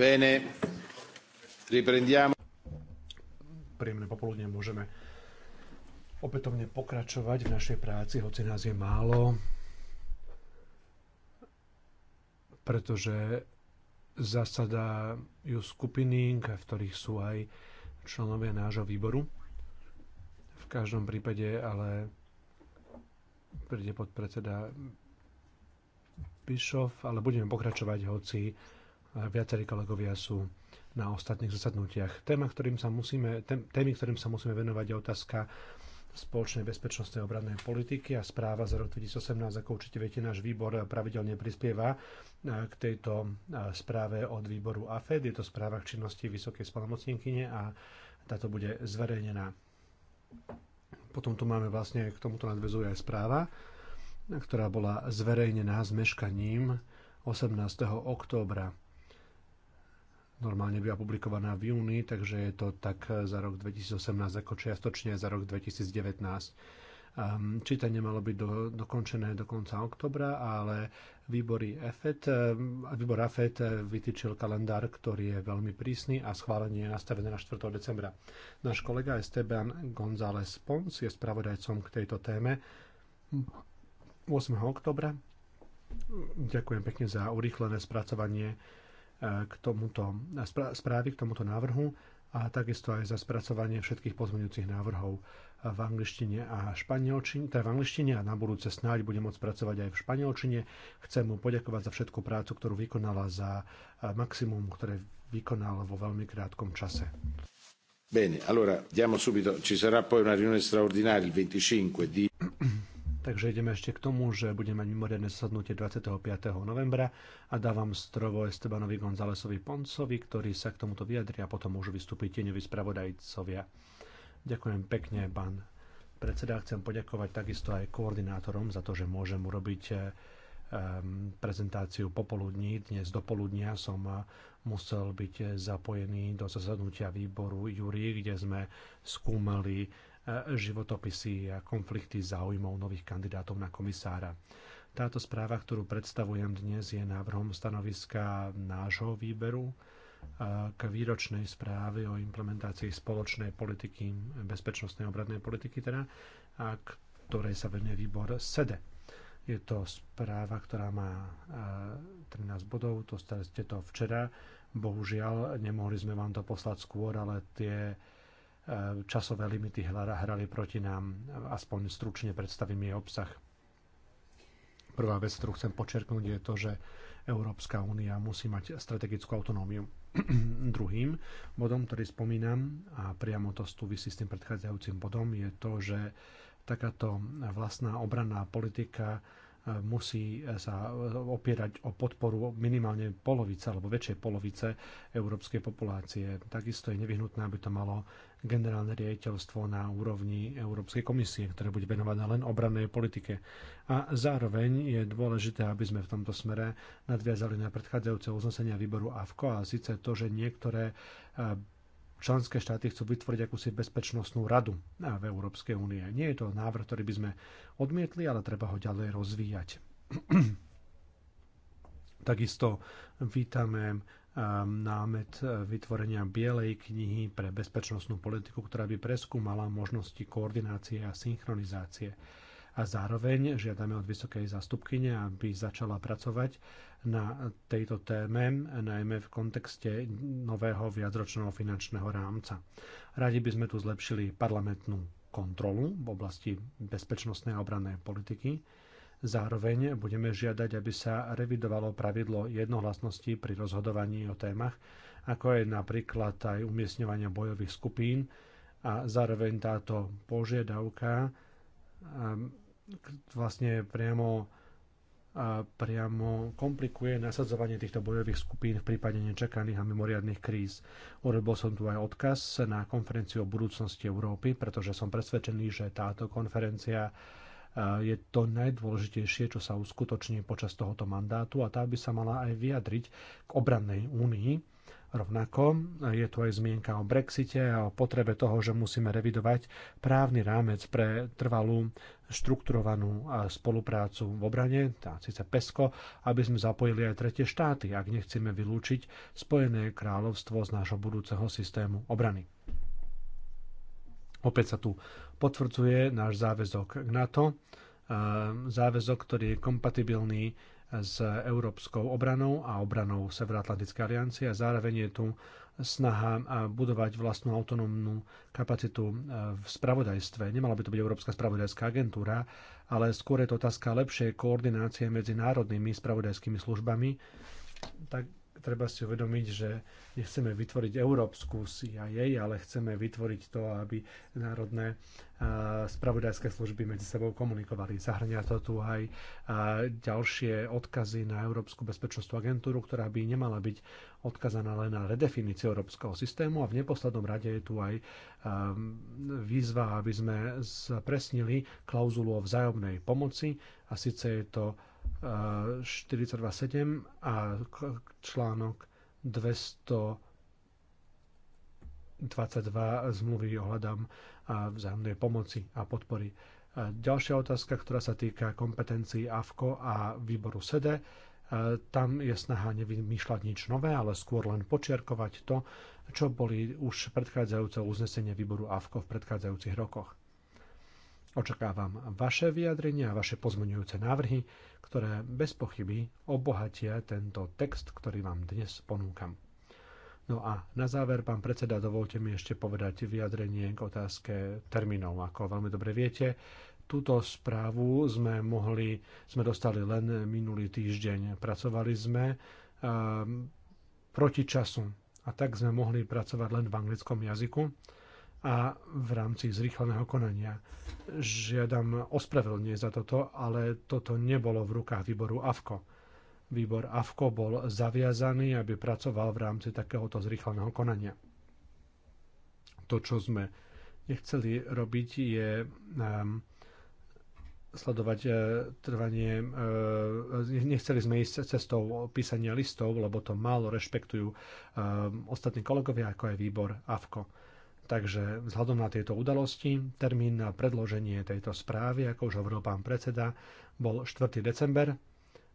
Bene, riprendiamo. Príjemné popoludne môžeme opätovne pokračovať v našej práci, hoci nás je málo, pretože zasadajú skupiny, v ktorých sú aj členovia nášho výboru. V každom prípade ale príde podpredseda Bischoff, ale budeme pokračovať, hoci viacerí kolegovia sú na ostatných zasadnutiach. Téma, ktorým sa musíme, témy, ktorým sa musíme venovať, je otázka spoločnej bezpečnostnej obradnej politiky a správa za rok 2018, ako určite viete, náš výbor pravidelne prispieva e, k tejto e, správe od výboru AFED. Je to správa k činnosti Vysokej spolomocníkyne a táto bude zverejnená. Potom tu máme vlastne, k tomuto nadvezuje aj správa, ktorá bola zverejnená s meškaním 18. októbra normálne byla publikovaná v júni, takže je to tak za rok 2018 ako čiastočne za rok 2019. Ehm, čítanie malo byť do, dokončené do konca oktobra, ale výbory EFET, ehm, výbor AFET vytýčil kalendár, ktorý je veľmi prísny a schválenie je nastavené na 4. decembra. Náš kolega Esteban González Pons je spravodajcom k tejto téme 8. Hm, oktobra. Ďakujem pekne za urýchlené spracovanie k tomuto, správy k tomuto návrhu a takisto aj za spracovanie všetkých pozmeňujúcich návrhov v angličtine a španielčine, teda v angličtine a na budúce snáď budem môcť pracovať aj v španielčine. Chcem mu poďakovať za všetku prácu, ktorú vykonala, za eh, maximum, ktoré vykonal vo veľmi krátkom čase. Bene, allora diamo subito, ci sarà poi una riunione straordinaria il 25 di... Takže ideme ešte k tomu, že budeme mať mimoriadne zasadnutie 25. novembra a dávam strovo Estebanovi Gonzálesovi Poncovi, ktorý sa k tomuto vyjadri a potom môžu vystúpiť tieňoví spravodajcovia. Ďakujem pekne, pán predseda. Chcem poďakovať takisto aj koordinátorom za to, že môžem urobiť eh, prezentáciu popoludní. Dnes do poludnia som eh, musel byť eh, zapojený do zasadnutia výboru Júri, kde sme skúmali E, životopisy a konflikty záujmov nových kandidátov na komisára. Táto správa, ktorú predstavujem dnes, je návrhom stanoviska nášho výberu e, k výročnej správe o implementácii spoločnej politiky, bezpečnostnej obradnej politiky teda, a ktorej sa venuje výbor SEDE. Je to správa, ktorá má 13 e, bodov, to ste to včera. Bohužiaľ, nemohli sme vám to poslať skôr, ale tie E, časové limity hrali proti nám. Aspoň stručne predstavím jej obsah. Prvá vec, ktorú chcem počerknúť, je to, že Európska únia musí mať strategickú autonómiu. Druhým bodom, ktorý spomínam, a priamo to súvisí s tým predchádzajúcim bodom, je to, že takáto vlastná obranná politika musí sa opierať o podporu minimálne polovice alebo väčšej polovice európskej populácie. Takisto je nevyhnutné, aby to malo generálne riaditeľstvo na úrovni Európskej komisie, ktoré bude venované len obrannej politike. A zároveň je dôležité, aby sme v tomto smere nadviazali na predchádzajúce uznesenia výboru AVKO a síce to, že niektoré členské štáty chcú vytvoriť akúsi bezpečnostnú radu v Európskej únie. Nie je to návrh, ktorý by sme odmietli, ale treba ho ďalej rozvíjať. Takisto vítame um, námet vytvorenia Bielej knihy pre bezpečnostnú politiku, ktorá by preskúmala možnosti koordinácie a synchronizácie a zároveň žiadame od vysokej zástupkyne, aby začala pracovať na tejto téme, najmä v kontexte nového viacročného finančného rámca. Radi by sme tu zlepšili parlamentnú kontrolu v oblasti bezpečnostnej a obrannej politiky. Zároveň budeme žiadať, aby sa revidovalo pravidlo jednohlasnosti pri rozhodovaní o témach, ako je napríklad aj umiestňovanie bojových skupín, a zároveň táto požiadavka ehm, vlastne priamo priamo komplikuje nasadzovanie týchto bojových skupín v prípade nečakaných a mimoriadných kríz. Urobil som tu aj odkaz na konferenciu o budúcnosti Európy, pretože som presvedčený, že táto konferencia je to najdôležitejšie, čo sa uskutoční počas tohoto mandátu a tá by sa mala aj vyjadriť k obrannej únii, Rovnako je tu aj zmienka o Brexite a o potrebe toho, že musíme revidovať právny rámec pre trvalú štrukturovanú spoluprácu v obrane, tá síce PESCO, aby sme zapojili aj tretie štáty, ak nechceme vylúčiť Spojené kráľovstvo z nášho budúceho systému obrany. Opäť sa tu potvrdzuje náš záväzok k NATO, záväzok, ktorý je kompatibilný s európskou obranou a obranou Severoatlantickej aliancie a zároveň je tu snaha budovať vlastnú autonómnu kapacitu e, v spravodajstve. Nemala by to byť Európska spravodajská agentúra, ale skôr je to otázka lepšej koordinácie medzi národnými spravodajskými službami, tak treba si uvedomiť, že nechceme vytvoriť európsku CIA, ale chceme vytvoriť to, aby národné spravodajské služby medzi sebou komunikovali. Zahrania to tu aj ďalšie odkazy na Európsku bezpečnostnú agentúru, ktorá by nemala byť odkazaná len na redefiníciu európskeho systému a v neposlednom rade je tu aj výzva, aby sme presnili klauzulu o vzájomnej pomoci a síce je to 42.7 a článok 222 zmluvy ohľadom vzájomnej pomoci a podpory. Ďalšia otázka, ktorá sa týka kompetencií AFKO a výboru SEDE, e. tam je snaha nevymýšľať nič nové, ale skôr len počiarkovať to, čo boli už predchádzajúce uznesenie výboru AFKO v predchádzajúcich rokoch. Očakávam vaše vyjadrenia a vaše pozmenujúce návrhy, ktoré bez pochyby obohatia tento text, ktorý vám dnes ponúkam. No a na záver, pán predseda, dovolte mi ešte povedať vyjadrenie k otázke termínov. Ako veľmi dobre viete, túto správu sme mohli, sme dostali len minulý týždeň. Pracovali sme um, proti času a tak sme mohli pracovať len v anglickom jazyku a v rámci zrýchleného konania. Žiadam ospravedlne za toto, ale toto nebolo v rukách výboru AFKO. Výbor AFKO bol zaviazaný, aby pracoval v rámci takéhoto zrýchleného konania. To, čo sme nechceli robiť, je um, sledovať e, trvanie, e, nechceli sme ísť cestou písania listov, lebo to málo rešpektujú ehm, ostatní kolegovia, ako aj výbor AFKO. Takže vzhľadom na tieto udalosti, termín na predloženie tejto správy, ako už hovoril pán predseda, bol 4. december.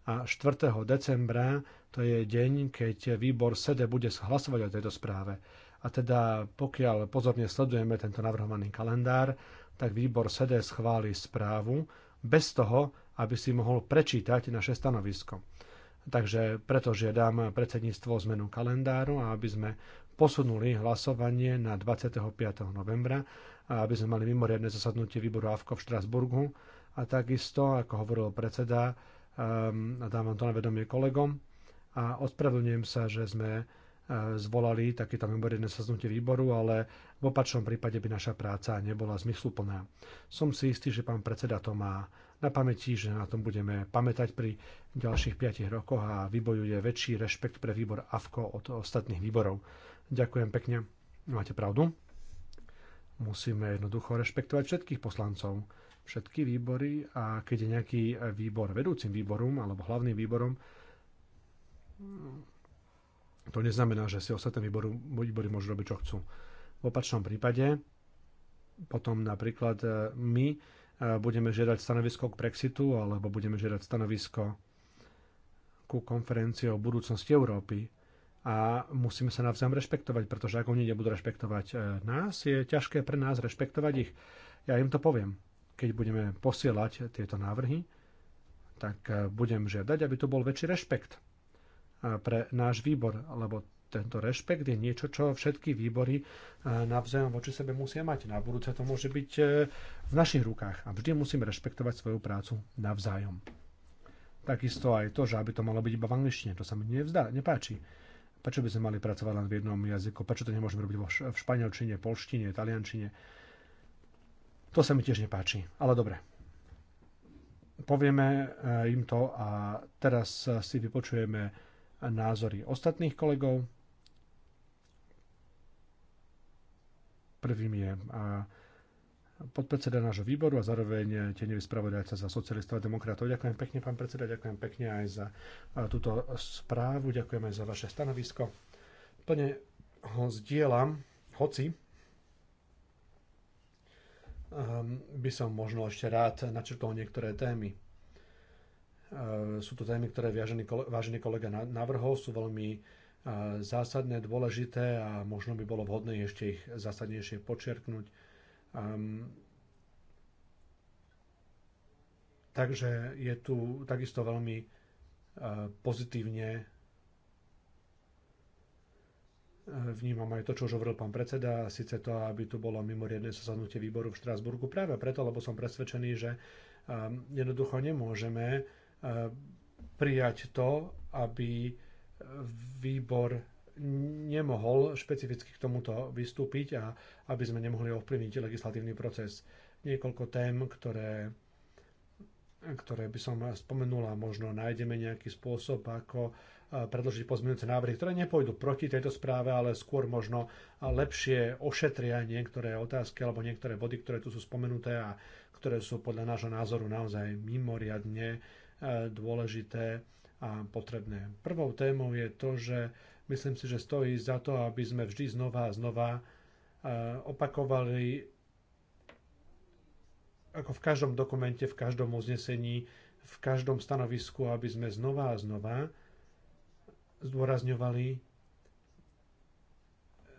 A 4. decembra to je deň, keď výbor SEDE bude hlasovať o tejto správe. A teda pokiaľ pozorne sledujeme tento navrhovaný kalendár, tak výbor SEDE schváli správu bez toho, aby si mohol prečítať naše stanovisko. Takže preto žiadam predsedníctvo zmenu kalendáru a aby sme posunuli hlasovanie na 25. novembra, aby sme mali mimoriadne zasadnutie výboru AFKO v Štrasburgu. A takisto, ako hovoril predseda, ehm, a dávam to na vedomie kolegom, a ospravedlňujem sa, že sme e, zvolali takéto mimoriadne zasadnutie výboru, ale v opačnom prípade by naša práca nebola zmysluplná. Som si istý, že pán predseda to má na pamäti, že na tom budeme pamätať pri ďalších 5 rokoch a vybojuje väčší rešpekt pre výbor AFKO od ostatných výborov. Ďakujem pekne. Máte pravdu. Musíme jednoducho rešpektovať všetkých poslancov, všetky výbory a keď je nejaký výbor vedúcim výborom alebo hlavným výborom, to neznamená, že si ostatné výbory, výbory môžu robiť, čo chcú. V opačnom prípade potom napríklad e, my e, budeme žiadať stanovisko k Brexitu alebo budeme žiadať stanovisko ku konferencii o budúcnosti Európy a musíme sa navzájom rešpektovať, pretože ak oni nebudú rešpektovať e, nás, je ťažké pre nás rešpektovať ich. Ja im to poviem. Keď budeme posielať tieto návrhy, tak e, budem žiadať, aby tu bol väčší rešpekt e, pre náš výbor, lebo tento rešpekt je niečo, čo všetky výbory navzájom voči sebe musia mať. Na budúce to môže byť v našich rukách a vždy musíme rešpektovať svoju prácu navzájom. Takisto aj to, že aby to malo byť iba v angličtine, to sa mi nevzdá, nepáči Prečo by sme mali pracovať len v jednom jazyku? Prečo to nemôžeme robiť v španielčine, polštine, taliančine? To sa mi tiež nepáči, ale dobre. Povieme eh, im to a teraz eh, si vypočujeme názory ostatných kolegov. Prvým je eh, podpredseda nášho výboru a zároveň tenevý spravodajca za socialistov a demokratov. Ďakujem pekne, pán predseda, ďakujem pekne aj za túto správu, ďakujem aj za vaše stanovisko. Plne ho zdieľam, hoci ehm, by som možno ešte rád načrtol niektoré témy. Ehm, sú to témy, ktoré vážený kolega navrhol, sú veľmi e, zásadné, dôležité a možno by bolo vhodné ešte ich zásadnejšie počerknúť. Um, takže je tu takisto veľmi uh, pozitívne eh, vnímam aj to, čo už hovoril pán predseda, síce to, aby tu bolo mimoriadne zasadnutie výboru v Štrásburgu práve preto, lebo som presvedčený, že ehm, jednoducho nemôžeme eh, prijať to, aby výbor nemohol špecificky k tomuto vystúpiť a aby sme nemohli ovplyvniť legislatívny proces. Niekoľko tém, ktoré, ktoré by som spomenula, možno nájdeme nejaký spôsob, ako eh, predložiť pozmeňujúce návrhy, ktoré nepôjdu proti tejto správe, ale skôr možno lepšie ošetria niektoré otázky alebo niektoré body, ktoré tu sú spomenuté a ktoré sú podľa nášho názoru naozaj mimoriadne eh, dôležité a potrebné. Prvou témou je to, že Myslím si, že stojí za to, aby sme vždy znova a znova e, opakovali ako v každom dokumente, v každom uznesení, v každom stanovisku, aby sme znova a znova zdôrazňovali,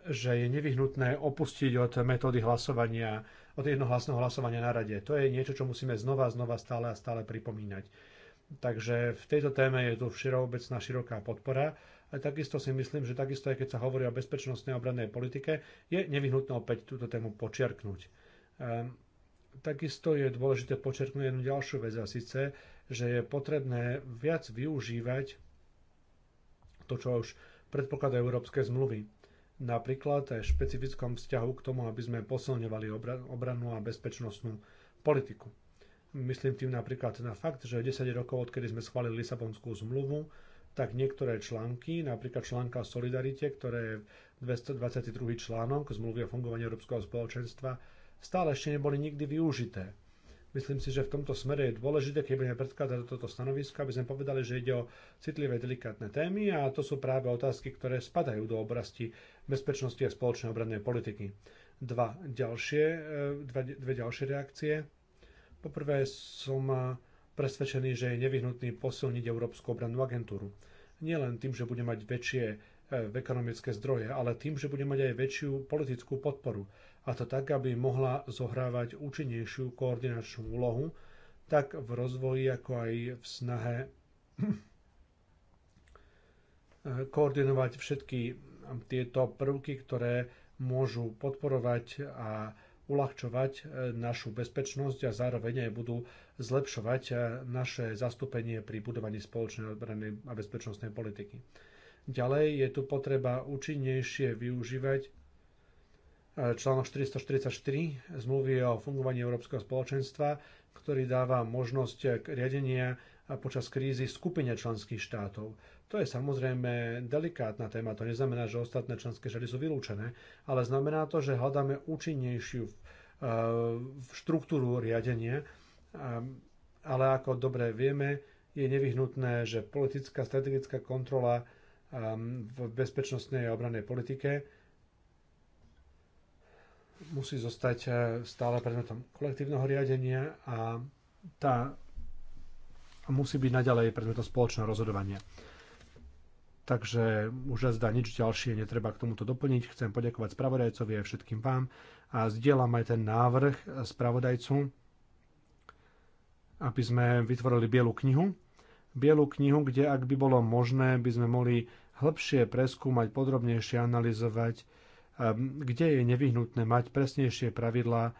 že je nevyhnutné opustiť od metódy hlasovania, od jednohlasného hlasovania na rade. To je niečo, čo musíme znova a znova stále a stále pripomínať. Takže v tejto téme je tu všeobecná široká podpora a takisto si myslím, že takisto aj keď sa hovorí o bezpečnostnej obrannej politike, je nevyhnutné opäť túto tému počiarknúť. Ehm, takisto je dôležité počerknúť jednu ďalšiu vec a síce, že je potrebné viac využívať to, čo už predpokladajú európske zmluvy. Napríklad aj v špecifickom vzťahu k tomu, aby sme posilňovali obrannú a bezpečnostnú politiku. Myslím tým napríklad na fakt, že 10 rokov, odkedy sme schválili Lisabonskú zmluvu, tak niektoré články, napríklad článka o solidarite, ktoré je 222. článok zmluvy o fungovaní Európskeho spoločenstva, stále ešte neboli nikdy využité. Myslím si, že v tomto smere je dôležité, keď budeme predkladať toto stanovisko, aby sme povedali, že ide o citlivé, delikátne témy a to sú práve otázky, ktoré spadajú do oblasti bezpečnosti a spoločnej obrannej politiky. Dva ďalšie, e, dva, dve ďalšie reakcie. Poprvé som e, presvedčený, že je nevyhnutný posilniť Európsku obrannú agentúru. Nielen tým, že bude mať väčšie e, ekonomické zdroje, ale tým, že bude mať aj väčšiu politickú podporu. A to tak, aby mohla zohrávať účinnejšiu koordinačnú úlohu, tak v rozvoji, ako aj v snahe e, koordinovať všetky tieto prvky, ktoré môžu podporovať a uľahčovať e, našu bezpečnosť a zároveň aj budú zlepšovať e, naše zastúpenie pri budovaní spoločnej obrannej a bezpečnostnej politiky. Ďalej je tu potreba účinnejšie využívať e, článok 444 zmluvy o fungovaní Európskeho spoločenstva, ktorý dáva možnosť riadenia počas krízy skupine členských štátov. To je samozrejme delikátna téma, to neznamená, že ostatné členské štáty sú vylúčené, ale znamená to, že hľadáme účinnejšiu eh, štruktúru riadenia, eh, ale ako dobre vieme, je nevyhnutné, že politická strategická kontrola ehm, v bezpečnostnej a obranej politike musí zostať eh, stále predmetom kolektívneho riadenia a tá a musí byť naďalej predmetom spoločného rozhodovania. Takže už zdá nič ďalšie netreba k tomuto doplniť. Chcem poďakovať spravodajcovi a všetkým vám a zdieľam aj ten návrh spravodajcu, aby sme vytvorili bielu knihu. Bielu knihu, kde ak by bolo možné, by sme mohli hĺbšie preskúmať, podrobnejšie analyzovať, ehm, kde je nevyhnutné mať presnejšie pravidlá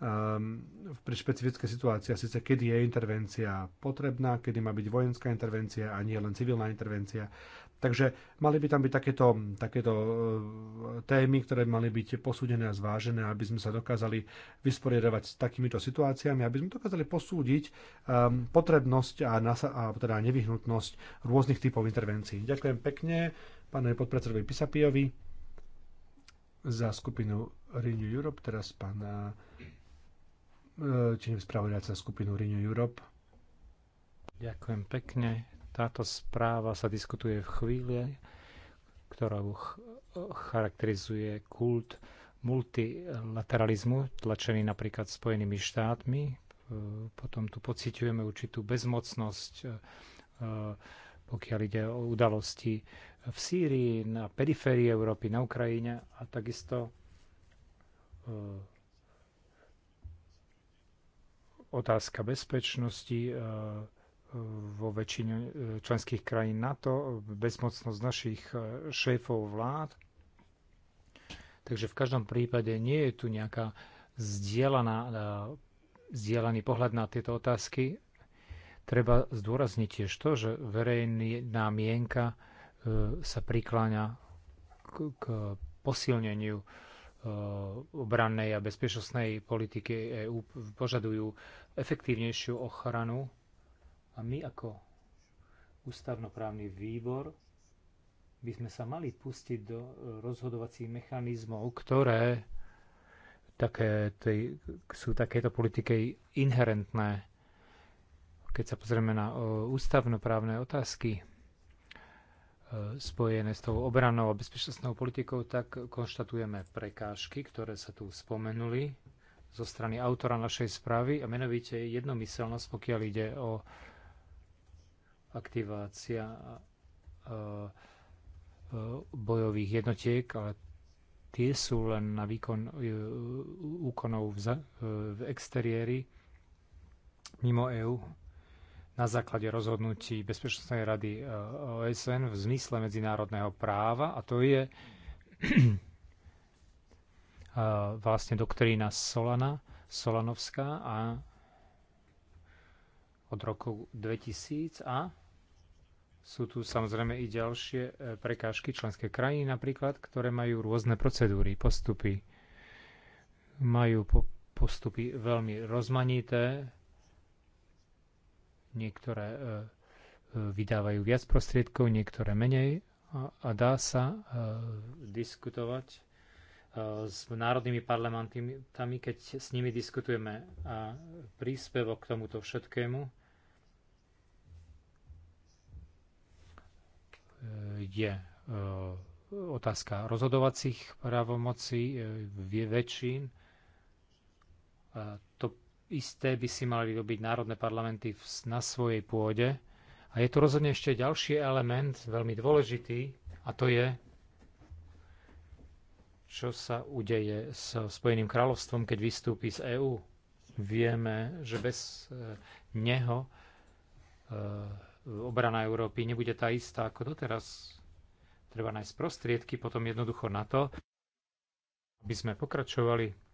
um, pri špecifické situácii, a síce kedy je intervencia potrebná, kedy má byť vojenská intervencia a nie len civilná intervencia. Takže mali by tam byť takéto, takéto eh, témy, ktoré mali byť posúdené a zvážené, aby sme sa dokázali vysporiadovať s takýmito situáciami, aby sme dokázali posúdiť um, potrebnosť a, nasa- a teda nevyhnutnosť rôznych typov intervencií. Ďakujem pekne pánovi podpredsedovi Pisapijovi za skupinu Renew Europe, teraz pán eh, čím e, spravodajca skupinu Renew Europe. Ďakujem pekne. Táto správa sa diskutuje v chvíli, ktorá ch charakterizuje kult multilateralizmu, tlačený napríklad Spojenými štátmi. E, potom tu pociťujeme určitú bezmocnosť, e, pokiaľ ide o udalosti v Sýrii, na periférii Európy, na Ukrajine a takisto otázka bezpečnosti e, vo väčšine e, členských krajín NATO, bezmocnosť našich e, šéfov vlád. Takže v každom prípade nie je tu nejaká zdieľaná, zdieľaný pohľad na tieto otázky. Treba zdôrazniť tiež to, že verejná mienka sa prikláňa k, k posilneniu Eh, obrannej a bezpečnostnej politiky EÚ požadujú efektívnejšiu ochranu a my ako ústavnoprávny výbor by sme sa mali pustiť do rozhodovacích mechanizmov, ktoré také, tý, sú takéto politike inherentné. Keď sa pozrieme na eh, ústavnoprávne otázky, E, spojené s tou obranou a bezpečnostnou politikou, tak konštatujeme prekážky, ktoré sa tu spomenuli zo strany autora našej správy a menovite jednomyselnosť, pokiaľ ide o aktivácia e, e, bojových jednotiek, ale tie sú len na výkon úkonov v, exteriéri mimo EÚ na základe rozhodnutí Bezpečnostnej rady e, OSN v zmysle medzinárodného práva a to je e, vlastne doktrína Solana, Solanovská a od roku 2000 a sú tu samozrejme i ďalšie e, prekážky členské krajiny napríklad, ktoré majú rôzne procedúry, postupy. Majú po, postupy veľmi rozmanité, Niektoré e, e, vydávajú viac prostriedkov, niektoré menej a, dá sa e, diskutovať s národnými parlamentami, keď s nimi diskutujeme a príspevok k tomuto všetkému je otázka rozhodovacích právomocí väčšín. To Isté by si mali robiť národné parlamenty na svojej pôde. A je tu rozhodne ešte ďalší element, veľmi dôležitý, a to je, čo sa udeje s Spojeným kráľovstvom, keď vystúpi z EÚ. Vieme, že bez e, neho e, obrana Európy nebude tá istá ako doteraz. Treba nájsť prostriedky potom jednoducho na to, aby sme pokračovali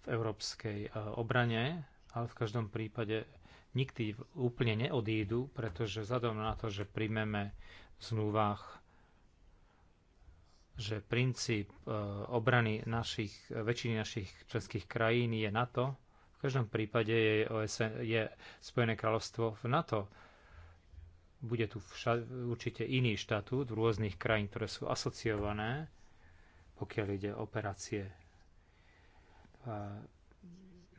v európskej e, obrane, ale v každom prípade nikdy úplne neodídu, pretože vzhľadom na to, že príjmeme v zmluvách že princíp e, obrany našich, väčšiny našich členských krajín je NATO. V každom prípade je, OSN, je Spojené kráľovstvo v NATO. Bude tu vša, určite iný štatút v rôznych krajín, ktoré sú asociované, pokiaľ ide o operácie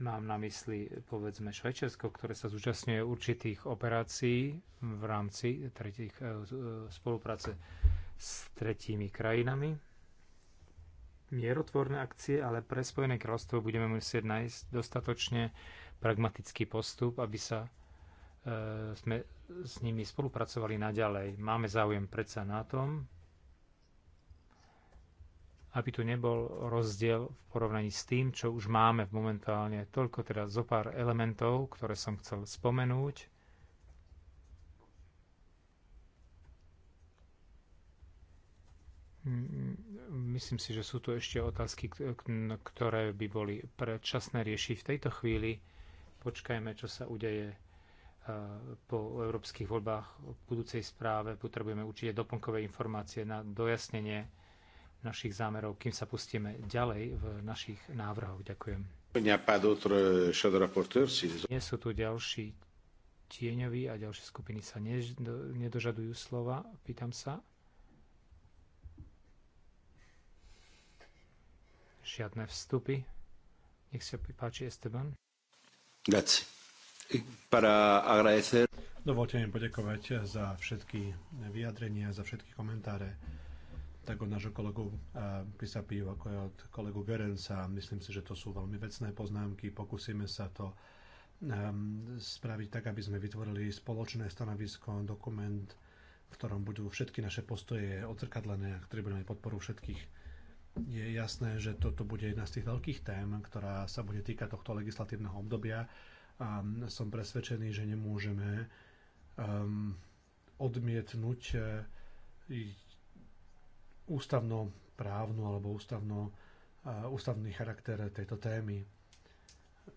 Mám na mysli, povedzme, Švečersko, ktoré sa zúčastňuje určitých operácií v rámci tretich, e, e, spolupráce s tretími krajinami. Mierotvorné akcie, ale pre Spojené kráľovstvo budeme musieť nájsť dostatočne pragmatický postup, aby sa e, sme s nimi spolupracovali naďalej. Máme záujem predsa na tom, aby tu nebol rozdiel v porovnaní s tým, čo už máme momentálne. Toľko teda zo pár elementov, ktoré som chcel spomenúť. Myslím si, že sú tu ešte otázky, ktoré by boli predčasné riešiť v tejto chvíli. Počkajme, čo sa udeje eh, po európskych voľbách v budúcej správe. Potrebujeme určite doplnkové informácie na dojasnenie našich zámerov, kým sa pustíme ďalej v našich návrhoch. Ďakujem. Nie sú tu ďalší tieňoví a ďalšie skupiny sa nedožadujú slova. Pýtam sa. Žiadne vstupy. Nech sa páči, Esteban. Grazie. Para agradecer... Dovolte mi poďakovať za všetky vyjadrenia, za všetky komentáre tak od nášho kolegu Pisapiu, eh, ako aj od kolegu Gerensa. Myslím si, že to sú veľmi vecné poznámky. Pokúsime sa to ehm, spraviť tak, aby sme vytvorili spoločné stanovisko, dokument, v ktorom budú všetky naše postoje odzrkadlené a ktorý bude mať podporu všetkých. Je jasné, že toto bude jedna z tých veľkých tém, ktorá sa bude týkať tohto legislatívneho obdobia a som presvedčený, že nemôžeme um, odmietnúť eh, ústavno právnu alebo ústavno, ústavný charakter tejto témy.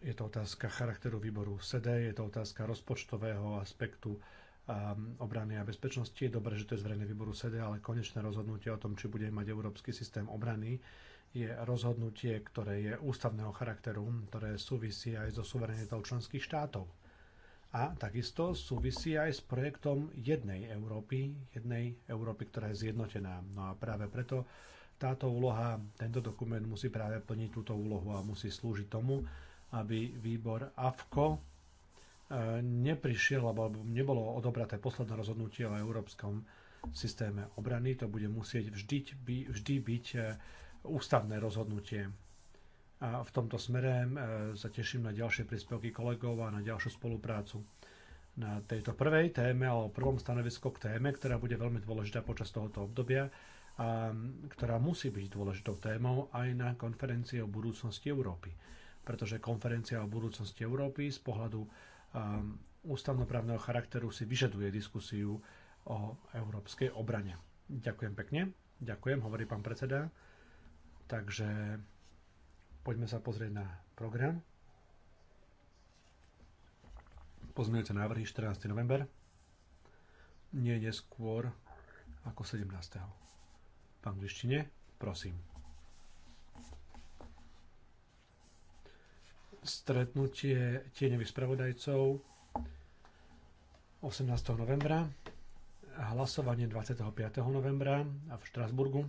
Je to otázka charakteru výboru SEDE, je to otázka rozpočtového aspektu obrany a bezpečnosti. Je dobré, že to je zverejné výboru SEDE, ale konečné rozhodnutie o tom, či bude mať európsky systém obrany, je rozhodnutie, ktoré je ústavného charakteru, ktoré súvisí aj so suverenitou členských štátov a takisto súvisí aj s projektom jednej Európy, jednej Európy, ktorá je zjednotená. No a práve preto táto úloha, tento dokument musí práve plniť túto úlohu a musí slúžiť tomu, aby výbor AFKO e, neprišiel, alebo nebolo odobraté posledné rozhodnutie o európskom systéme obrany. To bude musieť vždy, by, vždy byť e, ústavné rozhodnutie a v tomto smere e, sa teším na ďalšie príspevky kolegov a na ďalšiu spoluprácu. Na tejto prvej téme alebo prvom stanovisku k téme, ktorá bude veľmi dôležitá počas tohoto obdobia a ktorá musí byť dôležitou témou aj na konferencii o budúcnosti Európy. Pretože konferencia o budúcnosti Európy z pohľadu ústavnoprávneho charakteru si vyžaduje diskusiu o európskej obrane. Ďakujem pekne. Ďakujem, hovorí pán predseda. Takže Poďme sa pozrieť na program. Pozmeňujúce návrhy 14. november. Nie neskôr ako 17. V angličtine, prosím. Stretnutie tieňových spravodajcov 18. novembra, hlasovanie 25. novembra a v Štrasburgu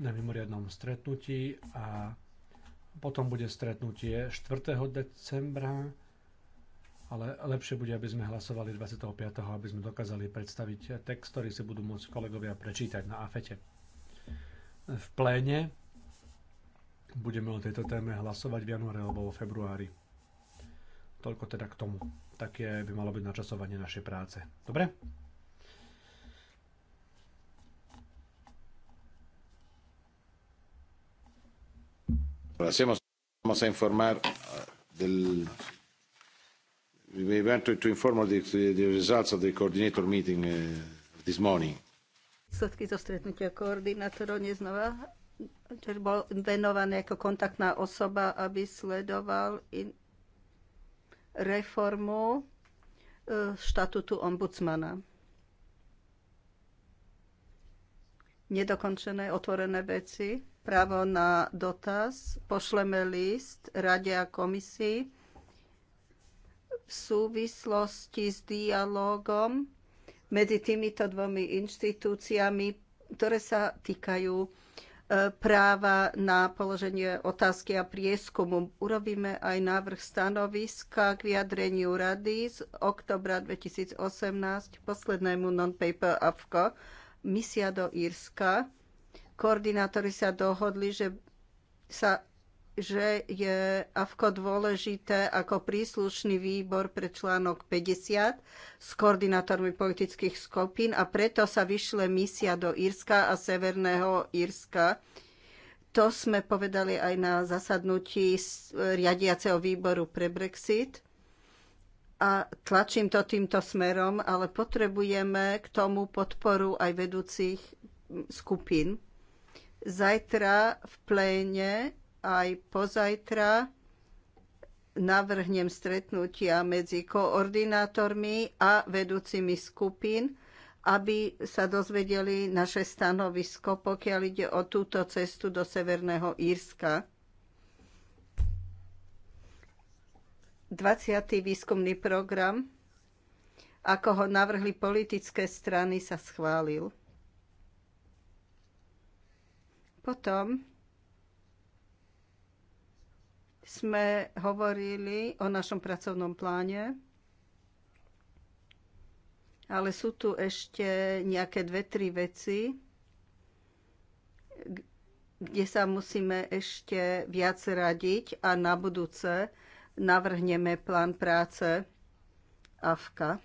na mimoriadnom stretnutí a potom bude stretnutie 4. decembra, ale lepšie bude, aby sme hlasovali 25., aby sme dokázali predstaviť text, ktorý si budú môcť kolegovia prečítať na AFETE. V pléne budeme o tejto téme hlasovať v januári alebo vo februári. Toľko teda k tomu. Také by malo byť načasovanie našej práce. Dobre? vamos a informar ah, del we want to, to inform the, the results of the coordinator meeting uh, this morning. Výsledky zo stretnutia koordinátorov neznova, čo bol venovaný ako kontaktná osoba, aby sledoval in, reformu uh, eh, štatutu ombudsmana. Nedokončené, otvorené veci právo na dotaz, pošleme list Rade a komisii v súvislosti s dialogom medzi týmito dvomi inštitúciami, ktoré sa týkajú e, práva na položenie otázky a prieskumu. Urobíme aj návrh stanoviska k vyjadreniu rady z oktobra 2018 poslednému non-paper AFCO misia do Írska Koordinátori sa dohodli, že, sa, že je AFKO dôležité ako príslušný výbor pre článok 50 s koordinátormi politických skupín a preto sa vyšle misia do Írska a Severného Írska. To sme povedali aj na zasadnutí riadiaceho výboru pre Brexit a tlačím to týmto smerom, ale potrebujeme k tomu podporu aj vedúcich skupín. Zajtra v pléne aj pozajtra navrhnem stretnutia medzi koordinátormi a vedúcimi skupín, aby sa dozvedeli naše stanovisko, pokiaľ ide o túto cestu do Severného Írska. 20. výskumný program, ako ho navrhli politické strany, sa schválil. Potom sme hovorili o našom pracovnom pláne, ale sú tu ešte nejaké dve, tri veci, kde sa musíme ešte viac radiť a na budúce navrhneme plán práce AFKA.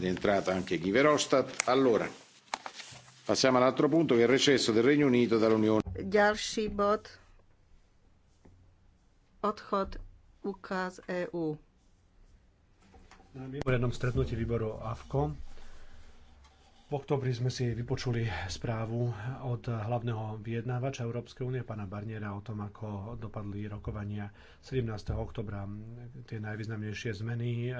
ed è entrata anche guy verhofstadt allora passiamo all'altro punto che è il recesso del regno unito dall'unione ďalší bod odchod UK z e na mimoriadnom stretnutí výboru AFCO v oktobri sme si vypočuli správu od hlavného vyjednávača Európskej únie, pána Barniera, o tom, ako dopadli rokovania 17. oktobra. Tie najvýznamnejšie zmeny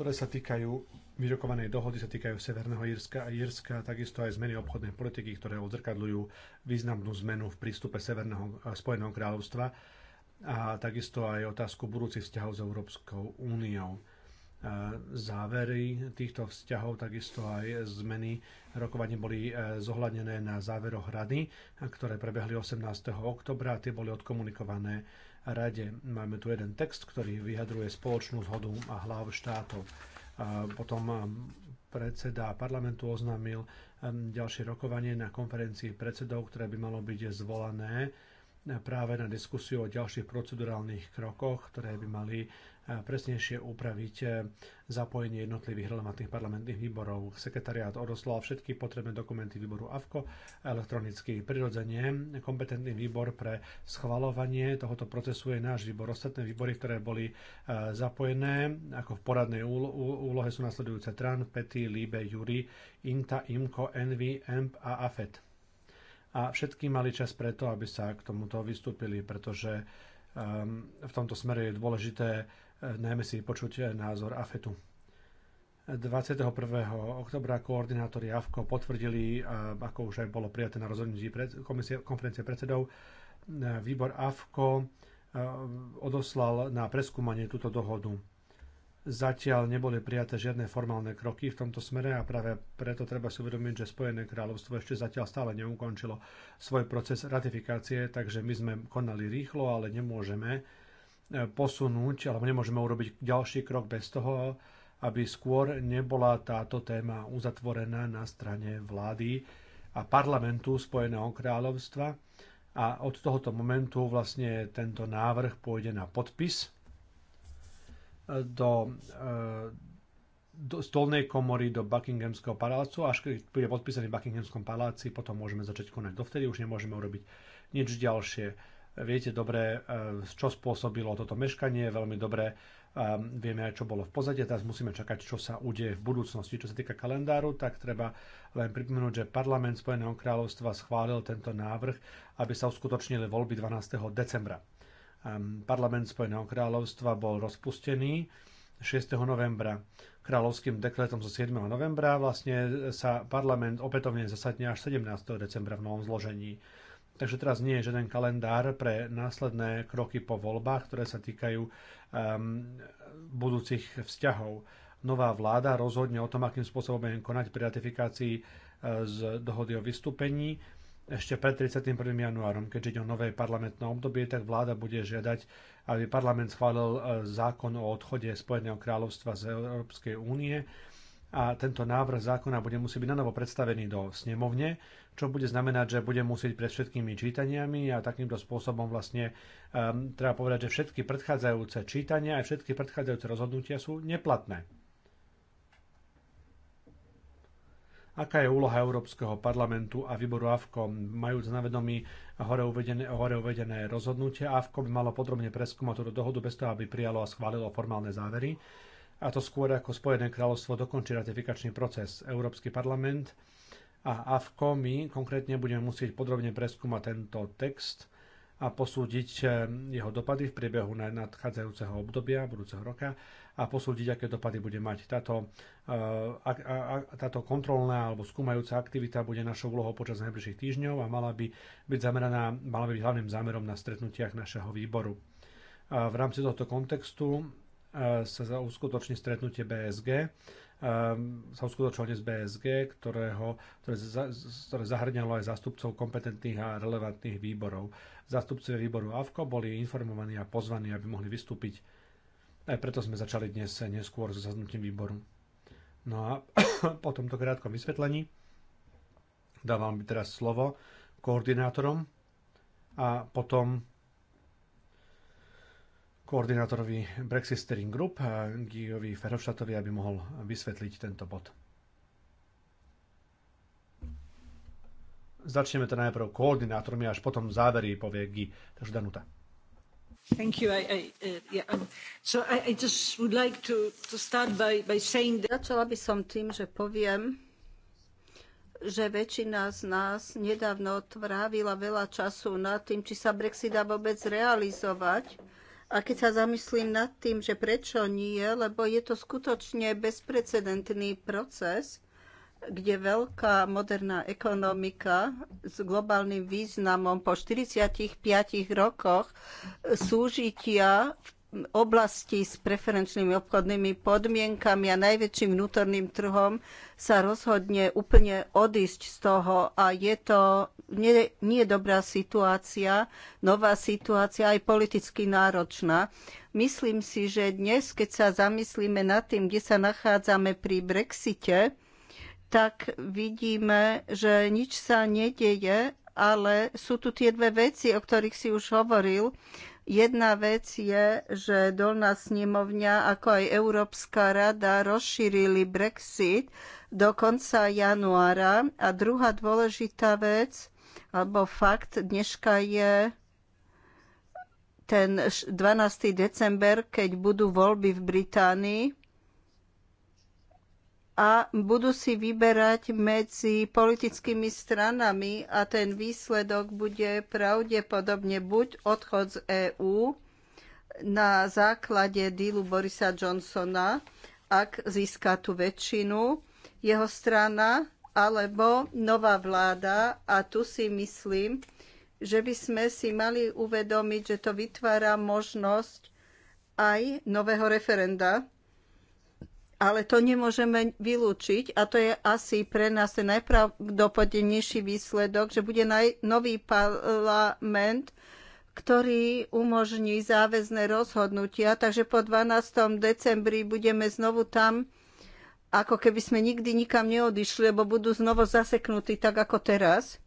ktoré sa týkajú vyrokovanej dohody sa týkajú Severného Írska a Írska, takisto aj zmeny obchodnej politiky, ktoré odzrkadľujú významnú zmenu v prístupe Severného eh, Spojeného kráľovstva a takisto aj otázku budúcich vzťahov s Európskou úniou. Eh, závery týchto vzťahov, takisto aj zmeny rokovania boli eh, zohľadnené na záveroch rady, ktoré prebehli 18. oktobra a tie boli odkomunikované rade. Máme tu jeden text, ktorý vyjadruje spoločnú zhodu a hlav štátov. A potom um, predseda parlamentu oznámil um, ďalšie rokovanie na konferencii predsedov, ktoré by malo byť zvolané práve na diskusiu o ďalších procedurálnych krokoch, ktoré by mali e, presnejšie upraviť e, zapojenie jednotlivých relevantných parlamentných výborov. Sekretariát odoslal všetky potrebné dokumenty výboru AVKO elektronicky. Prirodzene kompetentný výbor pre schvalovanie tohoto procesu je náš výbor. Ostatné výbory, ktoré boli e, zapojené, ako v poradnej úlohe sú nasledujúce TRAN, PETI, LIBE, JURI, INTA, IMCO, ENVI, EMP a AFET a všetky mali čas preto, aby sa k tomuto vystúpili, pretože ehm, v tomto smere je dôležité eh, najmä si počuť eh, názor AFETu. 21. oktobra koordinátori AFKO potvrdili, eh, ako už aj bolo prijaté na rozhodnutí konferencie predsedov, výbor AFKO odoslal na preskúmanie túto dohodu. Zatiaľ neboli prijaté žiadne formálne kroky v tomto smere a práve preto treba si uvedomiť, že Spojené kráľovstvo ešte zatiaľ stále neukončilo svoj proces ratifikácie, takže my sme konali rýchlo, ale nemôžeme e, posunúť, alebo nemôžeme urobiť ďalší krok bez toho, aby skôr nebola táto téma uzatvorená na strane vlády a parlamentu Spojeného kráľovstva. A od tohoto momentu vlastne tento návrh pôjde na podpis do, e, do stolnej komory do Buckinghamského palácu. Až keď bude podpísaný v Buckinghamskom paláci, potom môžeme začať konať. Dovtedy už nemôžeme urobiť nič ďalšie. Viete dobre, e, čo spôsobilo toto meškanie, veľmi dobre e, vieme aj, čo bolo v pozadí. Teraz musíme čakať, čo sa udeje v budúcnosti. Čo sa týka kalendáru, tak treba len pripomenúť, že parlament Spojeného kráľovstva schválil tento návrh, aby sa uskutočnili voľby 12. decembra. Ehm, parlament Spojeného kráľovstva bol rozpustený 6. novembra. Kráľovským dekretom zo 7. novembra vlastne sa parlament opätovne zasadne až 17. decembra v novom zložení. Takže teraz nie je žiaden kalendár pre následné kroky po voľbách, ktoré sa týkajú um, budúcich vzťahov. Nová vláda rozhodne o tom, akým spôsobom bude konať pri ratifikácii e, z dohody o vystúpení ešte pred 31. januárom, keďže ide o nové parlamentné obdobie, tak vláda bude žiadať, aby parlament schválil e, zákon o odchode Spojeného kráľovstva z Európskej únie a tento návrh zákona bude musieť byť nanovo predstavený do snemovne, čo bude znamenať, že bude musieť pred všetkými čítaniami a takýmto spôsobom vlastne um, treba povedať, že všetky predchádzajúce čítania a všetky predchádzajúce rozhodnutia sú neplatné. aká je úloha Európskeho parlamentu a výboru AFKO, majúc na vedomí hore uvedené, hore uvedené rozhodnutie. AFKO by malo podrobne preskúmať túto dohodu bez toho, aby prijalo a schválilo formálne závery. A to skôr ako Spojené kráľovstvo dokončí ratifikačný proces. Európsky parlament a AFKO my konkrétne budeme musieť podrobne preskúmať tento text a posúdiť ehm, jeho dopady v priebehu nadchádzajúceho obdobia, budúceho roka a posúdiť, aké dopady bude mať. Táto, eh, a, a, a, táto kontrolná alebo skúmajúca aktivita bude našou úlohou počas najbližších týždňov a mala by byť zameraná, mala by byť hlavným zámerom na stretnutiach našeho výboru. A v rámci tohto kontextu eh, sa uskutoční stretnutie BSG, eh, sa uskutočilo dnes BSG, ktorého, ktoré, za, ktoré zahrňalo aj zástupcov kompetentných a relevantných výborov. Zástupcovia výboru AVKO boli informovaní a pozvaní, aby mohli vystúpiť aj preto sme začali dnes neskôr so zaznutím výboru. No a po tomto krátkom vysvetlení dávam by teraz slovo koordinátorom a potom koordinátorovi Brexit Steering Group, Gijovi Ferhovštatovi, aby mohol vysvetliť tento bod. Začneme to najprv koordinátormi, až potom závery povie Gij. Takže Danuta. Začala by som tým, že poviem, že väčšina z nás nedávno trávila veľa času nad tým, či sa Brexit dá vôbec realizovať. A keď sa zamyslím nad tým, že prečo nie, lebo je to skutočne bezprecedentný proces, kde veľká moderná ekonomika s globálnym významom po 45 rokoch súžitia v oblasti s preferenčnými obchodnými podmienkami a najväčším vnútorným trhom sa rozhodne úplne odísť z toho a je to nie, nie dobrá situácia, nová situácia aj politicky náročná. Myslím si, že dnes, keď sa zamyslíme nad tým, kde sa nachádzame pri Brexite, tak vidíme, že nič sa nedieje, ale sú tu tie dve veci, o ktorých si už hovoril. Jedna vec je, že Dolná snemovňa ako aj Európska rada rozšírili Brexit do konca januára. A druhá dôležitá vec, alebo fakt dneška je ten 12. december, keď budú voľby v Británii a budú si vyberať medzi politickými stranami a ten výsledok bude pravdepodobne buď odchod z EÚ na základe dílu Borisa Johnsona, ak získa tú väčšinu jeho strana, alebo nová vláda. A tu si myslím, že by sme si mali uvedomiť, že to vytvára možnosť aj nového referenda ale to nemôžeme vylúčiť a to je asi pre nás ten najpravdopodobnejší výsledok, že bude naj, nový parlament, ktorý umožní záväzné rozhodnutia. Takže po 12. decembri budeme znovu tam, ako keby sme nikdy nikam neodišli, lebo budú znovu zaseknutí tak ako teraz.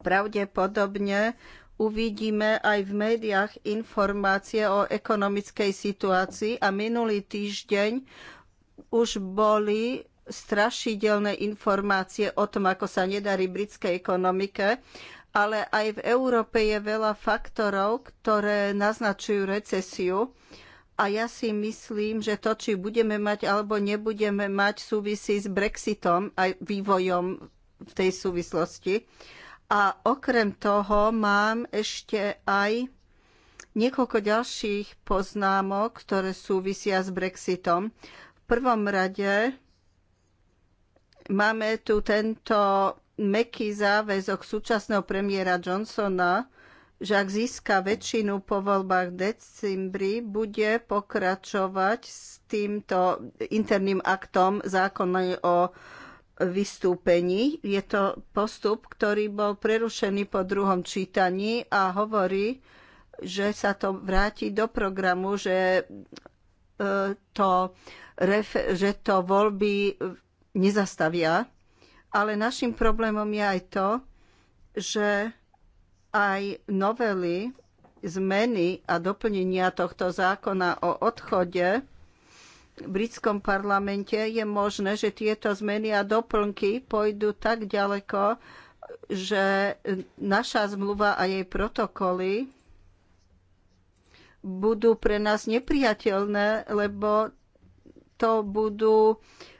Pravdepodobne uvidíme aj v médiách informácie o ekonomickej situácii a minulý týždeň už boli strašidelné informácie o tom, ako sa nedarí britskej ekonomike, ale aj v Európe je veľa faktorov, ktoré naznačujú recesiu. A ja si myslím, že to, či budeme mať alebo nebudeme mať, súvisí s Brexitom a vývojom v tej súvislosti. A okrem toho mám ešte aj niekoľko ďalších poznámok, ktoré súvisia s Brexitom. V prvom rade máme tu tento meký záväzok súčasného premiéra Johnsona, že ak získa väčšinu po voľbách v decembri, bude pokračovať s týmto interným aktom zákona o vystúpení. Je to postup, ktorý bol prerušený po druhom čítaní a hovorí, že sa to vráti do programu, že e, to, že to voľby nezastavia. Ale našim problémom je aj to, že aj novely, zmeny a doplnenia tohto zákona o odchode britskom parlamente je možné, že tieto zmeny a doplnky pôjdu tak ďaleko, že naša zmluva a jej protokoly budú pre nás nepriateľné, lebo to budú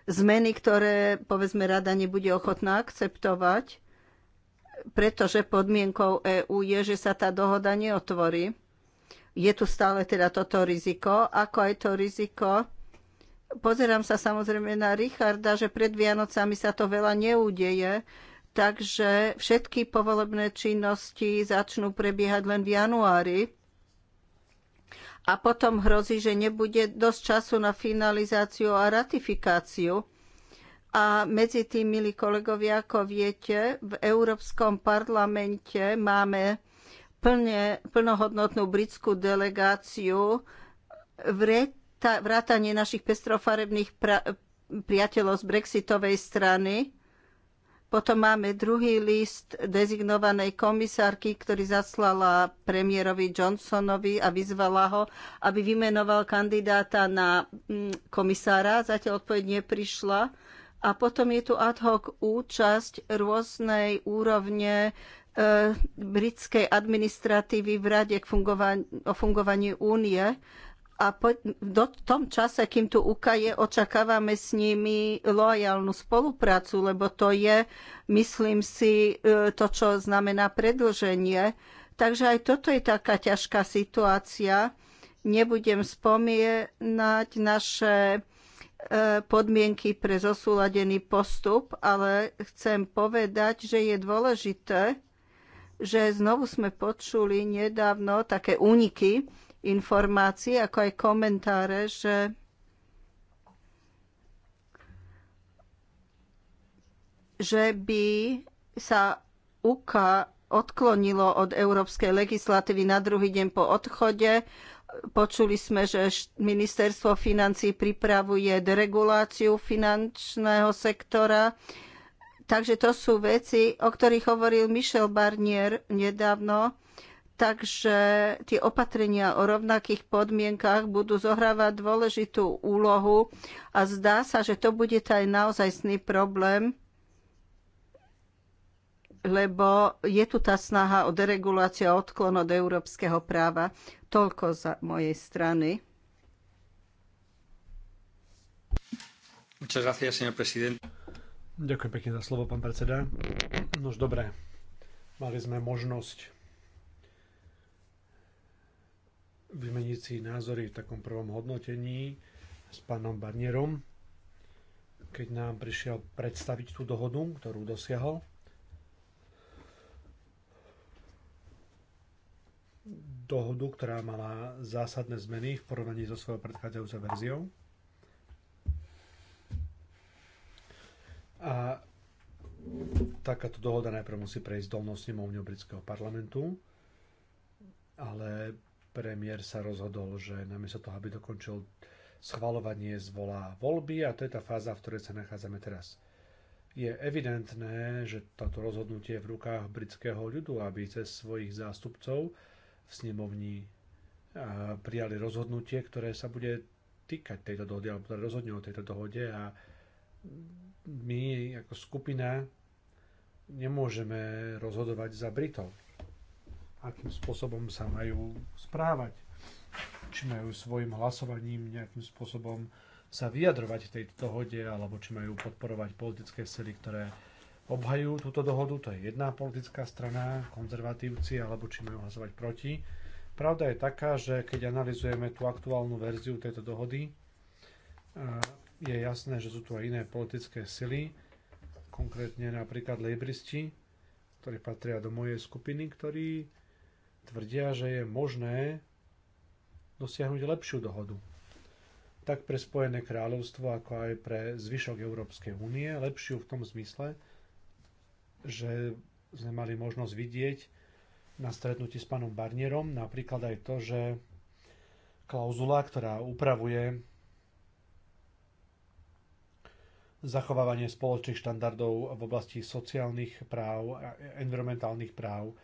zmeny, ktoré povedzme rada nebude ochotná akceptovať, pretože podmienkou EÚ je, že sa tá dohoda neotvorí. Je tu stále teda toto riziko, ako aj to riziko, Pozerám sa samozrejme na Richarda, že pred Vianocami sa to veľa neudeje, takže všetky povolebné činnosti začnú prebiehať len v januári a potom hrozí, že nebude dosť času na finalizáciu a ratifikáciu. A medzi tým, milí kolegovia, ako viete, v Európskom parlamente máme plne, plnohodnotnú britskú delegáciu v, re, tá vrátanie našich pestrofarebných priateľov z brexitovej strany. Potom máme druhý list dezignovanej komisárky, ktorý zaslala premiérovi Johnsonovi a vyzvala ho, aby vymenoval kandidáta na mm, komisára. Zatiaľ odpoveď neprišla. A potom je tu ad hoc účasť rôznej úrovne e, britskej administratívy v Rade k o fungovaní únie a po, do tom čase, kým tu UK je, očakávame s nimi loajálnu spoluprácu, lebo to je, myslím si, e, to, čo znamená predlženie. Takže aj toto je taká ťažká situácia. Nebudem spomínať naše e, podmienky pre zosúladený postup, ale chcem povedať, že je dôležité, že znovu sme počuli nedávno také úniky, informácií, ako aj komentáre, že že by sa UK odklonilo od európskej legislatívy na druhý deň po odchode. Počuli sme, že ministerstvo financí pripravuje dereguláciu finančného sektora. Takže to sú veci, o ktorých hovoril Michel Barnier nedávno. Takže tie opatrenia o rovnakých podmienkach budú zohrávať dôležitú úlohu a zdá sa, že to bude aj naozajstný problém, lebo je tu tá snaha o dereguláciu a odklon od európskeho práva. Toľko za mojej strany. Ďakujem pekne za slovo, pán predseda. Nož dobré, mali sme možnosť vymeniť si názory v takom prvom hodnotení s pánom Barnierom, keď nám prišiel predstaviť tú dohodu, ktorú dosiahol. Dohodu, ktorá mala zásadné zmeny v porovnaní so svojou predchádzajúcou verziou. A takáto dohoda najprv musí prejsť dolnou snemovňou britského parlamentu, ale premiér sa rozhodol, že namiesto toho, aby dokončil schvalovanie, zvolá voľby a to je tá fáza, v ktorej sa nachádzame teraz. Je evidentné, že toto rozhodnutie je v rukách britského ľudu, aby cez svojich zástupcov v snemovni prijali rozhodnutie, ktoré sa bude týkať tejto dohody, alebo ktoré teda rozhodne o tejto dohode a my ako skupina nemôžeme rozhodovať za Britov akým spôsobom sa majú správať. Či majú svojim hlasovaním nejakým spôsobom sa vyjadrovať tejto dohode, alebo či majú podporovať politické sily, ktoré obhajujú túto dohodu, to je jedna politická strana, konzervatívci, alebo či majú hlasovať proti. Pravda je taká, že keď analizujeme tú aktuálnu verziu tejto dohody, je jasné, že sú tu aj iné politické sily, konkrétne napríklad lejbristi, ktorí patria do mojej skupiny, ktorí tvrdia, že je možné dosiahnuť lepšiu dohodu. Tak pre Spojené kráľovstvo, ako aj pre zvyšok Európskej únie, lepšiu v tom zmysle, že sme mali možnosť vidieť na stretnutí s pánom Barnierom napríklad aj to, že klauzula, ktorá upravuje zachovávanie spoločných štandardov v oblasti sociálnych práv a environmentálnych práv,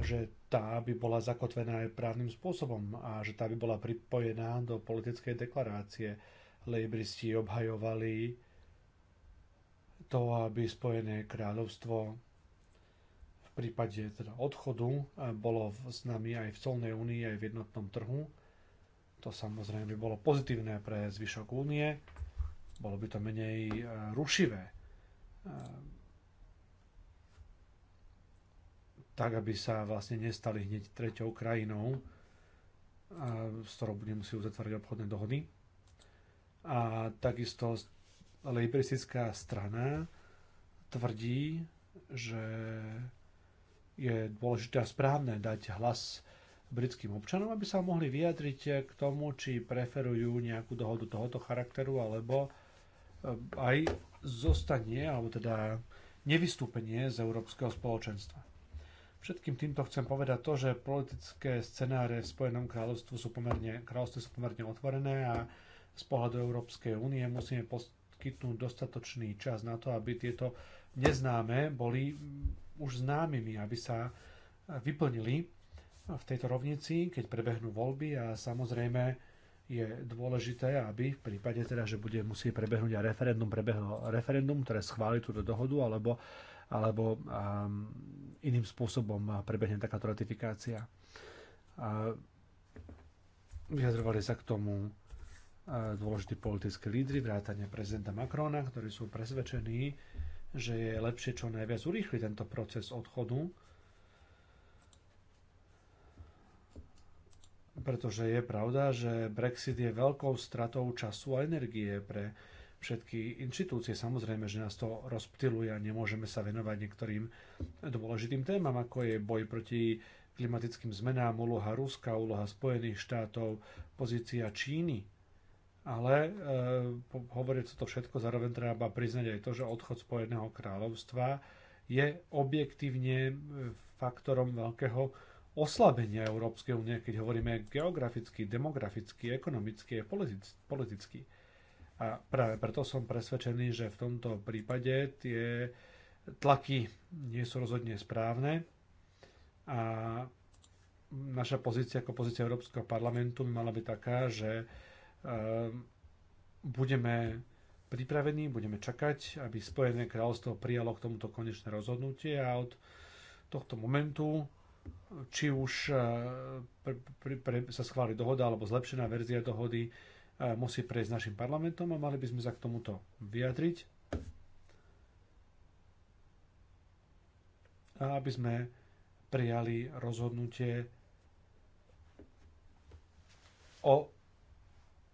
že tá by bola zakotvená aj právnym spôsobom a že tá by bola pripojená do politickej deklarácie. Lejbristi obhajovali to, aby Spojené kráľovstvo v prípade teda odchodu bolo s nami aj v colnej únii, aj v jednotnom trhu. To samozrejme by bolo pozitívne pre zvyšok únie, bolo by to menej eh, rušivé eh, tak aby sa vlastne nestali hneď treťou krajinou, s ktorou bude musieť uzatvárať obchodné dohody. A takisto lejbristická strana tvrdí, že je dôležité a správne dať hlas britským občanom, aby sa mohli vyjadriť k tomu, či preferujú nejakú dohodu tohoto charakteru, alebo eh, aj zostanie, alebo teda nevystúpenie z Európskeho spoločenstva. Všetkým týmto chcem povedať to, že politické scenáre v Spojenom kráľovstve sú pomerne, kráľovstve sú pomerne otvorené a z pohľadu Európskej únie musíme poskytnúť dostatočný čas na to, aby tieto neznáme boli už známymi, aby sa vyplnili v tejto rovnici, keď prebehnú voľby a samozrejme je dôležité, aby v prípade teda, že bude musieť prebehnúť a referendum, prebehlo referendum, ktoré schváli túto dohodu, alebo uh, alebo ehm, iným spôsobom prebehne takáto ratifikácia. Vyjadrovali sa k tomu e, dôležití politickí lídry, vrátane prezidenta Macrona, ktorí sú presvedčení, že je lepšie čo najviac urýchliť tento proces odchodu, pretože je pravda, že Brexit je veľkou stratou času a energie pre všetky inštitúcie. Samozrejme, že nás to rozptiluje a nemôžeme sa venovať niektorým dôležitým témam, ako je boj proti klimatickým zmenám, úloha Ruska, úloha Spojených štátov, pozícia Číny. Ale e, hovoriac to všetko, zároveň treba priznať aj to, že odchod Spojeného kráľovstva je objektívne faktorom veľkého oslabenia Európskej únie, keď hovoríme geograficky, demograficky, ekonomicky a politicky. A práve preto som presvedčený, že v tomto prípade tie tlaky nie sú rozhodne správne a naša pozícia ako pozícia Európskeho parlamentu by mala byť taká, že ehm, budeme pripravení, budeme čakať, aby Spojené kráľovstvo prijalo k tomuto konečné rozhodnutie a od tohto momentu či už pre, eh, pre, pre, sa schváli dohoda alebo zlepšená verzia dohody, musí prejsť našim parlamentom a mali by sme sa k tomuto vyjadriť, a aby sme prijali rozhodnutie o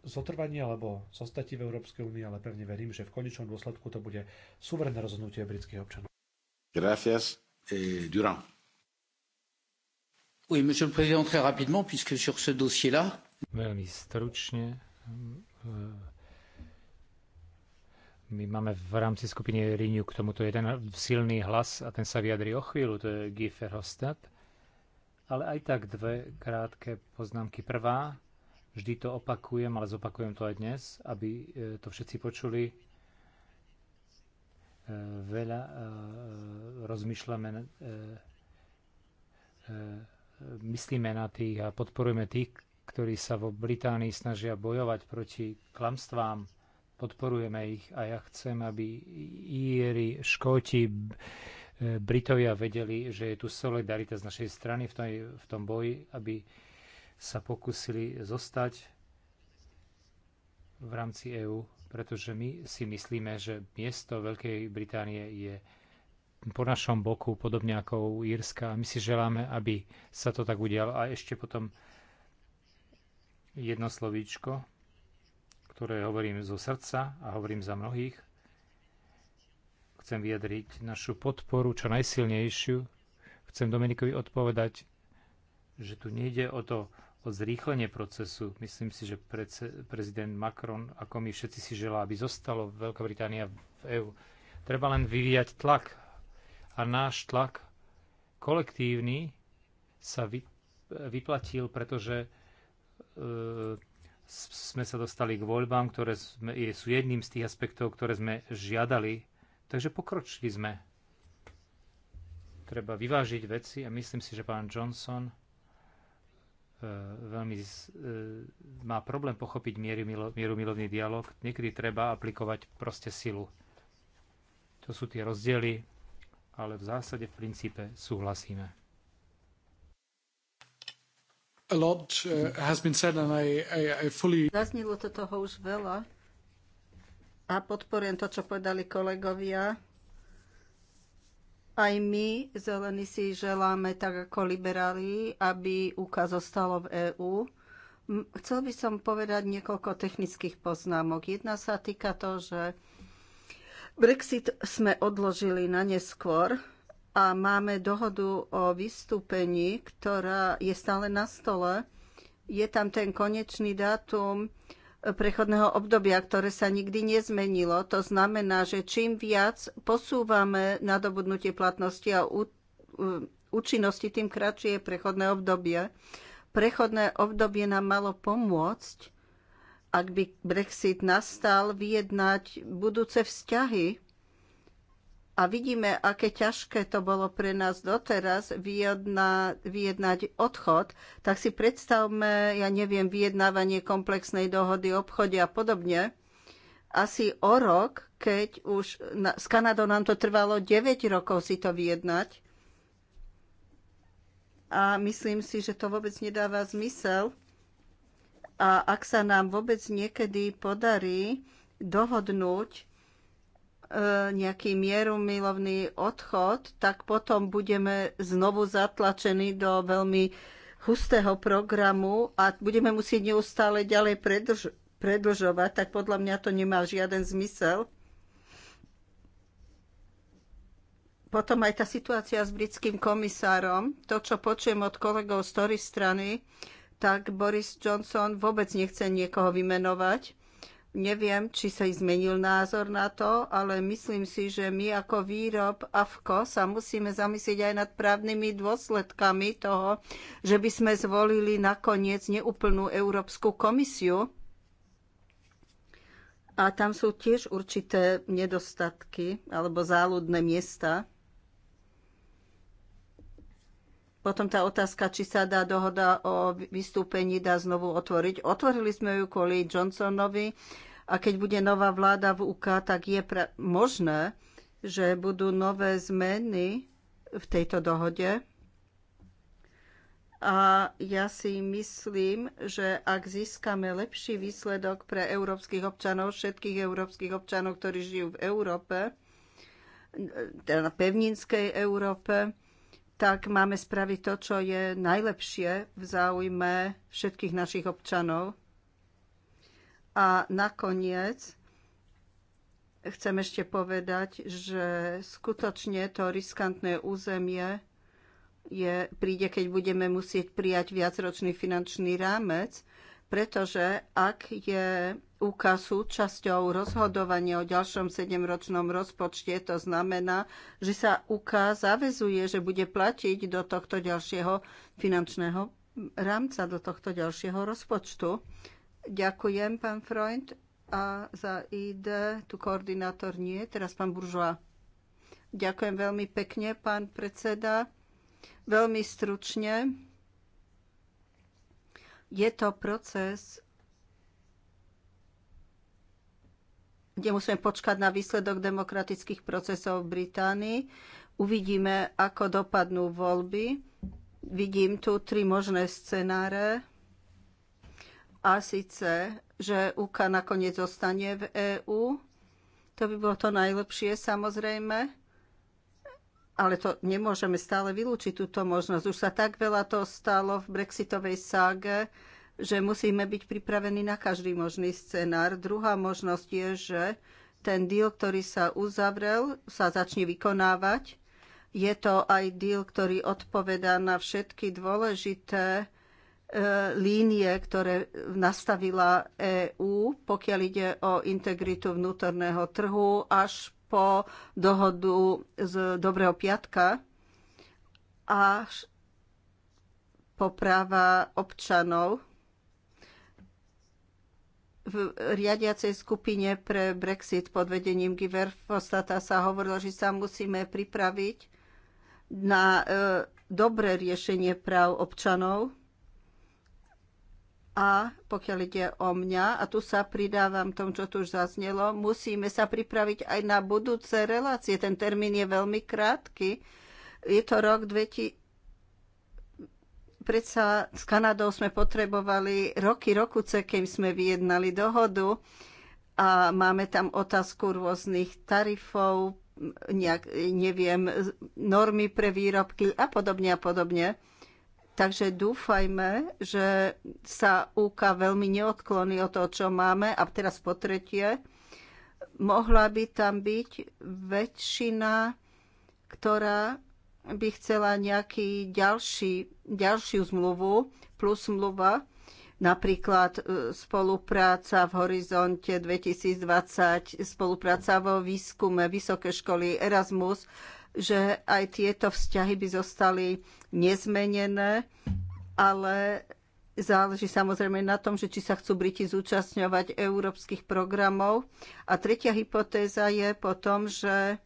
zotrvaní alebo zostati v Európskej únii, ale pevne verím, že v konečnom dôsledku to bude suverénne rozhodnutie britských občanov. Gracias, eh, Durand. Oui, monsieur le président, très rapidement, puisque sur ce dossier-là... Veľmi stručne, Hm, hm, hm. my máme v rámci skupiny Renew k tomuto jeden silný hlas a ten sa vyjadrí o chvíľu, to je Guy Verhofstadt. Ale aj tak dve krátke poznámky. Prvá, vždy to opakujem, ale zopakujem to aj dnes, aby e, to všetci počuli. E, veľa e, rozmýšľame, myslíme na tých a podporujeme tých, ktorí sa vo Británii snažia bojovať proti klamstvám. Podporujeme ich a ja chcem, aby Íri, Škóti, e, Britovia vedeli, že je tu solidarita z našej strany v, tej, v tom boji, aby sa pokúsili zostať v rámci EÚ, pretože my si myslíme, že miesto Veľkej Británie je po našom boku, podobne ako u Írska. My si želáme, aby sa to tak udialo a ešte potom jedno slovíčko, ktoré hovorím zo srdca a hovorím za mnohých. Chcem vyjadriť našu podporu, čo najsilnejšiu. Chcem Dominikovi odpovedať, že tu nejde o to, o zrýchlenie procesu. Myslím si, že prezident Macron, ako my všetci si želá, aby zostalo Veľká Británia v EÚ. Treba len vyvíjať tlak. A náš tlak kolektívny sa vyplatil, pretože E, sme sa dostali k voľbám, ktoré sme, sú jedným z tých aspektov, ktoré sme žiadali. Takže pokročili sme. Treba vyvážiť veci a myslím si, že pán Johnson e, veľmi e, má problém pochopiť mieru milovný dialog. Niekedy treba aplikovať proste silu. To sú tie rozdiely, ale v zásade v princípe súhlasíme a lot uh, has been said and I, I, I fully... to toho už veľa a podporujem to, čo povedali kolegovia. Aj my, zelení, si želáme, tak ako liberáli, aby úkaz zostalo v EÚ. Chcel by som povedať niekoľko technických poznámok. Jedna sa týka toho, že Brexit sme odložili na neskôr, a máme dohodu o vystúpení, ktorá je stále na stole. Je tam ten konečný dátum eh, prechodného obdobia, ktoré sa nikdy nezmenilo. To znamená, že čím viac posúvame nadobudnutie platnosti a eh, účinnosti, tým kratšie je prechodné obdobie. Prechodné obdobie nám malo pomôcť, ak by Brexit nastal, vyjednať budúce vzťahy a vidíme, aké ťažké to bolo pre nás doteraz vyjedna, vyjednať odchod. Tak si predstavme, ja neviem, vyjednávanie komplexnej dohody, obchode a podobne. Asi o rok, keď už na, s Kanadou nám to trvalo 9 rokov si to vyjednať. A myslím si, že to vôbec nedáva zmysel. A ak sa nám vôbec niekedy podarí dohodnúť E, nejaký mierumilovný odchod, tak potom budeme znovu zatlačení do veľmi hustého programu a budeme musieť neustále ďalej predlž- predlžovať, tak podľa mňa to nemá žiaden zmysel. Potom aj tá situácia s britským komisárom, to, čo počujem od kolegov z ktorej strany, tak Boris Johnson vôbec nechce niekoho vymenovať Neviem, či sa zmenil názor na to, ale myslím si, že my ako výrob AFKO sa musíme zamyslieť aj nad právnymi dôsledkami toho, že by sme zvolili nakoniec neúplnú Európsku komisiu. A tam sú tiež určité nedostatky alebo záľudné miesta. Potom tá otázka, či sa dá dohoda o vystúpení dá znovu otvoriť. Otvorili sme ju kvôli Johnsonovi a keď bude nová vláda v UK, tak je možné, že budú nové zmeny v tejto dohode. A ja si myslím, že ak získame lepší výsledok pre európskych občanov, všetkých európskych občanov, ktorí žijú v Európe, teda na pevninskej Európe, tak máme spraviť to, čo je najlepšie v záujme všetkých našich občanov. A nakoniec chcem ešte povedať, že skutočne to riskantné územie je, príde, keď budeme musieť prijať viacročný finančný rámec pretože ak je úka súčasťou rozhodovania o ďalšom sedemročnom rozpočte, to znamená, že sa UK zavezuje, že bude platiť do tohto ďalšieho finančného rámca, do tohto ďalšieho rozpočtu. Ďakujem, pán Freund. A za ID tu koordinátor nie, teraz pán Buržoa. Ďakujem veľmi pekne, pán predseda. Veľmi stručne je to proces, kde musíme počkať na výsledok demokratických procesov v Británii. Uvidíme, ako dopadnú voľby. Vidím tu tri možné scenáre. A síce, že UK nakoniec zostane v EÚ. To by bolo to najlepšie, samozrejme ale to nemôžeme stále vylúčiť túto možnosť. Už sa tak veľa to stalo v brexitovej ságe, že musíme byť pripravení na každý možný scenár. Druhá možnosť je, že ten deal, ktorý sa uzavrel, sa začne vykonávať. Je to aj deal, ktorý odpovedá na všetky dôležité e, línie, ktoré nastavila EÚ, pokiaľ ide o integritu vnútorného trhu, až po dohodu z Dobrého piatka až po práva občanov v riadiacej skupine pre Brexit pod vedením Giverfostata sa hovorilo, že sa musíme pripraviť na e, dobré riešenie práv občanov a pokiaľ ide o mňa, a tu sa pridávam tom, čo tu už zaznelo, musíme sa pripraviť aj na budúce relácie. Ten termín je veľmi krátky. Je to rok 2000. Predsa s Kanadou sme potrebovali roky, rokuce, kým sme vyjednali dohodu a máme tam otázku rôznych tarifov, nejak, neviem, normy pre výrobky a podobne a podobne. Takže dúfajme, že sa UK veľmi neodkloní od toho, čo máme. A teraz po tretie, mohla by tam byť väčšina, ktorá by chcela nejaký ďalší, ďalšiu zmluvu plus zmluva, napríklad e, spolupráca v horizonte 2020, spolupráca vo výskume, vysoké školy, Erasmus, že aj tieto vzťahy by zostali nezmenené, ale záleží samozrejme na tom, že či sa chcú Briti zúčastňovať európskych programov. A tretia hypotéza je potom, že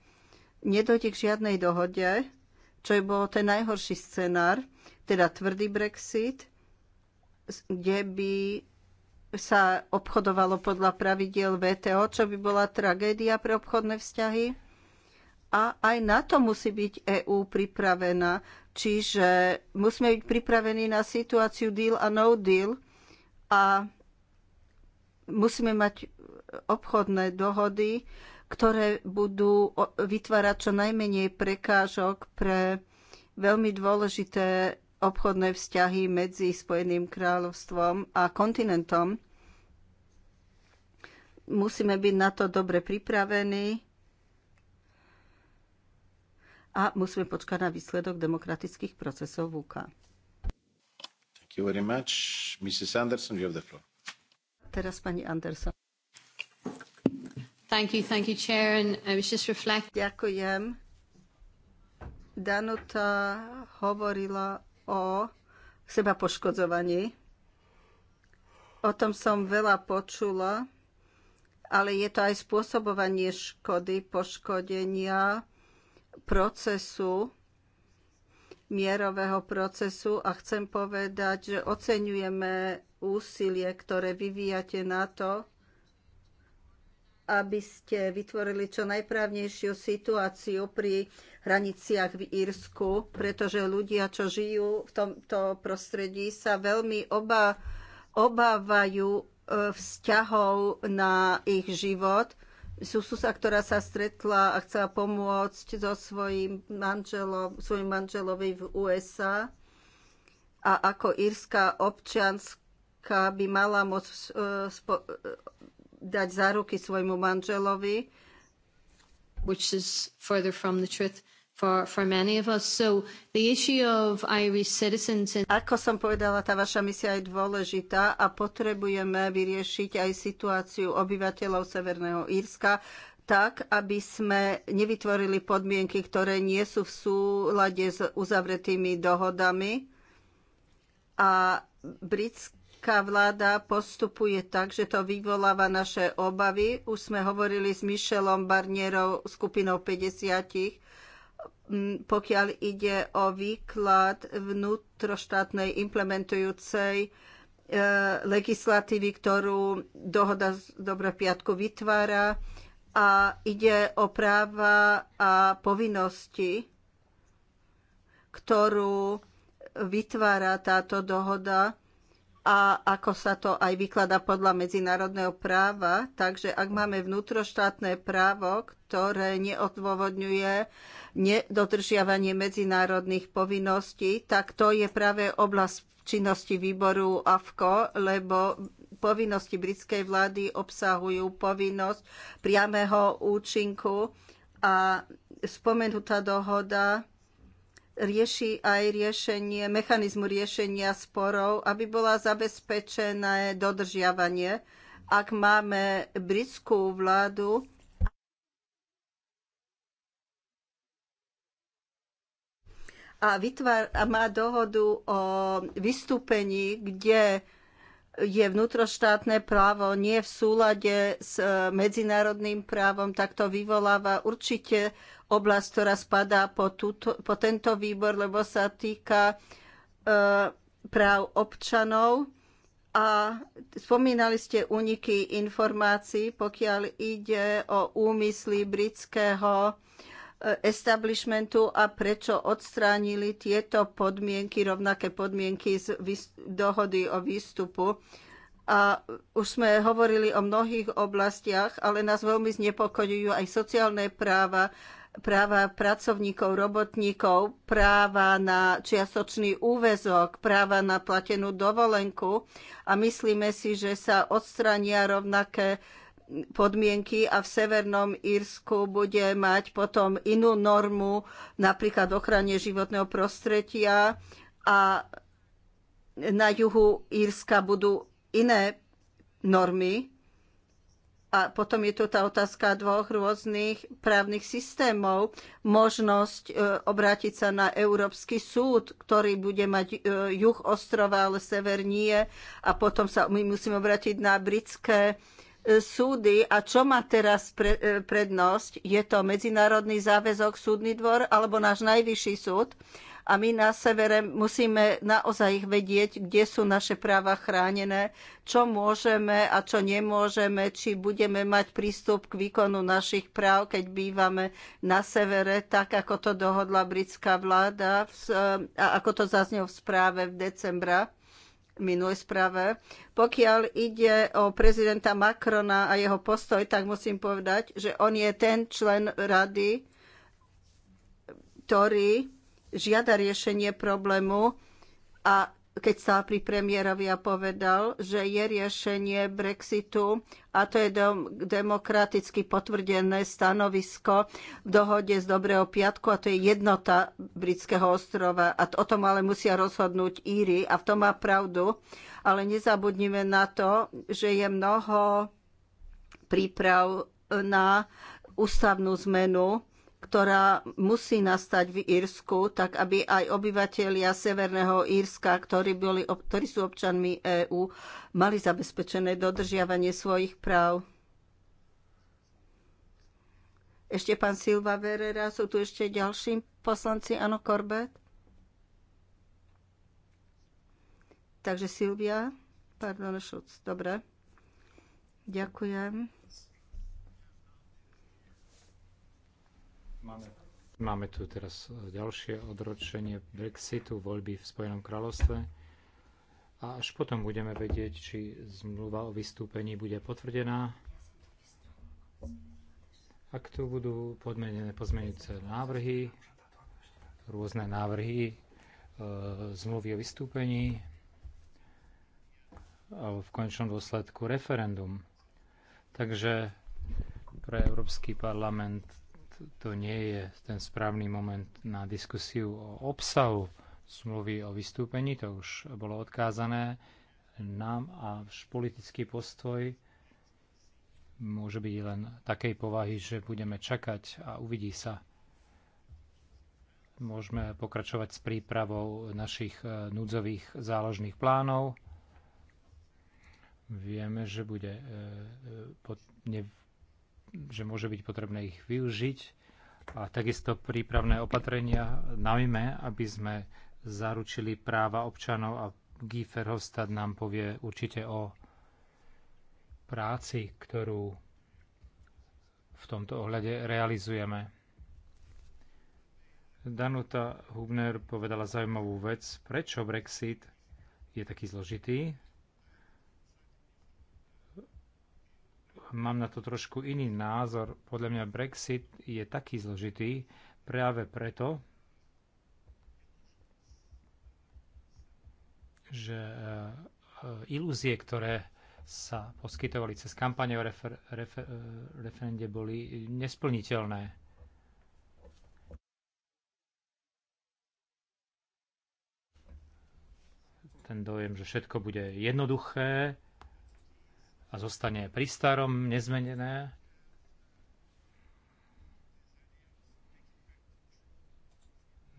nedojde k žiadnej dohode, čo je bol ten najhorší scenár, teda tvrdý Brexit, kde by sa obchodovalo podľa pravidiel VTO, čo by bola tragédia pre obchodné vzťahy a aj na to musí byť EÚ pripravená. Čiže musíme byť pripravení na situáciu deal a no deal a musíme mať obchodné dohody, ktoré budú vytvárať čo najmenej prekážok pre veľmi dôležité obchodné vzťahy medzi Spojeným kráľovstvom a kontinentom. Musíme byť na to dobre pripravení a musíme počkať na výsledok demokratických procesov v UK. Thank you very much. Mrs. Anderson, you have the floor. Teraz pani Anderson. Thank you, thank you, Chair. And I was just reflect... Ďakujem. Danuta hovorila o seba poškodzovaní. O tom som veľa počula, ale je to aj spôsobovanie škody, poškodenia, procesu, mierového procesu a chcem povedať, že oceňujeme úsilie, ktoré vyvíjate na to, aby ste vytvorili čo najprávnejšiu situáciu pri hraniciach v Írsku, pretože ľudia, čo žijú v tomto prostredí, sa veľmi oba, obávajú e, vzťahov na ich život – sú susa, ktorá sa stretla a chcela pomôcť so svojím manželom, svojim manželovi v USA a ako írska občianska by mala môcť e, spo- e, dať záruky svojmu manželovi. Which is further from the truth for, many of us. So the issue of Irish citizens in Ako som povedala, tá vaša misia je dôležitá a potrebujeme vyriešiť aj situáciu obyvateľov Severného Írska, tak, aby sme nevytvorili podmienky, ktoré nie sú v súlade s uzavretými dohodami. A britská vláda postupuje tak, že to vyvoláva naše obavy. Už sme hovorili s Michelom Barnierom, skupinou 50 pokiaľ ide o výklad vnútroštátnej implementujúcej e, legislatívy, ktorú dohoda z Dobra piatku vytvára a ide o práva a povinnosti, ktorú vytvára táto dohoda a ako sa to aj vyklada podľa medzinárodného práva. Takže ak máme vnútroštátne právo, ktoré neodôvodňuje nedodržiavanie medzinárodných povinností, tak to je práve oblasť činnosti výboru AFKO, lebo povinnosti britskej vlády obsahujú povinnosť priamého účinku a spomenutá dohoda rieši aj riešenie, mechanizmu riešenia sporov, aby bola zabezpečené dodržiavanie. Ak máme britskú vládu, a, vytvár, a má dohodu o vystúpení, kde je vnútroštátne právo nie v súlade s e, medzinárodným právom, tak to vyvoláva určite oblasť, ktorá spadá po, túto, po tento výbor, lebo sa týka e, práv občanov. A spomínali ste úniky informácií, pokiaľ ide o úmysly britského e, establishmentu a prečo odstránili tieto podmienky, rovnaké podmienky z dohody o výstupu. A už sme hovorili o mnohých oblastiach, ale nás veľmi znepokojujú aj sociálne práva, práva pracovníkov, robotníkov, práva na čiastočný úvezok, práva na platenú dovolenku a myslíme si, že sa odstrania rovnaké podmienky a v Severnom Írsku bude mať potom inú normu, napríklad ochrane životného prostredia a na juhu Írska budú iné normy a potom je tu tá otázka dvoch rôznych právnych systémov. Možnosť e, obrátiť sa na Európsky súd, ktorý bude mať e, juh ostrova, ale sever nie. A potom sa my musíme obrátiť na britské e, súdy. A čo má teraz pre prednosť? Je to medzinárodný záväzok súdny dvor alebo náš najvyšší súd? A my na severe musíme naozaj ich vedieť, kde sú naše práva chránené, čo môžeme a čo nemôžeme, či budeme mať prístup k výkonu našich práv, keď bývame na severe, tak ako to dohodla britská vláda a ako to zaznelo v správe v decembra minulej správe. Pokiaľ ide o prezidenta Macrona a jeho postoj, tak musím povedať, že on je ten člen rady, ktorý žiada riešenie problému a keď sa pri premiérovi a povedal, že je riešenie Brexitu a to je demokraticky potvrdené stanovisko v dohode z Dobrého piatku a to je jednota britského ostrova a o tom ale musia rozhodnúť Íry a v tom má pravdu, ale nezabudnime na to, že je mnoho príprav na ústavnú zmenu ktorá musí nastať v Írsku, tak aby aj obyvatelia Severného Írska, ktorí, boli, ktorí sú občanmi EÚ, mali zabezpečené dodržiavanie svojich práv. Ešte pán Silva Verera, sú tu ešte ďalší poslanci, áno, Korbet? Takže Silvia, pardon, Šuc, dobre. Ďakujem. Máme. Máme tu teraz e, ďalšie odročenie Brexitu, voľby v Spojenom kráľovstve. A až potom budeme vedieť, či zmluva o vystúpení bude potvrdená. Ak tu budú podmenené pozmenujúce návrhy, rôzne návrhy e, zmluvy o vystúpení, alebo v končnom dôsledku referendum. Takže pre Európsky parlament to nie je ten správny moment na diskusiu o obsahu zmluvy o vystúpení, to už bolo odkázané nám a politický postoj môže byť len takej povahy, že budeme čakať a uvidí sa. Môžeme pokračovať s prípravou našich e, núdzových záložných plánov. Vieme, že bude e, e, že môže byť potrebné ich využiť a takisto prípravné opatrenia, najmä aby sme zaručili práva občanov a Guy Verhofstadt nám povie určite o práci, ktorú v tomto ohľade realizujeme. Danuta Hubner povedala zaujímavú vec, prečo Brexit je taký zložitý, mám na to trošku iný názor. Podľa mňa Brexit je taký zložitý práve preto, že eh, ilúzie, ktoré sa poskytovali cez kampane o refer, refer, eh, referende, boli nesplniteľné. Ten dojem, že všetko bude jednoduché, a zostane pri starom nezmenené.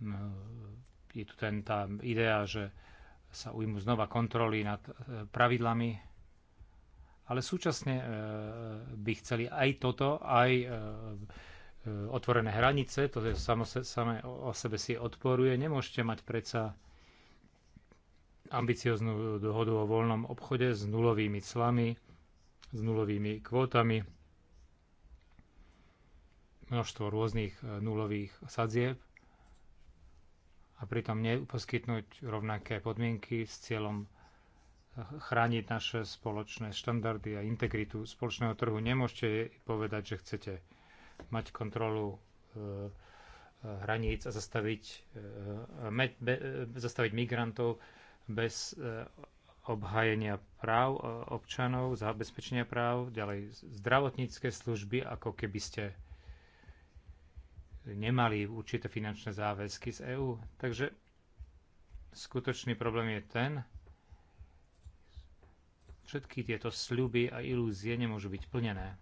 No, je tu ten, tá idea, že sa ujmu znova kontroly nad e, pravidlami, ale súčasne e, by chceli aj toto, aj e, otvorené hranice, to je samé o sebe si odporuje. Nemôžete mať predsa ambicioznú dohodu o voľnom obchode s nulovými clami, s nulovými kvótami, množstvo rôznych e, nulových sadzieb a pritom neposkytnúť rovnaké podmienky s cieľom e, chrániť naše spoločné štandardy a integritu spoločného trhu. Nemôžete povedať, že chcete mať kontrolu e, hraníc a zastaviť, zastaviť migrantov bez obhajenia práv e, občanov, zabezpečenia práv, ďalej zdravotnícke služby, ako keby ste nemali určité finančné záväzky z EÚ. Takže skutočný problém je ten, všetky tieto sľuby a ilúzie nemôžu byť plnené.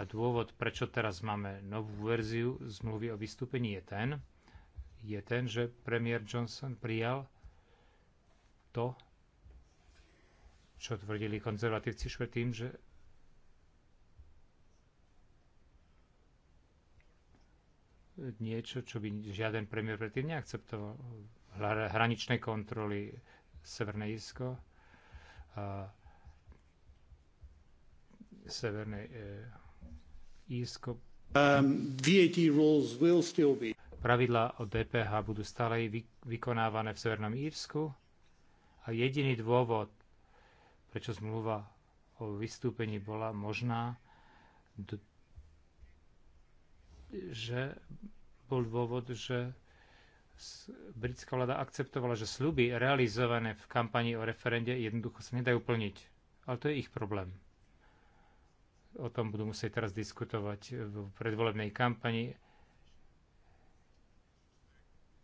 A dôvod, prečo teraz máme novú verziu zmluvy o vystúpení je ten, je ten, že premiér Johnson prijal to, čo tvrdili konzervatívci švedtým, že niečo, čo by žiaden premiér predtým neakceptoval. Hraničné kontroly Severné Isko, a Severné e, Isko. Um, VAT rules will still be. Pravidla o DPH budú stále vykonávané v Severnom Írsku a jediný dôvod, prečo zmluva o vystúpení bola možná, že bol dôvod, že britská vláda akceptovala, že sľuby realizované v kampani o referende jednoducho sa nedajú plniť. Ale to je ich problém. O tom budú musieť teraz diskutovať v predvolebnej kampani.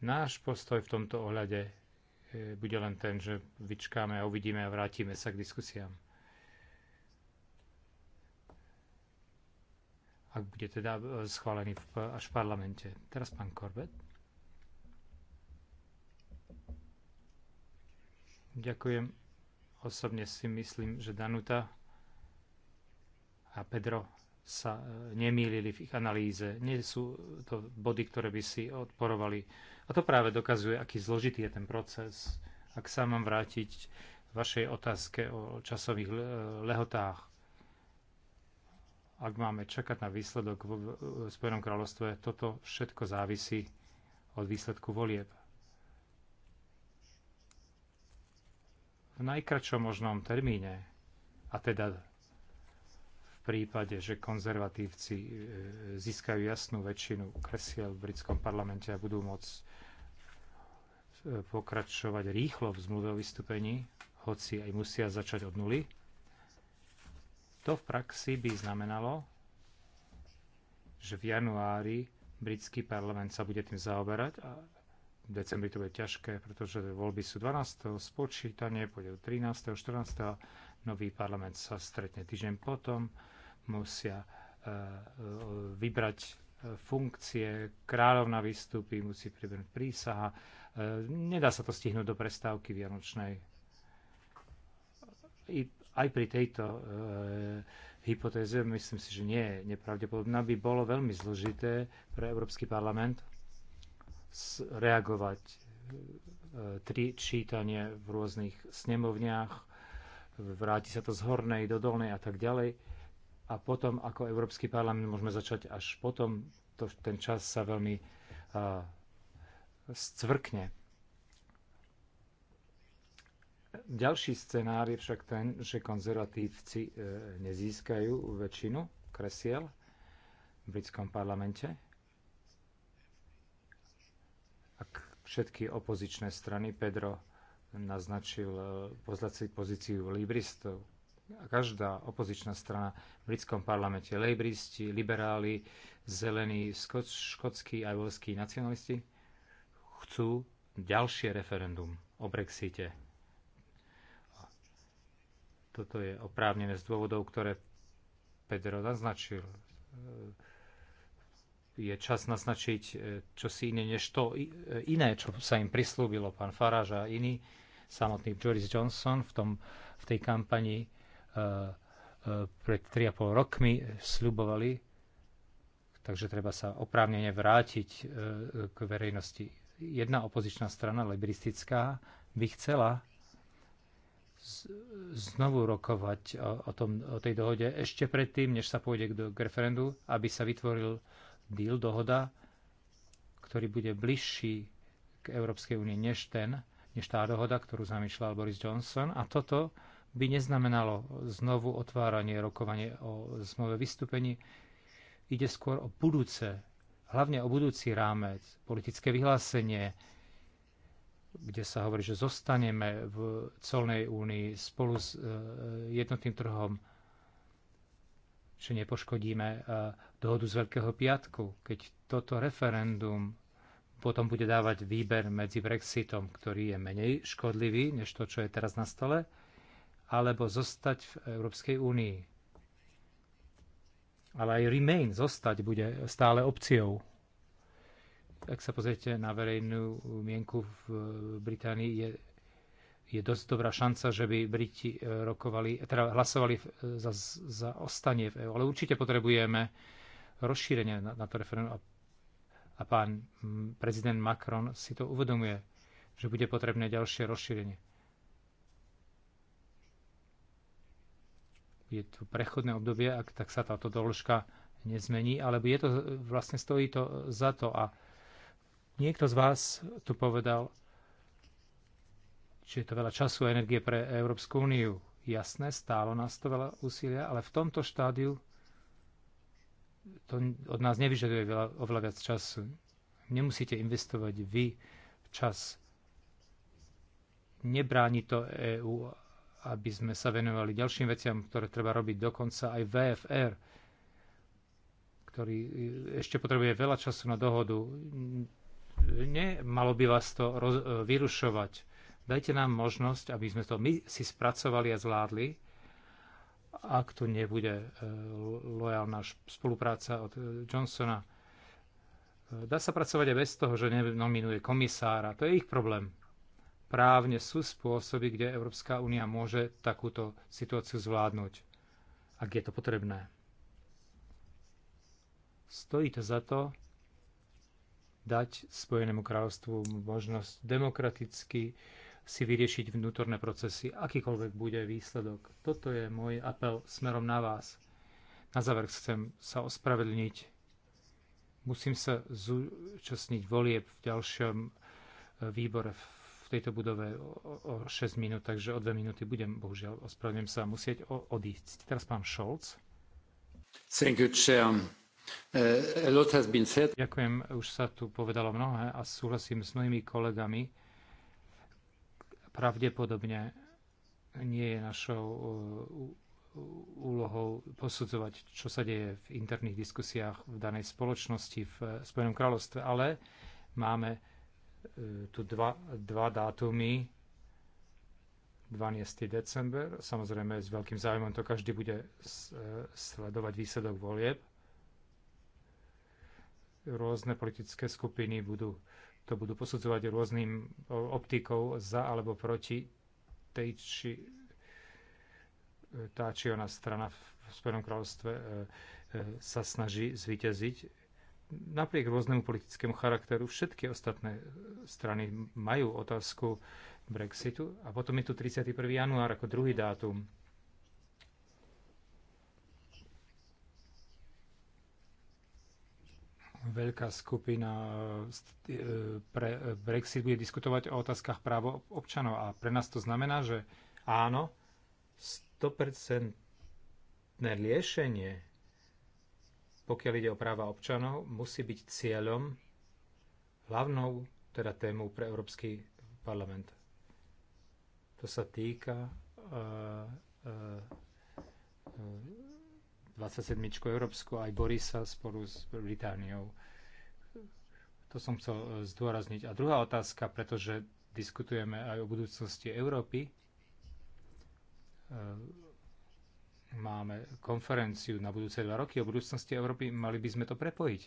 Náš postoj v tomto ohľade E, bude len ten, že vyčkáme a uvidíme a vrátime sa k diskusiám. Ak bude teda e, schválený až v parlamente. Teraz pán Korbet. Ďakujem. Osobne si myslím, že Danuta a Pedro sa e, nemýlili v ich analýze. Nie sú to body, ktoré by si odporovali. A to práve dokazuje, aký zložitý je ten proces. Ak sa mám vrátiť vašej otázke o časových e, lehotách, ak máme čakať na výsledok v Spojenom kráľovstve, toto všetko závisí od výsledku volieb. V najkračom možnom termíne, a teda prípade, že konzervatívci e, získajú jasnú väčšinu kresiel v britskom parlamente a budú môcť e, pokračovať rýchlo v zmluve o vystúpení, hoci aj musia začať od nuly. To v praxi by znamenalo, že v januári britský parlament sa bude tým zaoberať a v decembri to bude ťažké, pretože voľby sú 12. spočítanie, pôjde 13. 14. nový parlament sa stretne týždeň potom musia eh, vybrať eh, funkcie, kráľovna vystúpi, musí pribrať prísaha. Eh, nedá sa to stihnúť do prestávky vianočnej. I, aj pri tejto e, hypotéze myslím si, že nie je nepravdepodobná. By bolo veľmi zložité pre Európsky parlament reagovať e, tri čítanie v rôznych snemovniach, vráti sa to z hornej do dolnej a tak ďalej. E, a potom ako Európsky parlament môžeme začať až potom, to, ten čas sa veľmi uh, scvrkne. Ďalší scenár je však ten, že konzervatívci e, nezískajú väčšinu kresiel v britskom parlamente. Ak všetky opozičné strany, Pedro naznačil e, pozlaciť pozíciu libristov, každá opozičná strana v britskom parlamente, lejbristi, liberáli, zelení, škot, škotskí a voľskí nacionalisti, chcú ďalšie referendum o Brexite. Toto je oprávnené z dôvodov, ktoré Pedro naznačil. Je čas naznačiť e, čosi iné než to e, iné, čo sa im prislúbilo pán Faráž a iný, samotný Joris Johnson v, tom, v tej kampani E, e, pred 3,5 rokmi sľubovali, takže treba sa oprávnene vrátiť e, k verejnosti. Jedna opozičná strana, liberistická, by chcela znovu rokovať o, tom, o tej dohode ešte predtým, než sa pôjde k, k referendu, aby sa vytvoril deal, dohoda, ktorý bude bližší k Európskej únie než ten, než tá dohoda, ktorú zamýšľal Boris Johnson. A toto by neznamenalo znovu otváranie rokovanie o zmluve vystúpení. Ide skôr o budúce, hlavne o budúci rámec, politické vyhlásenie, kde sa hovorí, že zostaneme v colnej únii spolu s e, jednotným trhom, že nepoškodíme e, dohodu z Veľkého piatku, keď toto referendum potom bude dávať výber medzi Brexitom, ktorý je menej škodlivý než to, čo je teraz na stole, alebo zostať v Európskej únii. Ale aj remain, zostať, bude stále opciou. Ak sa pozriete na verejnú mienku v Británii, je, je dosť dobrá šanca, že by Briti e, rokovali, e, teda hlasovali e, za, za ostanie v EU. Ale určite potrebujeme rozšírenie na, na to referendum a, a pán prezident Macron si to uvedomuje, že bude potrebné ďalšie rozšírenie je tu prechodné obdobie, ak tak sa táto doložka nezmení, ale je to, vlastne stojí to za to. A niekto z vás tu povedal, že je to veľa času a energie pre Európsku úniu. Jasné, stálo nás to veľa úsilia, ale v tomto štádiu to od nás nevyžaduje veľa, oveľa viac času. Nemusíte investovať vy čas. Nebráni to EÚ aby sme sa venovali ďalším veciam, ktoré treba robiť dokonca aj VFR, ktorý e, ešte potrebuje veľa času na dohodu. Nemalo by vás to roz, e, vyrušovať. Dajte nám možnosť, aby sme to my si spracovali a zvládli, ak tu nebude e, lojálna spolupráca od Johnsona. Dá sa pracovať aj bez toho, že nenominuje komisára. To je ich problém právne sú spôsoby, kde Európska únia môže takúto situáciu zvládnuť, ak je to potrebné. Stojí to za to dať Spojenému kráľovstvu možnosť demokraticky si vyriešiť vnútorné procesy, akýkoľvek bude výsledok. Toto je môj apel smerom na vás. Na záver chcem sa ospravedlniť. Musím sa zúčastniť volieb v ďalšom e, výbore v tejto budove o, o 6 minút, takže o 2 minúty budem, bohužiaľ, ospravedlňujem sa, musieť o, odísť. Teraz pán Scholz. Thank you, chair. Uh, a lot has been said. Ďakujem, už sa tu povedalo mnohé a súhlasím s mnohými kolegami. Pravdepodobne nie je našou uh, úlohou posudzovať, čo sa deje v interných diskusiách v danej spoločnosti v Spojenom kráľovstve, ale máme E, tu dva, dva dátumy, 12. december, samozrejme s veľkým záujmom to každý bude e, sledovať výsledok volieb. Rôzne politické skupiny budú, to budú posudzovať rôznym optikou za alebo proti tej či e, tá či ona strana v Spojenom kráľovstve sa snaží zvíťaziť napriek rôznemu politickému charakteru všetky ostatné strany majú otázku Brexitu a potom je tu 31. január ako druhý dátum. Veľká skupina e, pre Brexit bude diskutovať o otázkach práv občanov a pre nás to znamená, že áno, 100% riešenie pokiaľ ide o práva občanov, musí byť cieľom, hlavnou teda témou pre Európsky parlament. To sa týka uh, uh, 27. Európsku aj Borisa spolu s Britániou. To som chcel e, zdôrazniť. A druhá otázka, pretože diskutujeme aj o budúcnosti Európy. Uh, máme konferenciu na budúce dva roky o budúcnosti Európy, mali by sme to prepojiť.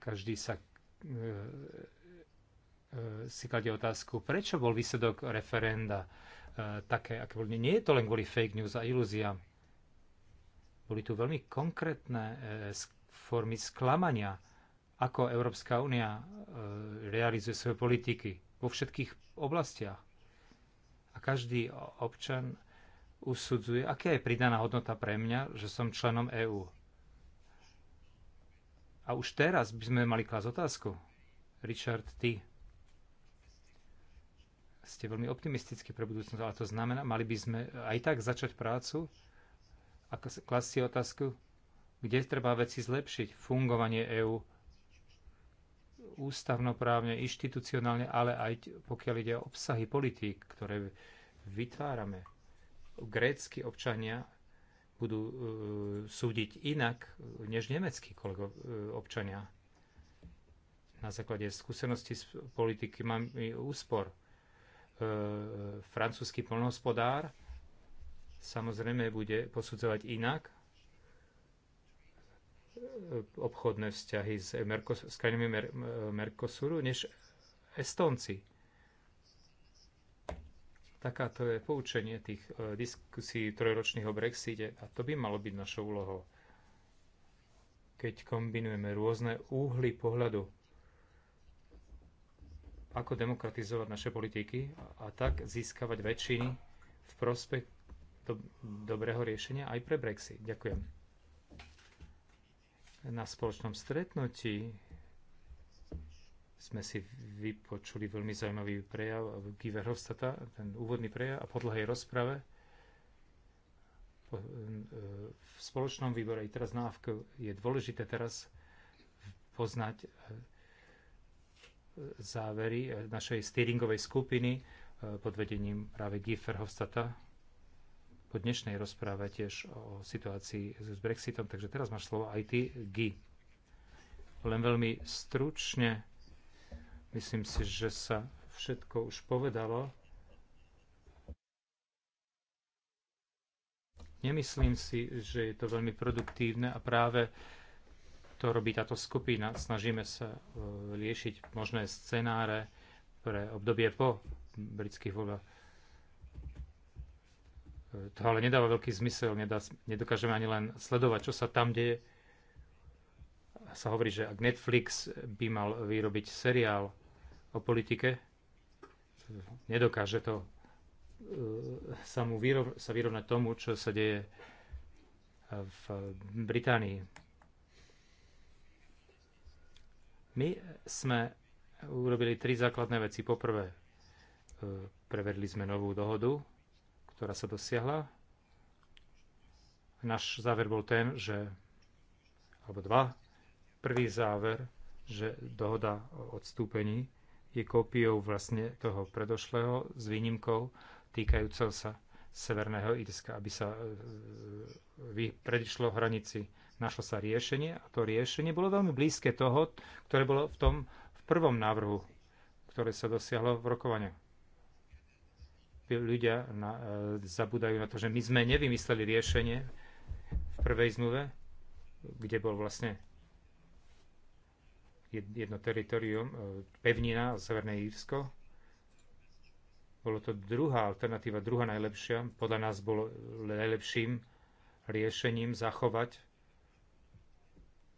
Každý sa e, e, si kladie otázku, prečo bol výsledok referenda e, také, aké boli. Nie je to len kvôli fake news a ilúziám. Boli tu veľmi konkrétne formy sklamania, ako Európska únia realizuje svoje politiky vo všetkých oblastiach a každý občan usudzuje, aká je pridaná hodnota pre mňa, že som členom EÚ. A už teraz by sme mali klásť otázku. Richard, ty ste veľmi optimistickí pre budúcnosť, ale to znamená, mali by sme aj tak začať prácu a klásť si otázku, kde treba veci zlepšiť, fungovanie EÚ ústavnoprávne, inštitucionálne, ale aj pokiaľ ide o obsahy politík, ktoré vytvárame. Grécky občania budú e, súdiť inak e, než nemeckí kolego, e, občania. Na základe skúsenosti s politiky mám úspor. E, e, francúzsky polnohospodár samozrejme bude posudzovať inak obchodné vzťahy s, Merkos- s krajinami Mer- Mercosuru než Estónci. Takáto je poučenie tých e, diskusí trojročných o Brexite a to by malo byť našou úlohou. Keď kombinujeme rôzne úhly pohľadu, ako demokratizovať naše politiky a, a tak získavať väčšiny v prospech do, dobrého riešenia aj pre Brexit. Ďakujem. Na spoločnom stretnutí sme si vypočuli veľmi zaujímavý prejav Giver ten úvodný prejav a po dlhej rozprave e, v spoločnom výbore i teraz na AFK je dôležité teraz poznať e, závery e, našej steeringovej skupiny pod vedením práve Gifferhofstata, po dnešnej rozpráve tiež o situácii s Brexitom. Takže teraz máš slovo aj ty, Guy. Len veľmi stručne, myslím si, že sa všetko už povedalo. Nemyslím si, že je to veľmi produktívne a práve to robí táto skupina. Snažíme sa riešiť e, možné scenáre pre obdobie po britských voľbách to ale nedáva veľký zmysel, nedá, nedokážeme ani len sledovať, čo sa tam deje. Sa hovorí, že ak Netflix by mal vyrobiť seriál o politike, nedokáže to e, sa, mu vyrov, sa vyrovnať tomu, čo sa deje v Británii. My sme urobili tri základné veci. Poprvé, e, prevedli sme novú dohodu ktorá sa dosiahla. Náš záver bol ten, že, alebo dva, prvý záver, že dohoda o odstúpení je kópiou vlastne toho predošlého s výnimkou týkajúceho sa Severného Írska, aby sa e, predišlo hranici. Našlo sa riešenie a to riešenie bolo veľmi blízke toho, ktoré bolo v tom v prvom návrhu, ktoré sa dosiahlo v rokovaniach ľudia na, e, zabúdajú na to, že my sme nevymysleli riešenie v prvej zmluve, kde bol vlastne jedno teritorium, e, pevnina, Severné Írsko. Bolo to druhá alternatíva, druhá najlepšia. Podľa nás bolo najlepším riešením zachovať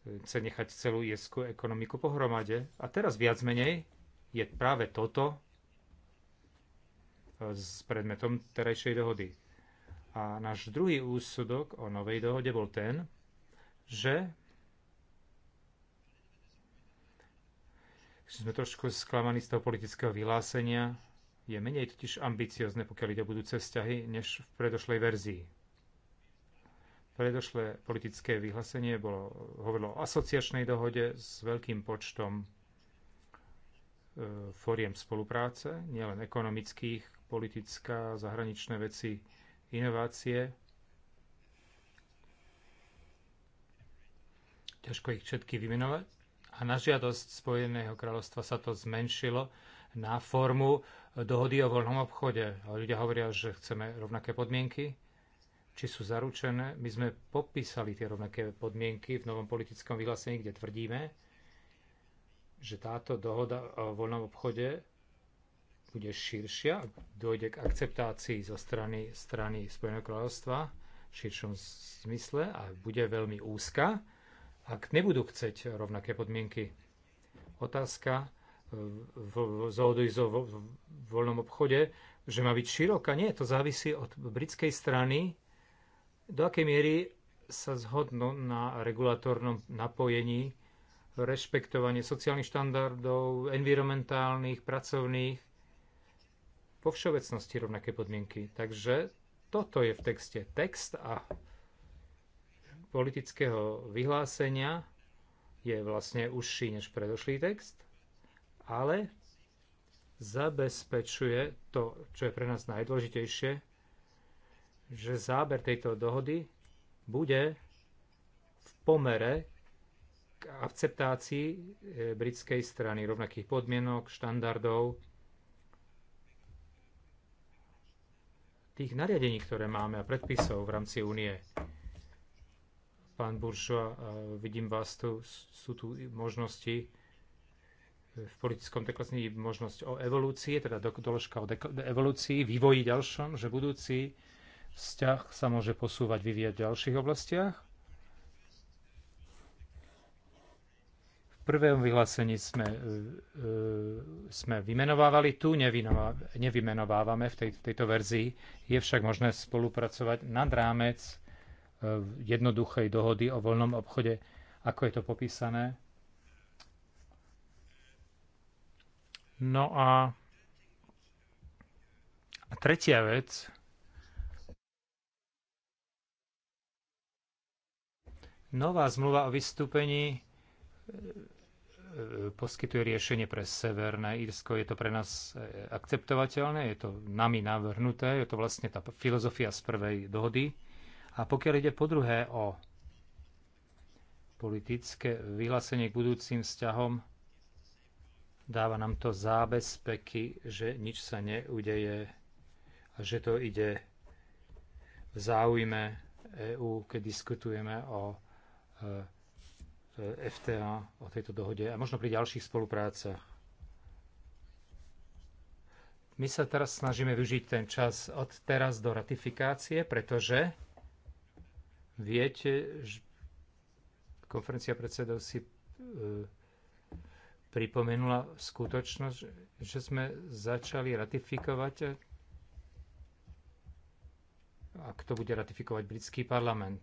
chce nechať celú jeskú ekonomiku pohromade. A teraz viac menej je práve toto s predmetom terajšej dohody. A náš druhý úsudok o novej dohode bol ten, že sme trošku sklamaní z toho politického vyhlásenia. Je menej totiž ambiciozne, pokiaľ ide o budúce vzťahy, než v predošlej verzii. Predošlé politické vyhlásenie bolo, hovorilo o asociačnej dohode s veľkým počtom e, foriem spolupráce, nielen ekonomických, politická, zahraničné veci, inovácie. Ťažko ich všetky vymenovať. A na žiadosť Spojeného kráľovstva sa to zmenšilo na formu dohody o voľnom obchode. Ale ľudia hovoria, že chceme rovnaké podmienky, či sú zaručené. My sme popísali tie rovnaké podmienky v novom politickom vyhlásení, kde tvrdíme, že táto dohoda o voľnom obchode bude širšia, ak dojde k akceptácii zo strany, strany Spojeného kráľovstva v širšom zmysle a bude veľmi úzka, ak nebudú chceť rovnaké podmienky. Otázka v, v, v, v, v voľnom obchode, že má byť široká. Nie, to závisí od britskej strany, do akej miery sa zhodnú na regulatórnom napojení, rešpektovanie sociálnych štandardov, environmentálnych, pracovných, vo všeobecnosti rovnaké podmienky. Takže toto je v texte. Text a politického vyhlásenia je vlastne užší než predošlý text, ale zabezpečuje to, čo je pre nás najdôležitejšie, že záber tejto dohody bude v pomere k akceptácii eh, britskej strany rovnakých podmienok, štandardov, tých nariadení, ktoré máme a predpisov v rámci únie. Pán Buršova, vidím vás tu, sú tu možnosti e, v politickom deklasní možnosť o evolúcii, teda doložka o evolúcii, vývoji ďalšom, že budúci vzťah sa môže posúvať, vyvíjať v ďalších oblastiach prvom vyhlásení sme, e, e, sme vymenovávali, tu nevymenovávame v, tej, v tejto verzii. Je však možné spolupracovať nad rámec e, jednoduchej dohody o voľnom obchode, ako je to popísané. No a, a tretia vec, nová zmluva o vystúpení poskytuje riešenie pre Severné Írsko. Je to pre nás e, akceptovateľné, je to nami navrhnuté, je to vlastne tá filozofia z prvej dohody. A pokiaľ ide po druhé o politické vyhlásenie k budúcim vzťahom, dáva nám to zábezpeky, že nič sa neudeje a že to ide v záujme EÚ, keď diskutujeme o e, E, FTA, o tejto dohode a možno pri ďalších spoluprácach. My sa teraz snažíme využiť ten čas od teraz do ratifikácie, pretože viete, konferencia predsedov si e, pripomenula skutočnosť, že sme začali ratifikovať ak to bude ratifikovať britský parlament.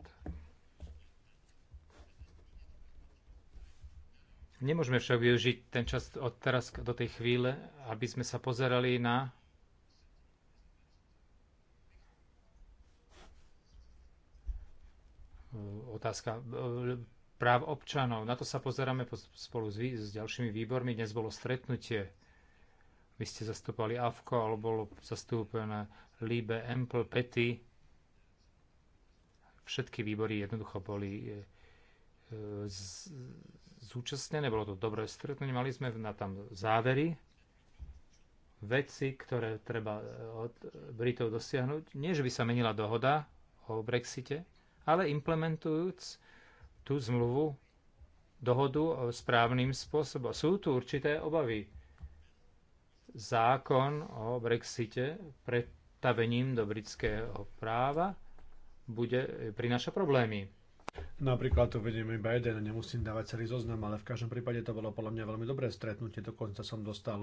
Nemôžeme však využiť ten čas od teraz do tej chvíle, aby sme sa pozerali na otázka e, práv občanov. Na to sa pozeráme spolu s, s ďalšími výbormi. Dnes bolo stretnutie. Vy ste zastúpali AFKO, ale bolo zastúpené LIBE, EMPL, PETI. Všetky výbory jednoducho boli e, e, z, zúčastnené, bolo to dobré stretnutie, mali sme na tam závery, veci, ktoré treba e, od Britov dosiahnuť. Nie, že by sa menila dohoda o Brexite, ale implementujúc tú zmluvu, dohodu správnym spôsobom. Sú tu určité obavy. Zákon o Brexite pretavením do britského práva bude, prinaša problémy Napríklad tu vediem iba jeden, nemusím dávať celý zoznam, ale v každom prípade to bolo podľa mňa veľmi dobré stretnutie. Dokonca som dostal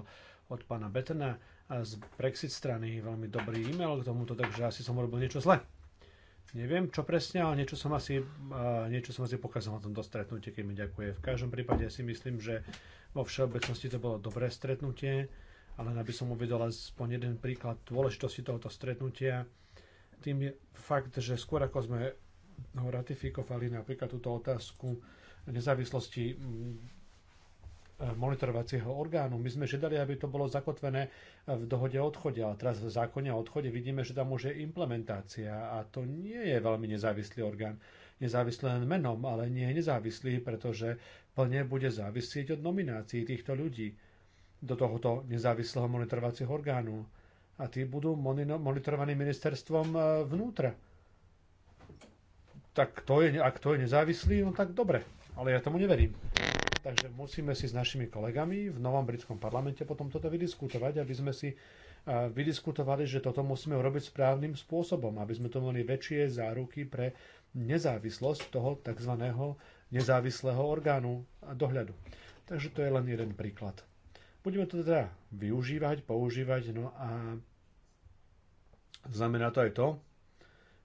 od pána Betena z Brexit strany veľmi dobrý e-mail k tomuto, takže asi som urobil niečo zle. Neviem, čo presne, ale niečo som asi, niečo som asi pokazal na tomto stretnutie, keď mi ďakuje. V každom prípade si myslím, že vo všeobecnosti to bolo dobré stretnutie, ale aby som uvedol aspoň jeden príklad dôležitosti tohoto stretnutia, tým je fakt, že skôr ako sme ho ratifikovali napríklad túto otázku nezávislosti mm, eh, monitorovacieho orgánu. My sme žiadali, aby to bolo zakotvené eh, v dohode o odchode, ale teraz v zákone o odchode vidíme, že tam už je implementácia a to nie je veľmi nezávislý orgán. Nezávislý len menom, ale nie je nezávislý, pretože plne bude závisieť od nominácií týchto ľudí do tohoto nezávislého monitorovacieho orgánu. A tí budú monitorovaní ministerstvom eh, vnútra tak to je, ak to je nezávislý, no tak dobre. Ale ja tomu neverím. Takže musíme si s našimi kolegami v novom britskom parlamente potom toto vydiskutovať, aby sme si vydiskutovali, že toto musíme urobiť správnym spôsobom, aby sme to mali väčšie záruky pre nezávislosť toho tzv. nezávislého orgánu a dohľadu. Takže to je len jeden príklad. Budeme to teda využívať, používať, no a znamená to aj to,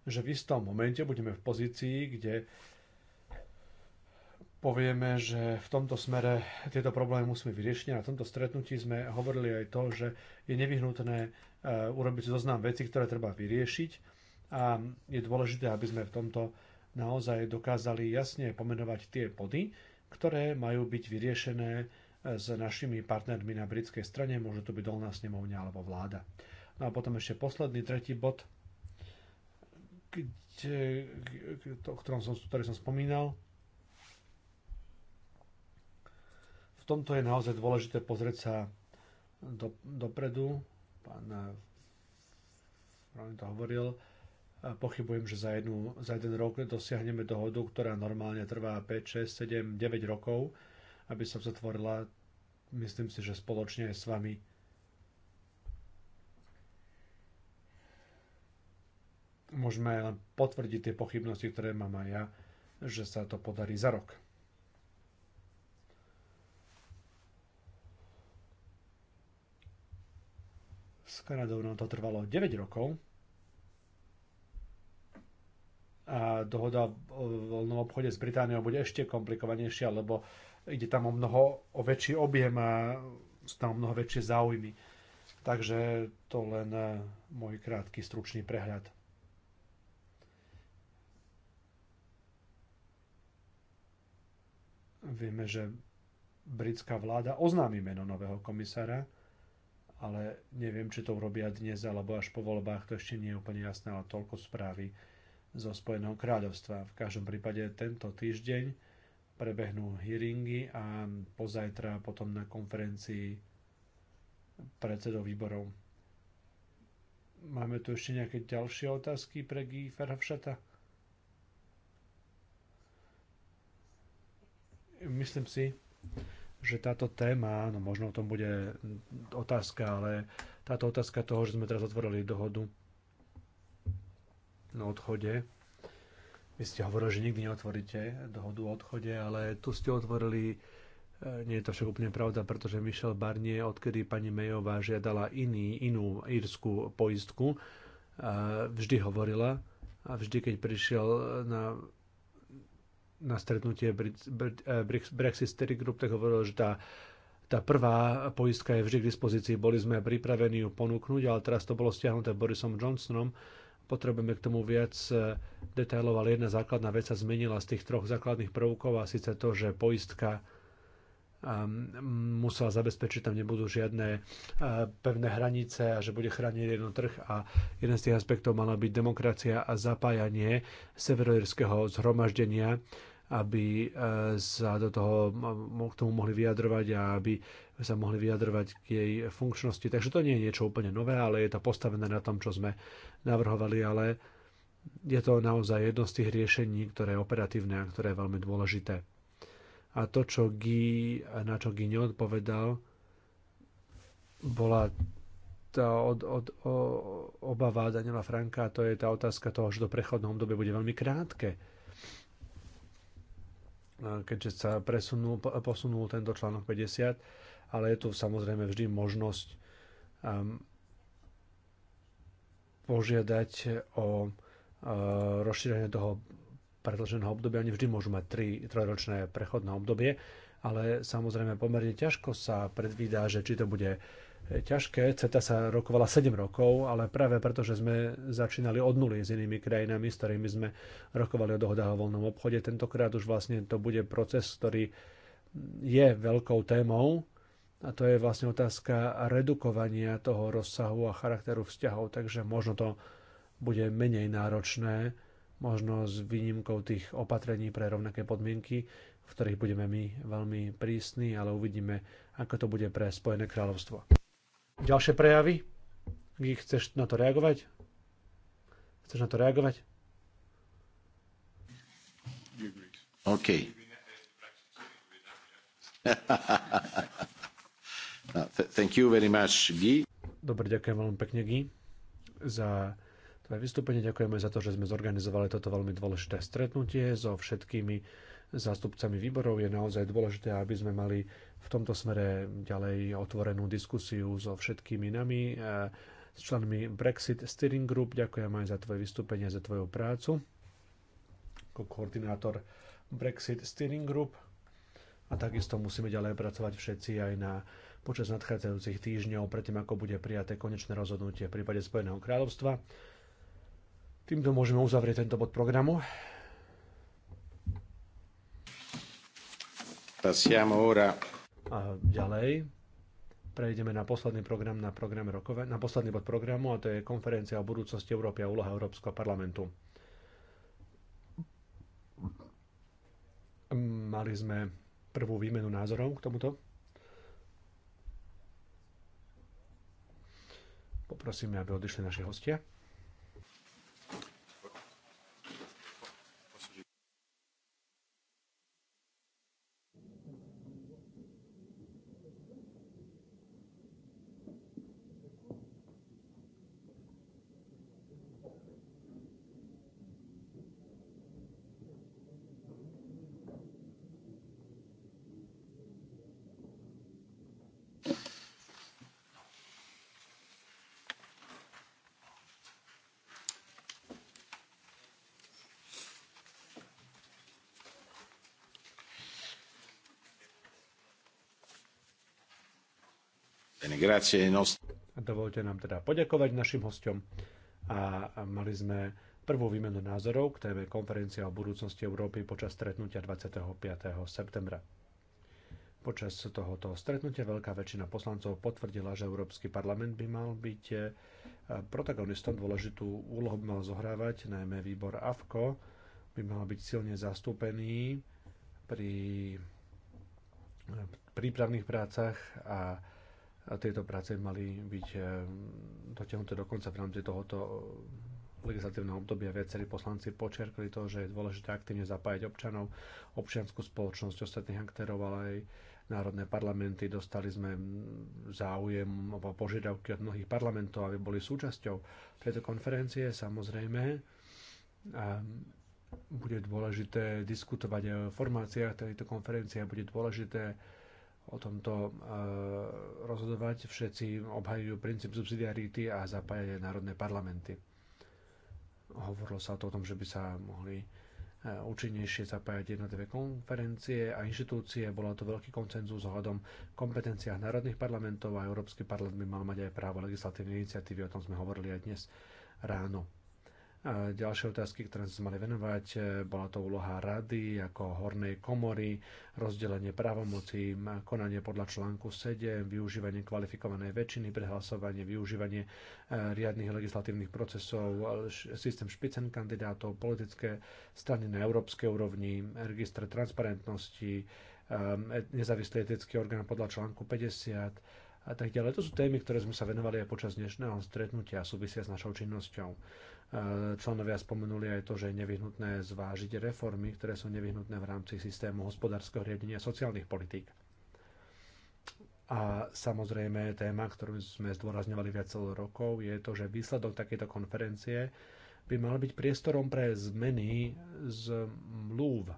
že v istom momente budeme v pozícii, kde povieme, že v tomto smere tieto problémy musíme vyriešiť. Na tomto stretnutí sme hovorili aj to, že je nevyhnutné e, urobiť zoznam veci, ktoré treba vyriešiť a je dôležité, aby sme v tomto naozaj dokázali jasne pomenovať tie body, ktoré majú byť vyriešené e, s našimi partnermi na britskej strane, môže to byť dolná snemovňa alebo vláda. No a potom ešte posledný, tretí bod – kde, to, ktorom som, ktorý som spomínal. V tomto je naozaj dôležité pozrieť sa do, dopredu. Pán eh, Rony to hovoril. Pochybujem, že za, jednu, za jeden rok dosiahneme dohodu, ktorá normálne trvá 5, 6, 7, 9 rokov, aby sa zatvorila. Myslím si, že spoločne s vami môžeme len potvrdiť tie pochybnosti, ktoré mám aj ja, že sa to podarí za rok. S Kanadou nám to trvalo 9 rokov a dohoda o voľnom obchode s Britániou bude ešte komplikovanejšia, lebo ide tam o mnoho o väčší objem a sú tam o mnoho väčšie záujmy. Takže to len eh, môj krátky stručný prehľad. Vieme, že britská vláda oznámi meno nového komisára, ale neviem, či to urobia dnes alebo až po voľbách, to ešte nie je úplne jasné, ale toľko správy zo Spojeného kráľovstva. V každom prípade tento týždeň prebehnú hearingy a pozajtra potom na konferencii predsedov výborov. Máme tu ešte nejaké ďalšie otázky pre Guy Verhofstadta? myslím si, že táto téma, no možno o tom bude otázka, ale táto otázka toho, že sme teraz otvorili dohodu na odchode, vy ste hovorili, že nikdy neotvoríte dohodu o odchode, ale tu ste otvorili, e, nie je to však úplne pravda, pretože Michel Barnier, odkedy pani Mejová žiadala iný, inú írskú poistku, e, vždy hovorila a vždy, keď prišiel na na stretnutie eh, Brexit Steering Group, tak hovoril, že tá tá prvá poistka je vždy k dispozícii, boli sme pripravení ju ponúknuť, ale teraz to bolo stiahnuté Borisom Johnsonom. Potrebujeme k tomu viac eh, detailov, ale jedna základná vec sa zmenila z tých troch základných prvkov a síce to, že poistka ehm, musela zabezpečiť, tam nebudú žiadne eh, pevné hranice a že bude chrániť jedno trh a jeden z tých aspektov mala byť demokracia a zapájanie severoírskeho zhromaždenia aby eh, sa do toho k tomu mohli vyjadrovať a aby sa mohli vyjadrovať k jej funkčnosti. Takže to nie je niečo úplne nové, ale je to postavené na tom, čo sme navrhovali, ale je to naozaj jedno z tých riešení, ktoré je operatívne a ktoré je veľmi dôležité. A to, čo Guy, na čo Guy neodpovedal, bola tá od, od, o, obava Daniela Franka, to je tá otázka toho, že do prechodného obdobie bude veľmi krátke E, keďže sa presunul, posunul tento článok 50, ale je tu samozrejme vždy možnosť ehm, požiadať o e, rozšírenie toho predloženého obdobia. Oni vždy môžu mať 3 trojročné prechodné obdobie, ale samozrejme pomerne ťažko sa predvídá, že či to bude E, ťažké. CETA sa rokovala 7 rokov, ale práve preto, že sme začínali od nuly s inými krajinami, s ktorými sme rokovali o dohodách o voľnom obchode, tentokrát už vlastne to bude proces, ktorý je veľkou témou a to je vlastne otázka redukovania toho rozsahu a charakteru vzťahov, takže možno to bude menej náročné, možno s výnimkou tých opatrení pre rovnaké podmienky, v ktorých budeme my veľmi prísni, ale uvidíme, ako to bude pre Spojené kráľovstvo ďalšie prejavy? Chceš na to reagovať? Chceš na to reagovať? OK. no, thank you very much, Guy. Dobre, ďakujem veľmi pekne, Guy, za tvoje vystúpenie. Ďakujeme za to, že sme zorganizovali toto veľmi dôležité stretnutie so všetkými zástupcami výborov, je naozaj dôležité, aby sme mali v tomto smere ďalej otvorenú diskusiu so všetkými nami, e, s členmi Brexit Steering Group. Ďakujem aj za tvoje vystúpenie, za tvoju prácu ako koordinátor Brexit Steering Group. A takisto musíme ďalej pracovať všetci aj na počas nadchádzajúcich týždňov, predtým ako bude prijaté konečné rozhodnutie v prípade Spojeného kráľovstva. Týmto môžeme uzavrieť tento bod programu. A ďalej prejdeme na posledný program na, program rokove, na posledný bod programu a to je konferencia o budúcnosti Európy a úloha Európskeho parlamentu. Mali sme prvú výmenu názorov k tomuto. Poprosíme, aby odišli naši hostia. Dovolte nám teda poďakovať našim hostom a mali sme prvú výmenu názorov k téme konferencia o budúcnosti Európy počas stretnutia 25. septembra. Počas tohoto stretnutia veľká väčšina poslancov potvrdila, že Európsky parlament by mal byť eh, protagonistom dôležitú úlohu by mal zohrávať, najmä výbor AFKO by mal byť silne zastúpený pri eh, prípravných prácach a a tieto práce mali byť eh, dotiahnuté do konca v rámci tohoto legislatívneho obdobia. Viacerí poslanci počerkli to, že je dôležité aktívne zapájať občanov, občianskú spoločnosť, ostatných aktérov, ale aj národné parlamenty. Dostali sme záujem alebo požiadavky od mnohých parlamentov, aby boli súčasťou tejto konferencie. Samozrejme, a bude dôležité diskutovať o formáciách tejto konferencie a bude dôležité o tomto e, rozhodovať. Všetci obhajujú princíp subsidiarity a zapájajú národné parlamenty. Hovorilo sa to o tom, že by sa mohli e, účinnejšie zapájať jednotlivé konferencie a inštitúcie. Bolo to veľký koncenzus ohľadom kompetenciách národných parlamentov a Európsky parlament by mal mať aj právo legislatívnej iniciatívy. O tom sme hovorili aj dnes ráno. A ďalšie otázky, ktoré sme mali venovať, e, bola to úloha rady ako hornej komory, rozdelenie právomocí, konanie podľa článku 7, využívanie kvalifikovanej väčšiny pre hlasovanie, využívanie e, riadnych legislatívnych procesov, e, systém špicen kandidátov, politické strany na európskej úrovni, registre transparentnosti, nezávislý etický orgán podľa článku 50, a tak ďalej. To sú témy, ktoré sme sa venovali aj počas dnešného stretnutia a súvisia s našou činnosťou. E, Členovia spomenuli aj to, že je nevyhnutné zvážiť reformy, ktoré sú nevyhnutné v rámci systému hospodárskeho riadenia a sociálnych politík. A samozrejme téma, ktorú sme zdôrazňovali viac rokov, je to, že výsledok takejto konferencie by mal byť priestorom pre zmeny z mluv.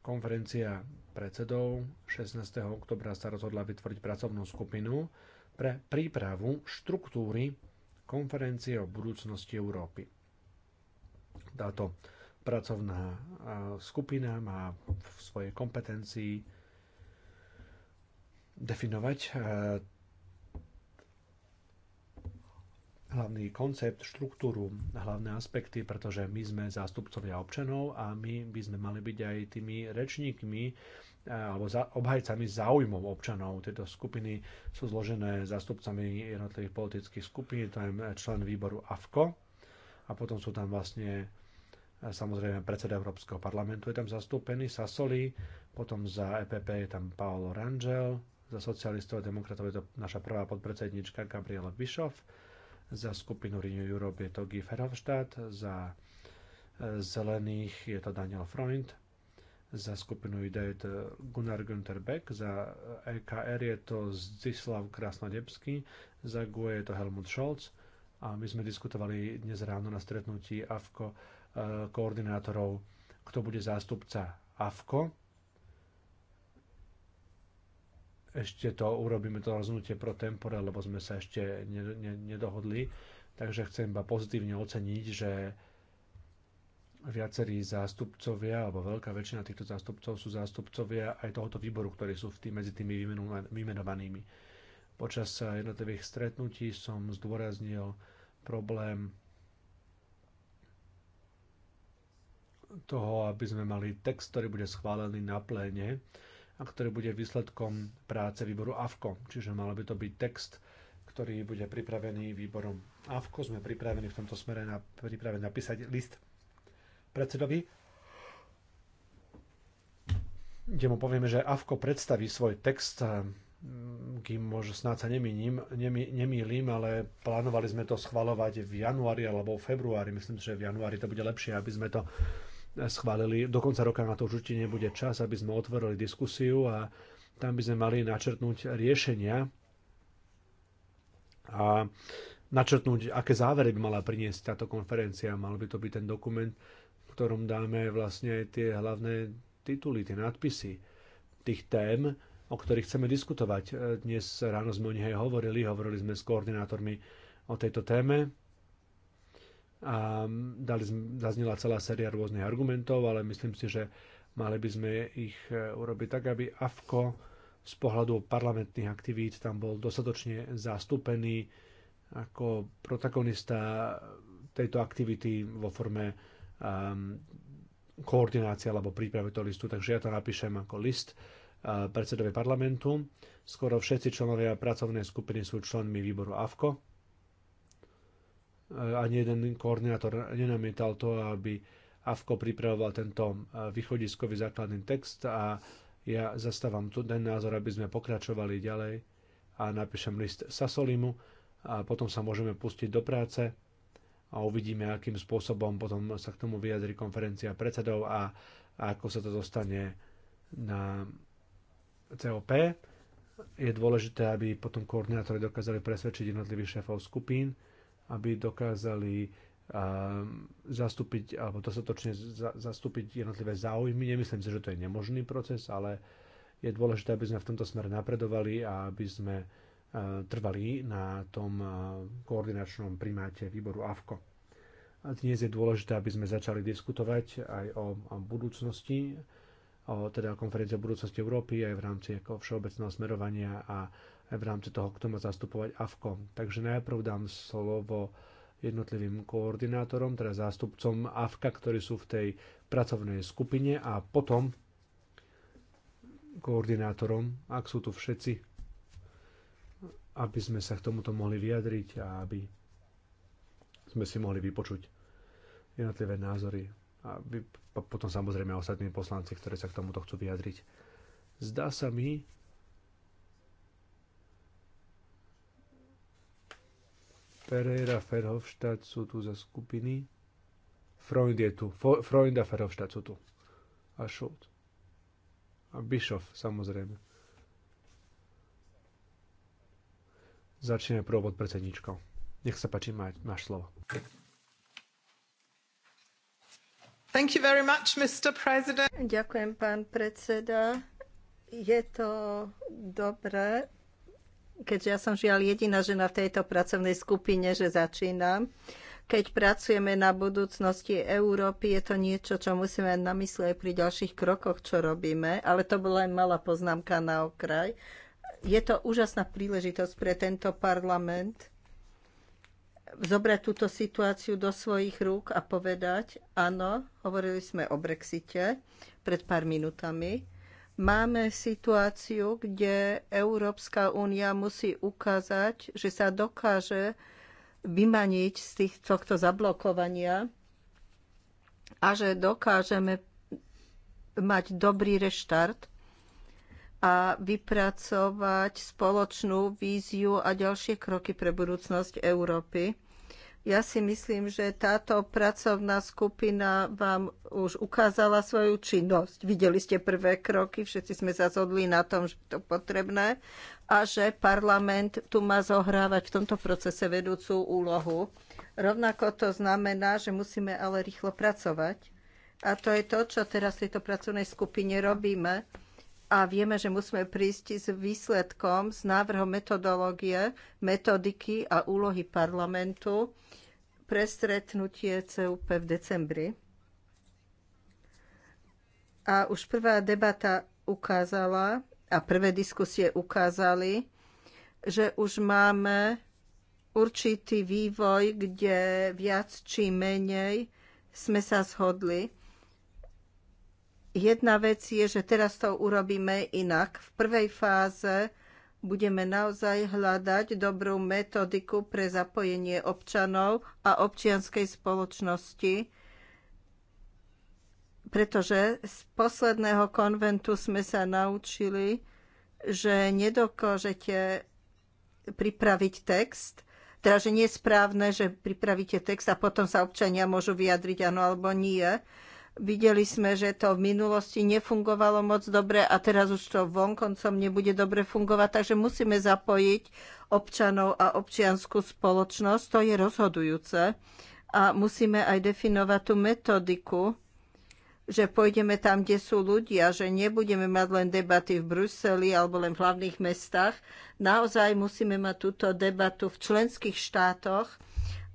Konferencia predsedov 16. oktobra sa rozhodla vytvoriť pracovnú skupinu pre prípravu štruktúry konferencie o budúcnosti Európy. Táto pracovná skupina má v svojej kompetencii definovať hlavný koncept, štruktúru, hlavné aspekty, pretože my sme zástupcovia občanov a my by sme mali byť aj tými rečníkmi eh, alebo za, obhajcami záujmov občanov. Tieto skupiny sú zložené zástupcami jednotlivých politických skupín, to je člen výboru AFKO a potom sú tam vlastne eh, samozrejme predseda Európskeho parlamentu je tam zastúpený, Sasoli, potom za EPP je tam Paolo Rangel, za socialistov a demokratov je to naša prvá podpredsednička Gabriela Bischoff, za skupinu Renew Europe je to Guy Verhofstadt, za e, zelených je to Daniel Freund, za skupinu ID je to Gunnar Günther Beck, za EKR e je to Zdislav Krasnodebský, za GUE je to Helmut Scholz a my sme diskutovali dnes ráno na stretnutí AFKO e, koordinátorov, kto bude zástupca AFKO ešte to urobíme to rozhodnutie pro tempore, lebo sme sa ešte ne, ne, nedohodli. Takže chcem iba pozitívne oceniť, že viacerí zástupcovia, alebo veľká väčšina týchto zástupcov sú zástupcovia aj tohoto výboru, ktorí sú v tý, medzi tými vymenovanými. Počas jednotlivých stretnutí som zdôraznil problém toho, aby sme mali text, ktorý bude schválený na pléne, a ktorý bude výsledkom práce výboru AFKO. Čiže malo by to byť text, ktorý bude pripravený výborom AFKO. Sme pripravení v tomto smere na, pripravení napísať list predsedovi, kde mu povieme, že AFKO predstaví svoj text mm, kým možno snáď sa nemýlim, nemý, nemýlim, ale plánovali sme to schvalovať v januári alebo v februári. Myslím, že v januári to bude lepšie, aby sme to schválili. Do konca roka na to už určite nebude čas, aby sme otvorili diskusiu a tam by sme mali načrtnúť riešenia a načrtnúť, aké závery by mala priniesť táto konferencia. Mal by to byť ten dokument, v ktorom dáme vlastne tie hlavné tituly, tie nadpisy tých tém, o ktorých chceme diskutovať. Dnes ráno sme o nich aj hovorili, hovorili sme s koordinátormi o tejto téme a dali, zaznela celá séria rôznych argumentov, ale myslím si, že mali by sme ich e, urobiť tak, aby AFKO z pohľadu parlamentných aktivít tam bol dostatočne zastúpený ako protagonista tejto aktivity vo forme um, koordinácie alebo príprave toho listu. Takže ja to napíšem ako list uh, predsedovi parlamentu. Skoro všetci členovia pracovnej skupiny sú členmi výboru AFKO ani jeden koordinátor nenamietal to, aby AFKO pripravoval tento e, východiskový základný text a ja zastávam tu ten názor, aby sme pokračovali ďalej a napíšem list Sasolimu a potom sa môžeme pustiť do práce a uvidíme, akým spôsobom potom sa k tomu vyjadri konferencia predsedov a, a ako sa to dostane na COP. Je dôležité, aby potom koordinátori dokázali presvedčiť jednotlivých šéfov skupín, aby dokázali zastúpiť, alebo dostatočne zastúpiť jednotlivé záujmy. Nemyslím si, že to je nemožný proces, ale je dôležité, aby sme v tomto smere napredovali a aby sme trvali na tom koordinačnom primáte výboru AVKO. A dnes je dôležité, aby sme začali diskutovať aj o, o budúcnosti, o teda konferencii o budúcnosti Európy aj v rámci ako všeobecného smerovania a v rámci toho, kto má zastupovať AFKO. Takže najprv dám slovo jednotlivým koordinátorom, teda zástupcom AFKA, ktorí sú v tej pracovnej skupine a potom koordinátorom, ak sú tu všetci, aby sme sa k tomuto mohli vyjadriť a aby sme si mohli vypočuť jednotlivé názory a potom samozrejme ostatní poslanci, ktorí sa k tomuto chcú vyjadriť. Zdá sa mi, Pereira, Ferhofštát sú tu za skupiny. Freund je tu. Fo- Freund a Ferhofštát sú tu. A Schultz. A Bischof, samozrejme. Začneme prvou pod predsedničkou. Nech sa páči, má, máš slovo. Thank you very much, Mr. President. Ďakujem, pán predseda. Je to dobré, keďže ja som žiaľ jediná žena v tejto pracovnej skupine, že začínam. Keď pracujeme na budúcnosti Európy, je to niečo, čo musíme na mysle aj pri ďalších krokoch, čo robíme, ale to bola len malá poznámka na okraj. Je to úžasná príležitosť pre tento parlament zobrať túto situáciu do svojich rúk a povedať, áno, hovorili sme o Brexite pred pár minutami, Máme situáciu, kde Európska únia musí ukázať, že sa dokáže vymaniť z tých, tohto zablokovania a že dokážeme mať dobrý reštart a vypracovať spoločnú víziu a ďalšie kroky pre budúcnosť Európy. Ja si myslím, že táto pracovná skupina vám už ukázala svoju činnosť. Videli ste prvé kroky, všetci sme sa zhodli na tom, že to potrebné a že parlament tu má zohrávať v tomto procese vedúcu úlohu. Rovnako to znamená, že musíme ale rýchlo pracovať. A to je to, čo teraz v tejto pracovnej skupine robíme a vieme, že musíme prísť s výsledkom, s návrhom metodológie, metodiky a úlohy parlamentu pre stretnutie CUP v decembri. A už prvá debata ukázala a prvé diskusie ukázali, že už máme určitý vývoj, kde viac či menej sme sa zhodli Jedna vec je, že teraz to urobíme inak. V prvej fáze budeme naozaj hľadať dobrú metodiku pre zapojenie občanov a občianskej spoločnosti, pretože z posledného konventu sme sa naučili, že nedokážete pripraviť text, teda že nie je správne, že pripravíte text a potom sa občania môžu vyjadriť áno alebo nie Videli sme, že to v minulosti nefungovalo moc dobre a teraz už to vonkoncom nebude dobre fungovať, takže musíme zapojiť občanov a občianskú spoločnosť. To je rozhodujúce a musíme aj definovať tú metodiku, že pôjdeme tam, kde sú ľudia, že nebudeme mať len debaty v Bruseli alebo len v hlavných mestách. Naozaj musíme mať túto debatu v členských štátoch,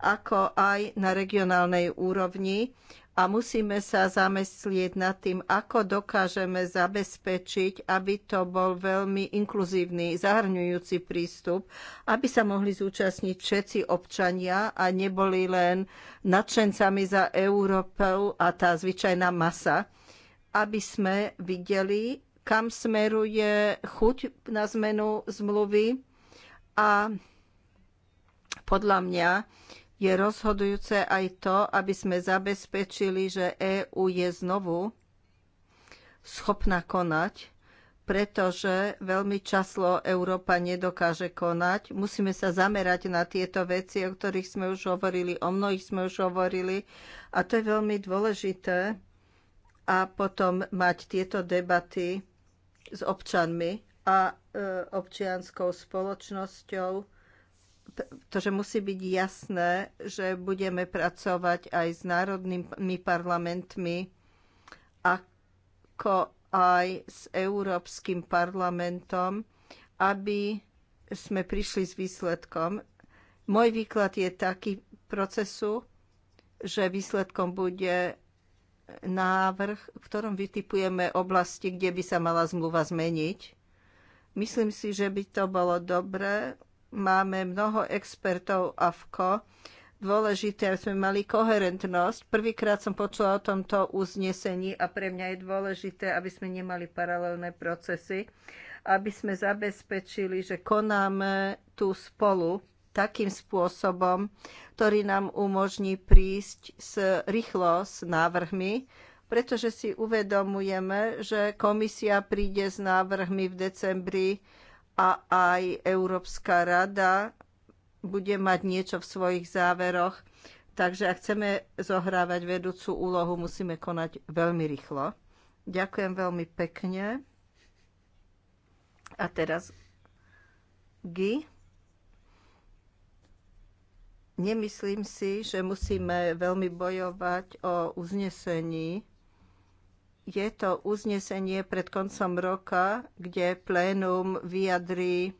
ako aj na regionálnej úrovni a musíme sa zamyslieť nad tým, ako dokážeme zabezpečiť, aby to bol veľmi inkluzívny, zahrňujúci prístup, aby sa mohli zúčastniť všetci občania a neboli len nadšencami za Európou a tá zvyčajná masa, aby sme videli, kam smeruje chuť na zmenu zmluvy a podľa mňa je rozhodujúce aj to, aby sme zabezpečili, že EÚ je znovu schopná konať, pretože veľmi často Európa nedokáže konať. Musíme sa zamerať na tieto veci, o ktorých sme už hovorili, o mnohých sme už hovorili. A to je veľmi dôležité. A potom mať tieto debaty s občanmi a e, občianskou spoločnosťou to, že musí byť jasné, že budeme pracovať aj s národnými parlamentmi, ako aj s Európskym parlamentom, aby sme prišli s výsledkom. Môj výklad je taký procesu, že výsledkom bude návrh, v ktorom vytipujeme oblasti, kde by sa mala zmluva zmeniť. Myslím si, že by to bolo dobré máme mnoho expertov AFKO. Dôležité, aby sme mali koherentnosť. Prvýkrát som počula o tomto uznesení a pre mňa je dôležité, aby sme nemali paralelné procesy, aby sme zabezpečili, že konáme tu spolu takým spôsobom, ktorý nám umožní prísť s, rýchlo s návrhmi, pretože si uvedomujeme, že komisia príde s návrhmi v decembri a aj Európska rada bude mať niečo v svojich záveroch. Takže ak chceme zohrávať vedúcu úlohu, musíme konať veľmi rýchlo. Ďakujem veľmi pekne. A teraz Gy. Nemyslím si, že musíme veľmi bojovať o uznesení je to uznesenie pred koncom roka, kde plénum vyjadrí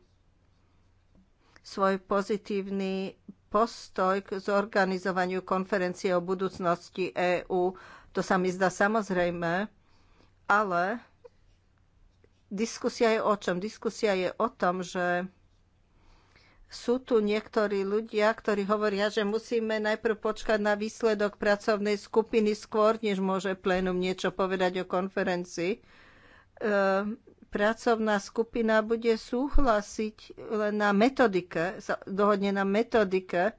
svoj pozitívny postoj k zorganizovaniu konferencie o budúcnosti EÚ. To sa mi zdá samozrejme, ale diskusia je o čom? Diskusia je o tom, že sú tu niektorí ľudia, ktorí hovoria, že musíme najprv počkať na výsledok pracovnej skupiny skôr, než môže plénum niečo povedať o konferencii. E, pracovná skupina bude súhlasiť len na metodike, dohodne na metodike,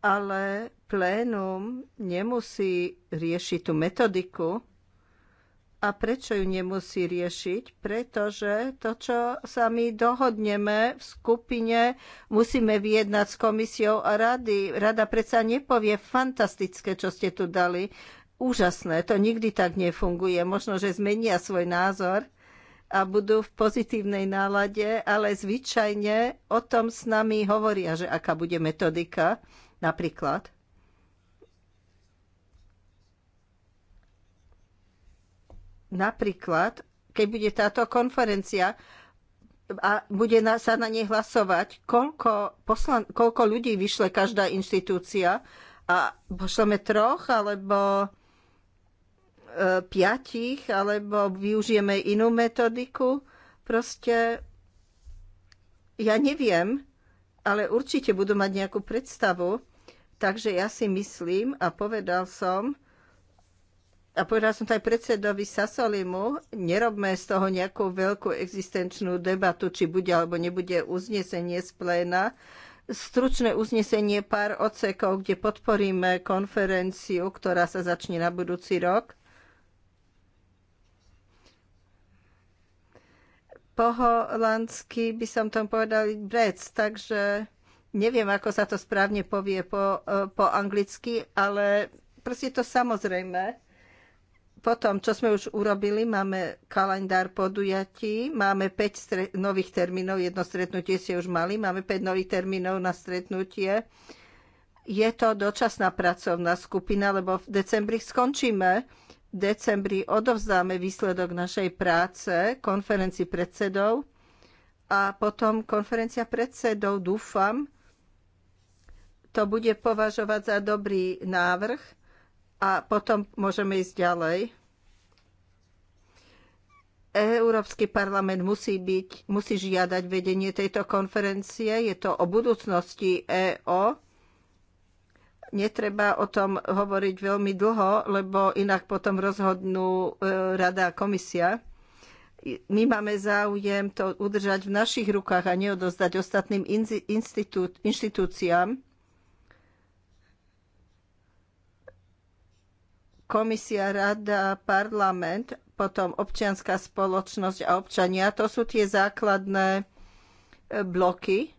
ale plénum nemusí riešiť tú metodiku, a prečo ju nemusí riešiť? Pretože to, čo sa my dohodneme v skupine, musíme vyjednať s komisiou a rady. Rada predsa nepovie fantastické, čo ste tu dali. Úžasné, to nikdy tak nefunguje. Možno, že zmenia svoj názor a budú v pozitívnej nálade, ale zvyčajne o tom s nami hovoria, že aká bude metodika napríklad. Napríklad, keď bude táto konferencia a bude na, sa na nej hlasovať, koľko, poslan, koľko ľudí vyšle každá inštitúcia a pošleme troch alebo e, piatich, alebo využijeme inú metodiku. Proste ja neviem, ale určite budú mať nejakú predstavu. Takže ja si myslím a povedal som, a povedala som to aj predsedovi Sasolimu, nerobme z toho nejakú veľkú existenčnú debatu, či bude alebo nebude uznesenie z pléna. Stručné uznesenie pár odsekov, kde podporíme konferenciu, ktorá sa začne na budúci rok. Po holandsky by som tom povedal brec, takže neviem, ako sa to správne povie po, po anglicky, ale proste to samozrejme potom, čo sme už urobili, máme kalendár podujatí, máme 5 stre- nových termínov, jedno stretnutie ste už mali, máme 5 nových termínov na stretnutie. Je to dočasná pracovná skupina, lebo v decembri skončíme. V decembri odovzdáme výsledok našej práce konferencii predsedov a potom konferencia predsedov, dúfam, to bude považovať za dobrý návrh a potom môžeme ísť ďalej. Európsky parlament musí, byť, musí žiadať vedenie tejto konferencie. Je to o budúcnosti EO. Netreba o tom hovoriť veľmi dlho, lebo inak potom rozhodnú e, rada a komisia. My máme záujem to udržať v našich rukách a neodozdať ostatným institú, inštitúciám. komisia, rada, parlament, potom občianská spoločnosť a občania. To sú tie základné e, bloky.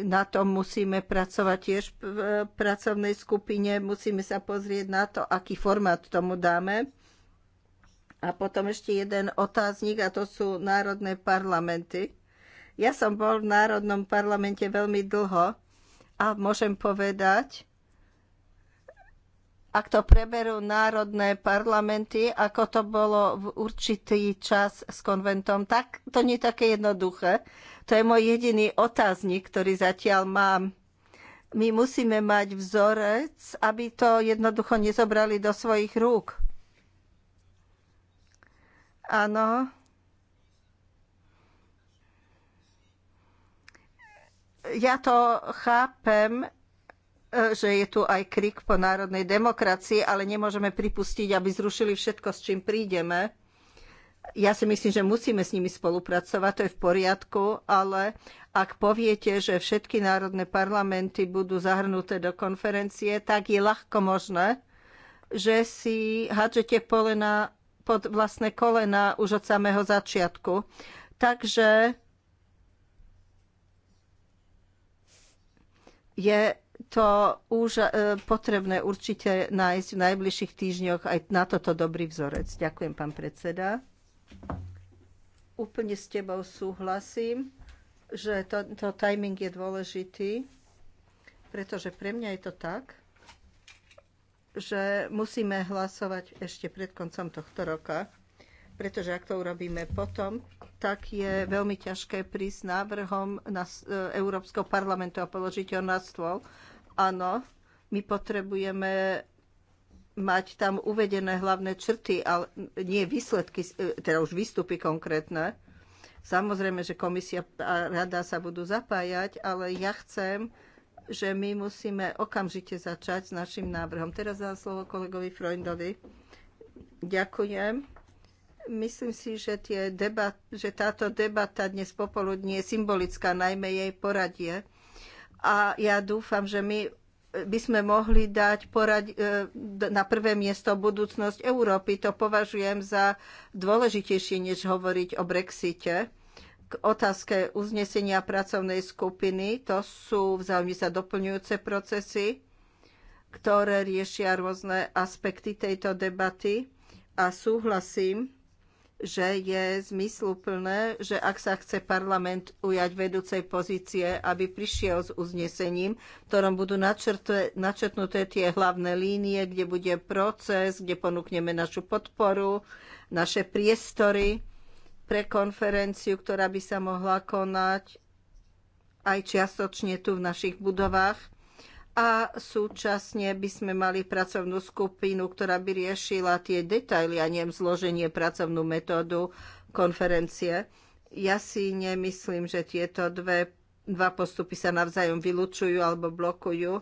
Na tom musíme pracovať tiež v e, pracovnej skupine. Musíme sa pozrieť na to, aký formát tomu dáme. A potom ešte jeden otáznik, a to sú národné parlamenty. Ja som bol v Národnom parlamente veľmi dlho a môžem povedať, ak to preberú národné parlamenty, ako to bolo v určitý čas s konventom, tak to nie je také jednoduché. To je môj jediný otáznik, ktorý zatiaľ mám. My musíme mať vzorec, aby to jednoducho nezobrali do svojich rúk. Áno. Ja to chápem, že je tu aj krik po národnej demokracii, ale nemôžeme pripustiť, aby zrušili všetko, s čím prídeme. Ja si myslím, že musíme s nimi spolupracovať, to je v poriadku, ale ak poviete, že všetky národné parlamenty budú zahrnuté do konferencie, tak je ľahko možné, že si hádžete polena pod vlastné kolena už od samého začiatku. Takže je to už e, potrebné určite nájsť v najbližších týždňoch aj na toto dobrý vzorec. Ďakujem, pán predseda. Úplne s tebou súhlasím, že to timing je dôležitý, pretože pre mňa je to tak, že musíme hlasovať ešte pred koncom tohto roka, pretože ak to urobíme potom, tak je veľmi ťažké prísť návrhom na e, Európskeho parlamentu a položiť ho na stôl, Áno, my potrebujeme mať tam uvedené hlavné črty, ale nie výsledky, e, teda už výstupy konkrétne. Samozrejme, že komisia a rada sa budú zapájať, ale ja chcem, že my musíme okamžite začať s našim návrhom. Teraz dám slovo kolegovi Freundovi. Ďakujem. Myslím si, že, tie debat, že táto debata dnes popoludní je symbolická, najmä jej poradie a ja dúfam, že my by sme mohli dať porad, e, na prvé miesto budúcnosť Európy. To považujem za dôležitejšie, než hovoriť o Brexite. K otázke uznesenia pracovnej skupiny, to sú vzájomne sa doplňujúce procesy, ktoré riešia rôzne aspekty tejto debaty a súhlasím že je zmysluplné, že ak sa chce parlament ujať vedúcej pozície, aby prišiel s uznesením, v ktorom budú načrte, načrtnuté tie hlavné línie, kde bude proces, kde ponúkneme našu podporu, naše priestory pre konferenciu, ktorá by sa mohla konať aj čiastočne tu v našich budovách a súčasne by sme mali pracovnú skupinu, ktorá by riešila tie detaily a nie zloženie pracovnú metódu konferencie. Ja si nemyslím, že tieto dve, dva postupy sa navzájom vylučujú alebo blokujú,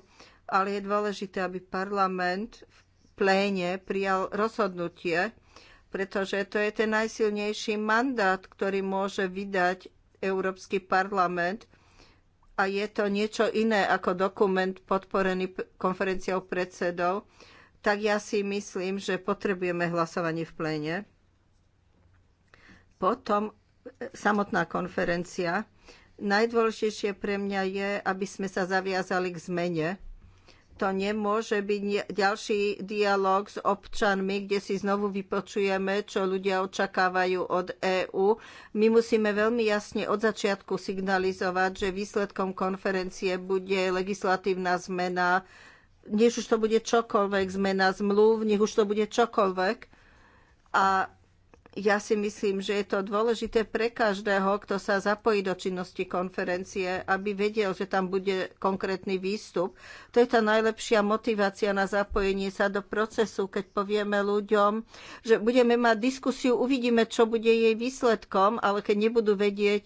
ale je dôležité, aby parlament v pléne prijal rozhodnutie, pretože to je ten najsilnejší mandát, ktorý môže vydať Európsky parlament – a je to niečo iné ako dokument podporený konferenciou predsedov, tak ja si myslím, že potrebujeme hlasovanie v pléne. Potom e, samotná konferencia. Najdôležitejšie pre mňa je, aby sme sa zaviazali k zmene to nemôže byť ďalší dialog s občanmi, kde si znovu vypočujeme, čo ľudia očakávajú od EÚ. My musíme veľmi jasne od začiatku signalizovať, že výsledkom konferencie bude legislatívna zmena, nech už to bude čokoľvek, zmena zmluv, nech už to bude čokoľvek. A ja si myslím, že je to dôležité pre každého, kto sa zapojí do činnosti konferencie, aby vedel, že tam bude konkrétny výstup. To je tá najlepšia motivácia na zapojenie sa do procesu, keď povieme ľuďom, že budeme mať diskusiu, uvidíme, čo bude jej výsledkom, ale keď nebudú vedieť,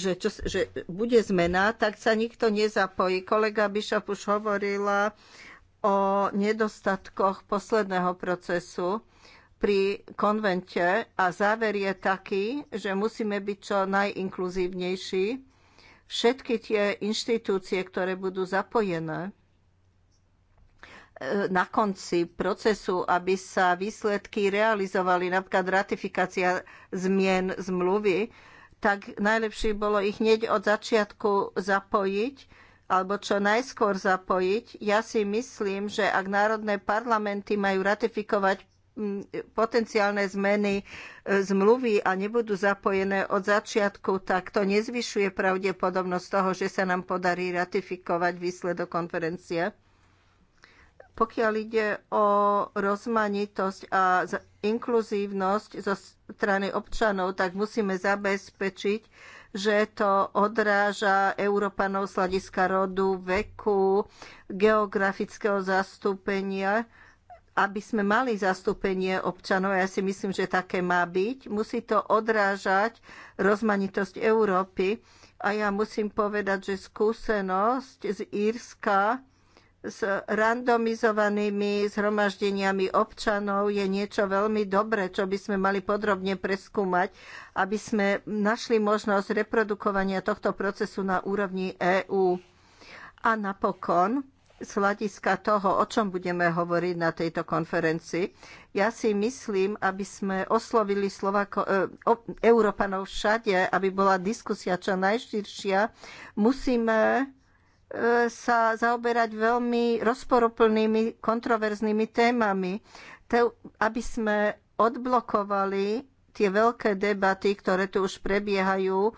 že, čo, že bude zmena, tak sa nikto nezapojí. Kolega Bishop už hovorila o nedostatkoch posledného procesu pri konvente a záver je taký, že musíme byť čo najinkluzívnejší. Všetky tie inštitúcie, ktoré budú zapojené e, na konci procesu, aby sa výsledky realizovali, napríklad ratifikácia zmien zmluvy, tak najlepšie bolo ich hneď od začiatku zapojiť alebo čo najskôr zapojiť. Ja si myslím, že ak národné parlamenty majú ratifikovať potenciálne zmeny e, zmluvy a nebudú zapojené od začiatku, tak to nezvyšuje pravdepodobnosť toho, že sa nám podarí ratifikovať výsledok konferencie. Pokiaľ ide o rozmanitosť a inkluzívnosť zo strany občanov, tak musíme zabezpečiť, že to odráža Európanov z hľadiska rodu, veku, geografického zastúpenia aby sme mali zastúpenie občanov, ja si myslím, že také má byť, musí to odrážať rozmanitosť Európy. A ja musím povedať, že skúsenosť z Írska s randomizovanými zhromaždeniami občanov je niečo veľmi dobré, čo by sme mali podrobne preskúmať, aby sme našli možnosť reprodukovania tohto procesu na úrovni EÚ. A napokon z hľadiska toho, o čom budeme hovoriť na tejto konferencii. Ja si myslím, aby sme oslovili Slovako, e, Európanov všade, aby bola diskusia čo najširšia, musíme e, sa zaoberať veľmi rozporuplnými, kontroverznými témami, te, aby sme odblokovali tie veľké debaty, ktoré tu už prebiehajú,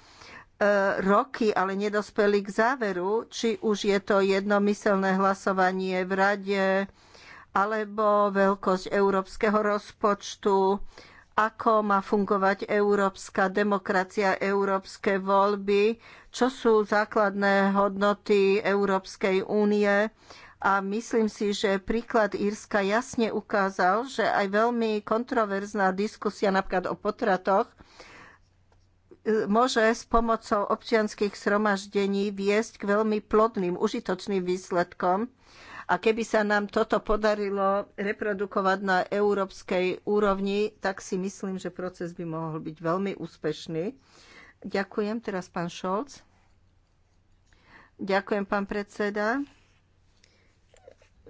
E, roky, ale nedospeli k záveru, či už je to jednomyselné hlasovanie v rade, alebo veľkosť európskeho rozpočtu, ako má fungovať európska demokracia, európske voľby, čo sú základné hodnoty Európskej únie. A myslím si, že príklad Írska jasne ukázal, že aj veľmi kontroverzná diskusia napríklad o potratoch môže s pomocou občianských sromaždení viesť k veľmi plodným, užitočným výsledkom. A keby sa nám toto podarilo reprodukovať na európskej úrovni, tak si myslím, že proces by mohol byť veľmi úspešný. Ďakujem teraz pán Šolc. Ďakujem pán predseda.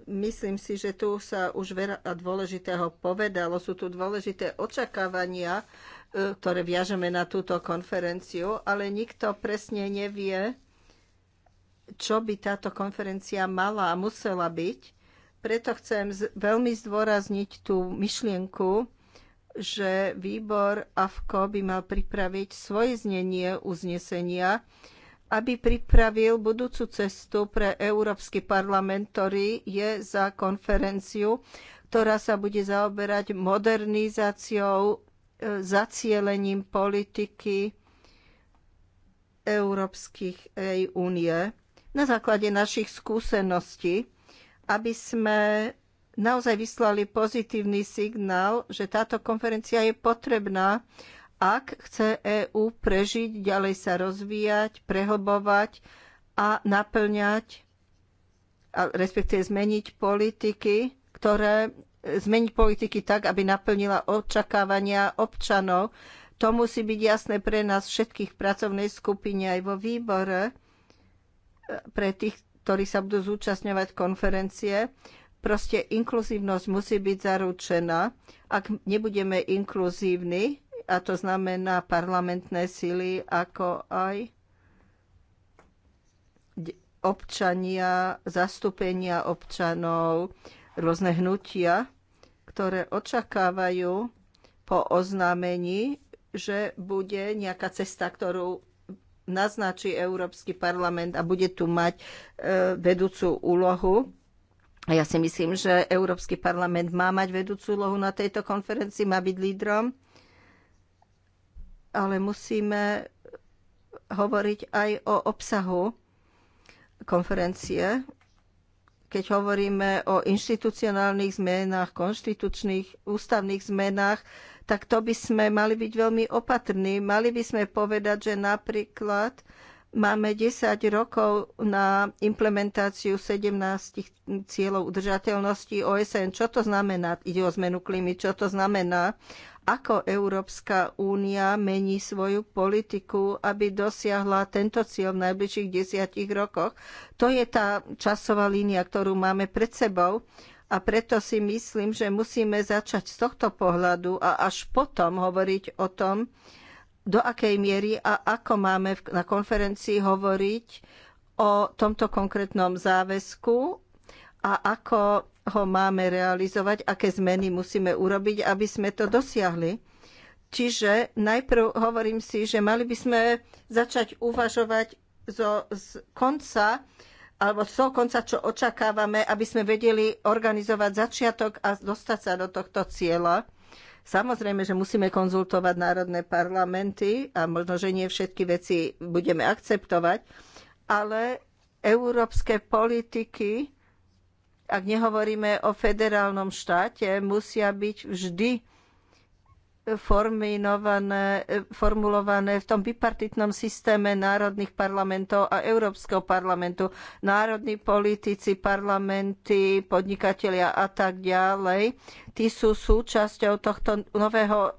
Myslím si, že tu sa už veľa dôležitého povedalo. Sú tu dôležité očakávania ktoré viažeme na túto konferenciu, ale nikto presne nevie, čo by táto konferencia mala a musela byť. Preto chcem veľmi zdôrazniť tú myšlienku, že výbor AFKO by mal pripraviť svoje znenie uznesenia, aby pripravil budúcu cestu pre Európsky parlament, ktorý je za konferenciu, ktorá sa bude zaoberať modernizáciou zacielením politiky Európskych e, únie na základe našich skúseností, aby sme naozaj vyslali pozitívny signál, že táto konferencia je potrebná, ak chce EÚ prežiť, ďalej sa rozvíjať, prehlbovať a naplňať, respektíve zmeniť politiky, ktoré zmeniť politiky tak, aby naplnila očakávania občanov. To musí byť jasné pre nás všetkých v pracovnej skupine aj vo výbore, eh, pre tých, ktorí sa budú zúčastňovať konferencie. Proste inkluzívnosť musí byť zaručená. Ak nebudeme inkluzívni, a to znamená parlamentné sily, ako aj občania, zastúpenia občanov, rôzne hnutia, ktoré očakávajú po oznámení, že bude nejaká cesta, ktorú naznačí Európsky parlament a bude tu mať e, vedúcu úlohu. A ja si myslím, že Európsky parlament má mať vedúcu úlohu na tejto konferencii, má byť lídrom, ale musíme hovoriť aj o obsahu konferencie keď hovoríme o inštitucionálnych zmenách, konštitučných, ústavných zmenách, tak to by sme mali byť veľmi opatrní. Mali by sme povedať, že napríklad Máme 10 rokov na implementáciu 17 cieľov udržateľnosti OSN. Čo to znamená? Ide o zmenu klímy. Čo to znamená? Ako Európska únia mení svoju politiku, aby dosiahla tento cieľ v najbližších desiatich rokoch? To je tá časová línia, ktorú máme pred sebou. A preto si myslím, že musíme začať z tohto pohľadu a až potom hovoriť o tom, do akej miery a ako máme na konferencii hovoriť o tomto konkrétnom záväzku a ako ho máme realizovať, aké zmeny musíme urobiť, aby sme to dosiahli. Čiže najprv hovorím si, že mali by sme začať uvažovať zo, z konca alebo z toho konca, čo očakávame, aby sme vedeli organizovať začiatok a dostať sa do tohto cieľa. Samozrejme, že musíme konzultovať národné parlamenty a možno, že nie všetky veci budeme akceptovať, ale európske politiky, ak nehovoríme o federálnom štáte, musia byť vždy E, formulované v tom bipartitnom systéme národných parlamentov a Európskeho parlamentu. Národní politici, parlamenty, podnikatelia a tak ďalej, tí sú súčasťou tohto nového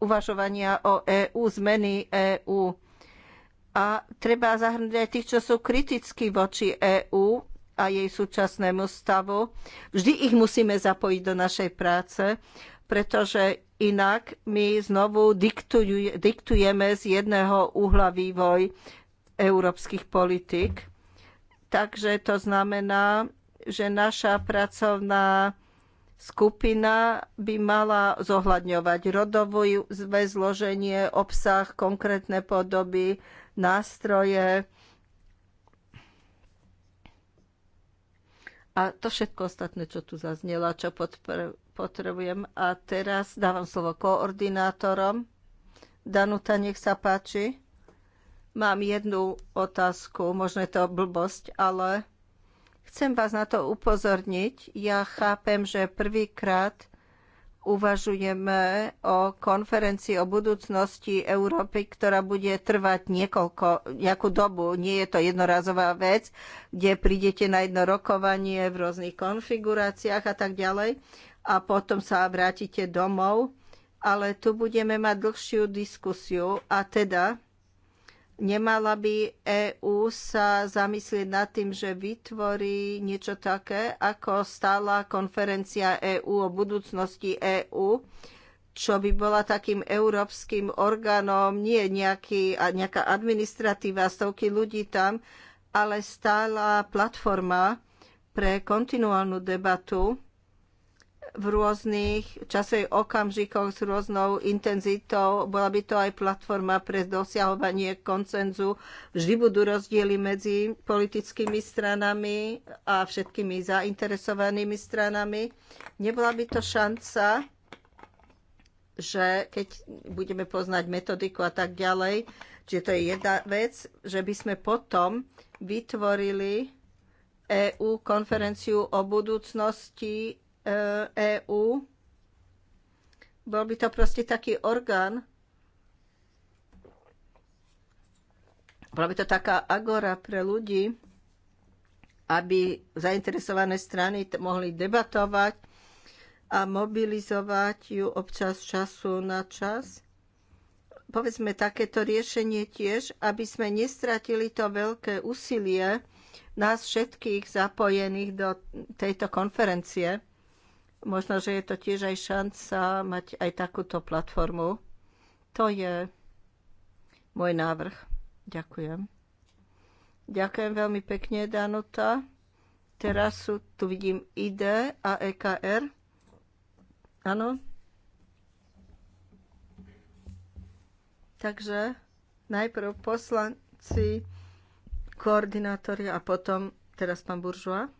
uvažovania o EÚ, zmeny EÚ. A treba zahrnúť aj tých, čo sú kritickí voči EÚ, a jej súčasnému stavu. Vždy ich musíme zapojiť do našej práce, pretože inak my znovu diktujeme z jedného uhla vývoj európskych politik. Takže to znamená, že naša pracovná skupina by mala zohľadňovať rodové zloženie, obsah, konkrétne podoby, nástroje, a to všetko ostatné, čo tu zaznelo, čo potrebujem. A teraz dávam slovo koordinátorom. Danuta, nech sa páči. Mám jednu otázku, možno je to blbosť, ale chcem vás na to upozorniť. Ja chápem, že prvýkrát uvažujeme o konferencii o budúcnosti Európy, ktorá bude trvať niekoľko, nejakú dobu. Nie je to jednorazová vec, kde prídete na jedno rokovanie v rôznych konfiguráciách a tak ďalej a potom sa vrátite domov. Ale tu budeme mať dlhšiu diskusiu a teda Nemala by EÚ sa zamyslieť nad tým, že vytvorí niečo také, ako stála konferencia EÚ o budúcnosti EÚ, čo by bola takým európskym orgánom, nie nejaký, nejaká administratíva, stovky ľudí tam, ale stála platforma pre kontinuálnu debatu v rôznych časových okamžikoch s rôznou intenzitou. Bola by to aj platforma pre dosiahovanie koncenzu. Vždy budú rozdiely medzi politickými stranami a všetkými zainteresovanými stranami. Nebola by to šanca, že keď budeme poznať metodiku a tak ďalej, Čiže to je jedna vec, že by sme potom vytvorili EU konferenciu o budúcnosti EÚ. E Bol by to proste taký orgán, bola by to taká agora pre ľudí, aby zainteresované strany mohli debatovať a mobilizovať ju občas času na čas. Povedzme takéto riešenie tiež, aby sme nestratili to veľké úsilie nás všetkých zapojených do tejto konferencie. Možno, že je to tiež aj šanca mať aj takúto platformu. To je môj návrh. Ďakujem. Ďakujem veľmi pekne, Danuta. Teraz sú, tu vidím ID a EKR. Áno. Takže najprv poslanci, koordinátori a potom teraz pán Buržoa.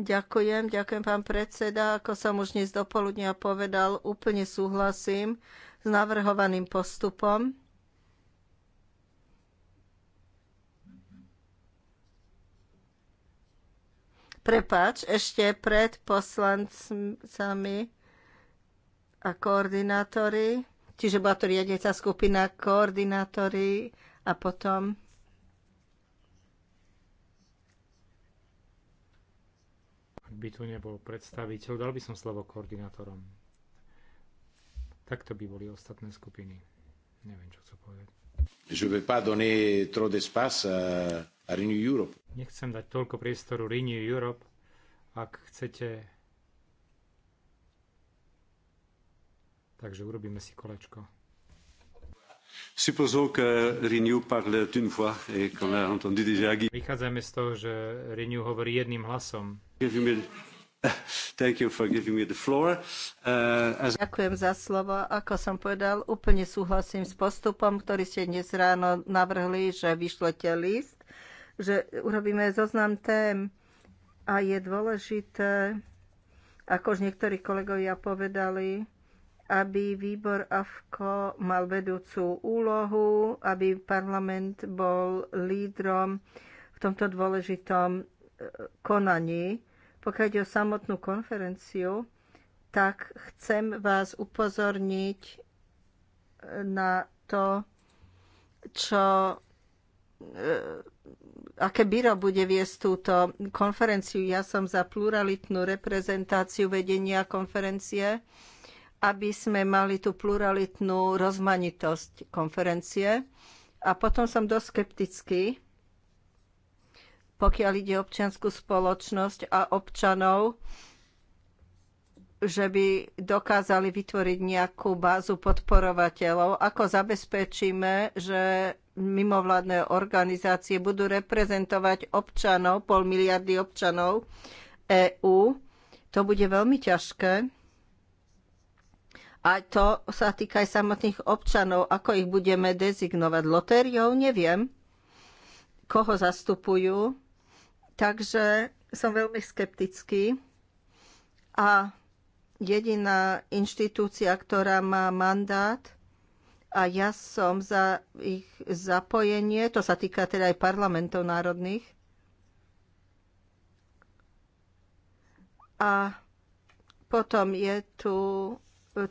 Ďakujem, ďakujem pán predseda. Ako som už dnes dopoludnia povedal, úplne súhlasím s navrhovaným postupom. Prepač, ešte pred poslancami a koordinátori, čiže bola to riadiaca skupina koordinátori a potom by tu nebol predstaviteľ, dal by som slovo koordinátorom. Takto by boli ostatné skupiny. Neviem, čo chcú povedať. Je vais pas donner trop d'espace à, à Renew Europe. Nechcem dať toľko priestoru Renew Europe. Ak chcete... Takže urobíme si kolečko. que Renew parle d'une voix et qu'on a entendu déjà Vychádzame z toho, že Renew hovorí jedným hlasom. Uh, Ďakujem za slovo. Ako som povedal, úplne súhlasím s postupom, ktorý ste dnes ráno navrhli, že vyšlete list, že urobíme zoznam tém a je dôležité, ako už niektorí kolegovia povedali, aby výbor AFKO mal vedúcu úlohu, aby parlament bol lídrom v tomto dôležitom eh, konaní pokiaľ ide o samotnú konferenciu, tak chcem vás upozorniť e, na to, čo e, aké byro bude viesť túto konferenciu. Ja som za pluralitnú reprezentáciu vedenia konferencie, aby sme mali tú pluralitnú rozmanitosť konferencie. A potom som dosť skeptický, pokiaľ ide občianskú spoločnosť a občanov, že by dokázali vytvoriť nejakú bázu podporovateľov. Ako zabezpečíme, že mimovládne organizácie budú reprezentovať občanov, pol miliardy občanov EÚ? To bude veľmi ťažké. A to sa týka aj samotných občanov, ako ich budeme dezignovať. Lotériou neviem, koho zastupujú, Takže som veľmi skeptický a jediná inštitúcia, ktorá má mandát a ja som za ich zapojenie, to sa týka teda aj parlamentov národných. A potom je tu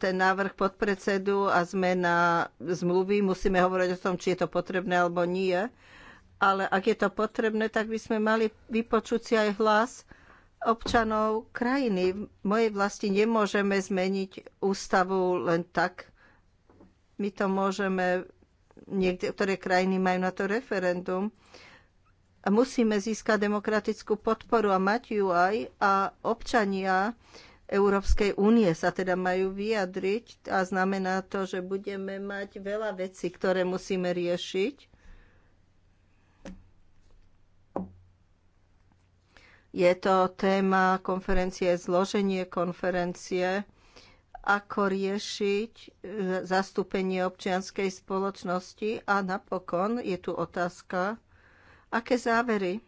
ten návrh podpredsedu a zmena zmluvy. Musíme hovoriť o tom, či je to potrebné alebo nie ale ak je to potrebné, tak by sme mali vypočuť si aj hlas občanov krajiny. V mojej vlasti nemôžeme zmeniť ústavu len tak. My to môžeme, niektoré krajiny majú na to referendum. A musíme získať demokratickú podporu a mať ju aj a občania Európskej únie sa teda majú vyjadriť a znamená to, že budeme mať veľa vecí, ktoré musíme riešiť Je to téma konferencie, zloženie konferencie, ako riešiť zastúpenie občianskej spoločnosti a napokon je tu otázka, aké závery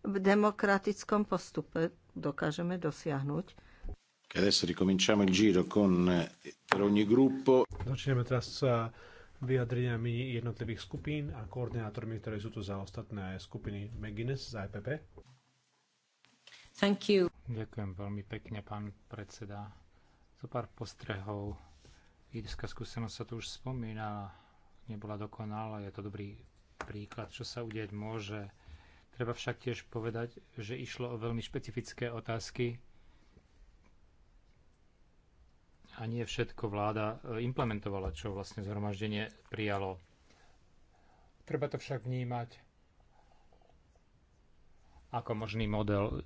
v demokratickom postupe dokážeme dosiahnuť. Adesso ricominciamo il giro con per ogni gruppo. Začneme teraz sa vyjadreniami jednotlivých skupín a koordinátormi, ktoré sú tu za ostatné skupiny McGuinness z IPP. Thank you. Ďakujem veľmi pekne, pán predseda. Zo pár postrehov. Írska skúsenosť sa tu už spomína, nebola dokonalá, je to dobrý príklad, čo sa udeť môže. Treba však tiež povedať, že išlo o veľmi špecifické otázky, a nie všetko vláda e, implementovala, čo vlastne zhromaždenie prijalo. Treba to však vnímať ako možný model.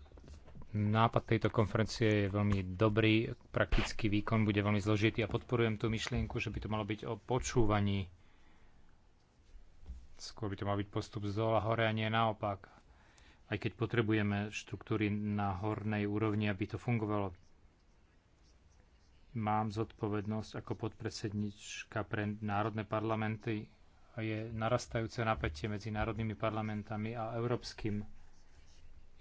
Nápad tejto konferencie je veľmi dobrý, praktický výkon bude veľmi zložitý a podporujem tú myšlienku, že by to malo byť o počúvaní. Skôr by to mal byť postup z dola hore a nie naopak. Aj keď potrebujeme štruktúry na hornej úrovni, aby to fungovalo mám zodpovednosť ako podpredsednička pre národné parlamenty a je narastajúce napätie medzi národnými parlamentami a európskym.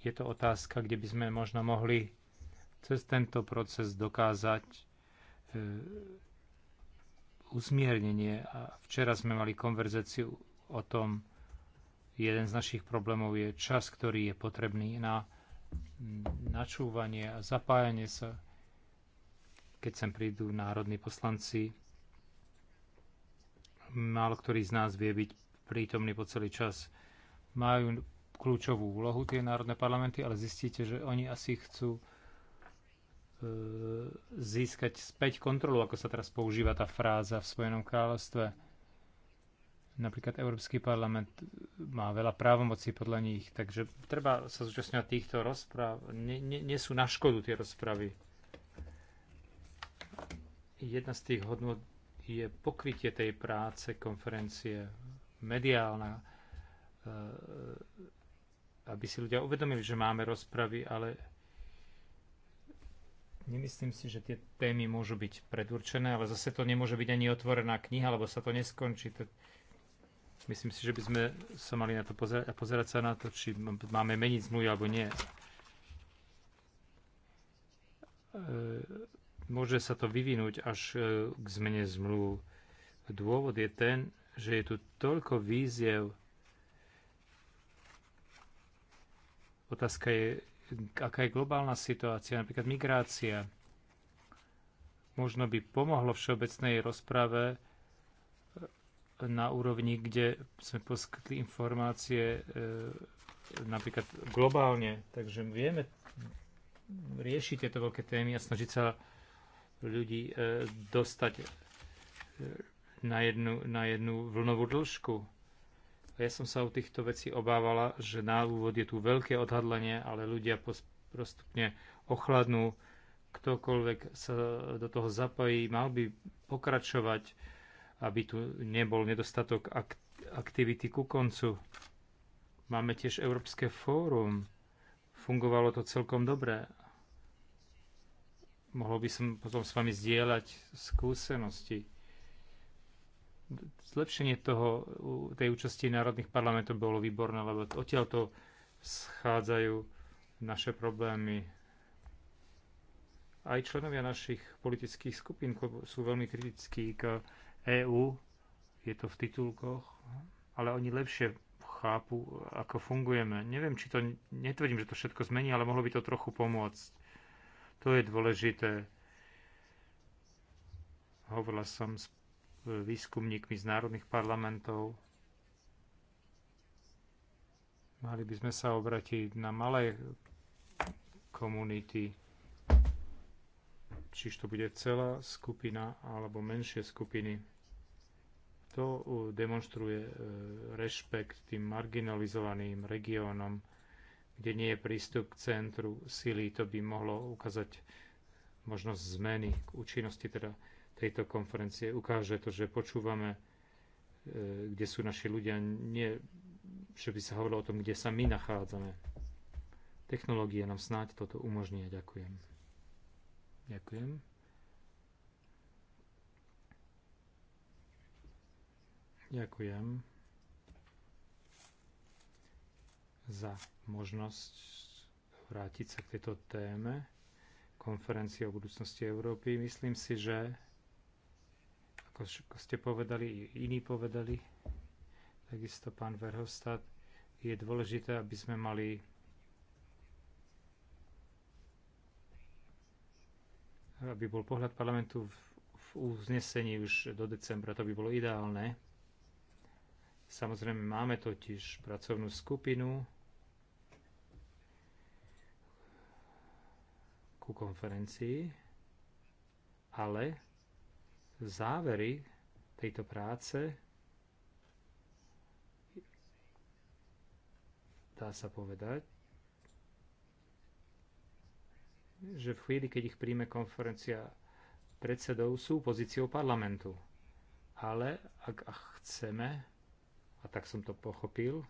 Je to otázka, kde by sme možno mohli cez tento proces dokázať e, uzmiernenie. A včera sme mali konverzáciu o tom, jeden z našich problémov je čas, ktorý je potrebný na načúvanie a zapájanie sa keď sem prídu národní poslanci. Málo ktorý z nás vie byť prítomný po celý čas. Majú kľúčovú úlohu tie národné parlamenty, ale zistíte, že oni asi chcú e, získať späť kontrolu, ako sa teraz používa tá fráza v Spojenom kráľovstve. Napríklad Európsky parlament má veľa právomocí podľa nich, takže treba sa zúčastňovať týchto rozpráv. Nie, nie, nie sú na škodu tie rozpravy. Jedna z tých hodnot je pokrytie tej práce konferencie mediálna, e, aby si ľudia uvedomili, že máme rozpravy, ale nemyslím si, že tie témy môžu byť predurčené, ale zase to nemôže byť ani otvorená kniha, lebo sa to neskončí. Myslím si, že by sme sa mali na to pozerať a pozerať sa na to, či máme meniť zmluvy alebo nie e, môže sa to vyvinúť až e, k zmene zmluv. Dôvod je ten, že je tu toľko víziev. Otázka je, aká je globálna situácia, napríklad migrácia. Možno by pomohlo všeobecnej rozprave na úrovni, kde sme poskytli informácie e, napríklad globálne. Takže vieme riešiť tieto veľké témy a snažiť sa ľudí e, dostať e, na jednu, na jednu vlnovú dĺžku. Ja som sa u týchto vecí obávala, že na úvod je tu veľké odhadlenie, ale ľudia postupne ochladnú. Ktokoľvek sa do toho zapojí, mal by pokračovať, aby tu nebol nedostatok aktivity ku koncu. Máme tiež Európske fórum. Fungovalo to celkom dobre, mohol by som potom s vami zdieľať skúsenosti. Zlepšenie toho, tej účasti národných parlamentov bolo výborné, lebo odtiaľto schádzajú naše problémy. Aj členovia našich politických skupín sú veľmi kritickí k EÚ, je to v titulkoch, ale oni lepšie chápu, ako fungujeme. Neviem, či to, netvrdím, že to všetko zmení, ale mohlo by to trochu pomôcť to je dôležité. Hovorila som s e, výskumníkmi z národných parlamentov. Mali by sme sa obratiť na malé komunity, čiže to bude celá skupina alebo menšie skupiny. To e, demonstruje e, rešpekt tým marginalizovaným regiónom, kde nie je prístup k centru sily. To by mohlo ukázať možnosť zmeny k účinnosti teda tejto konferencie. Ukáže to, že počúvame, e, kde sú naši ľudia, nie, že by sa hovorilo o tom, kde sa my nachádzame. Technológie nám snáď toto umožní. Ďakujem. Ďakujem. Ďakujem. za možnosť vrátiť sa k tejto téme konferencie o budúcnosti Európy. Myslím si, že ako ste povedali, iní povedali, takisto pán Verhofstadt, je dôležité, aby sme mali aby bol pohľad parlamentu v, v uznesení už do decembra, to by bolo ideálne. Samozrejme, máme totiž pracovnú skupinu, ku konferencii, ale závery tejto práce dá sa povedať, že v chvíli, keď ich príjme konferencia predsedov, sú pozíciou parlamentu. Ale ak, ak chceme, a tak som to pochopil,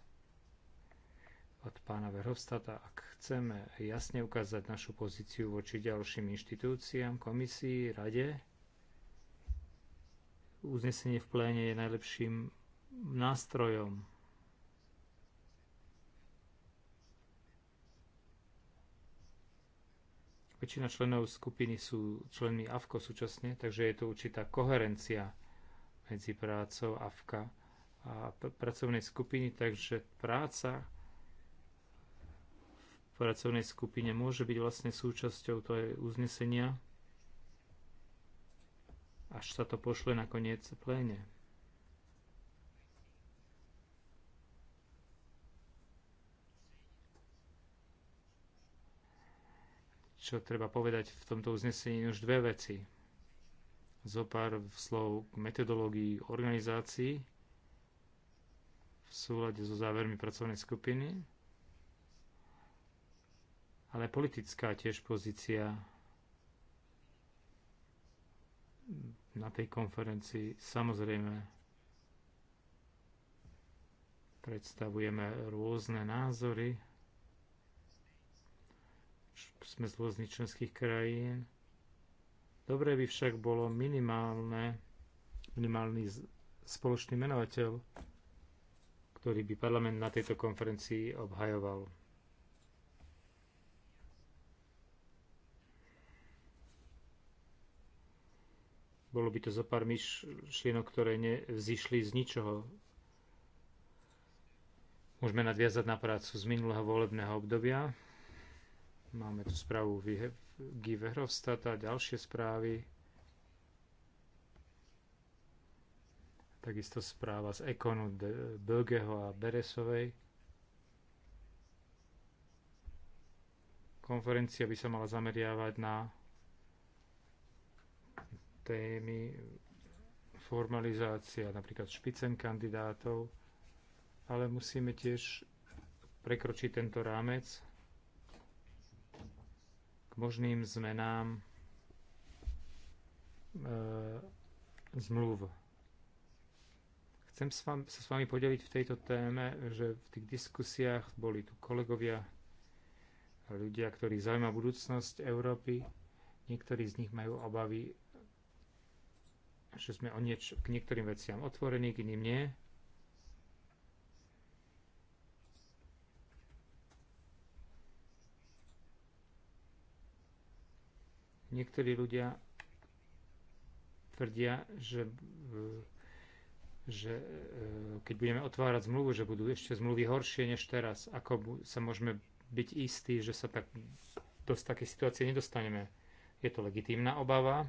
od pána Verhofstata, ak chceme jasne ukázať našu pozíciu voči ďalším inštitúciám, komisii, rade, uznesenie v pléne je najlepším nástrojom. Väčšina členov skupiny sú členmi AFKO súčasne, takže je to určitá koherencia medzi prácou AFKA a pracovnej skupiny, takže práca v pracovnej skupine môže byť vlastne súčasťou toho uznesenia, až sa to pošle na koniec pléne. Čo treba povedať v tomto uznesení už dve veci. Zopár slov k metodológii organizácií v súlade so závermi pracovnej skupiny ale politická tiež pozícia na tej konferencii. Samozrejme, predstavujeme rôzne názory, sme z rôznych členských krajín. Dobré by však bolo minimálne, minimálny spoločný menovateľ, ktorý by parlament na tejto konferencii obhajoval. Bolo by to zo pár myšlienok, ktoré nevzýšli z ničoho. Môžeme nadviazať na prácu z minulého volebného obdobia. Máme tu správu Guy a ďalšie správy. Takisto správa z Ekonu Bögeho a Beresovej. konferencia by sa mala zameriavať na témy formalizácia, napríklad špicen kandidátov, ale musíme tiež prekročiť tento rámec k možným zmenám e, zmluv. Chcem sa s vami podeliť v tejto téme, že v tých diskusiách boli tu kolegovia, ľudia, ktorí zaujíma budúcnosť Európy. Niektorí z nich majú obavy že sme o nieč- k niektorým veciam otvorení, k iným nie. Niektorí ľudia tvrdia, že, že e, keď budeme otvárať zmluvu, že budú ešte zmluvy horšie než teraz. Ako sa môžeme byť istí, že sa tak do takej situácie nedostaneme? Je to legitímna obava,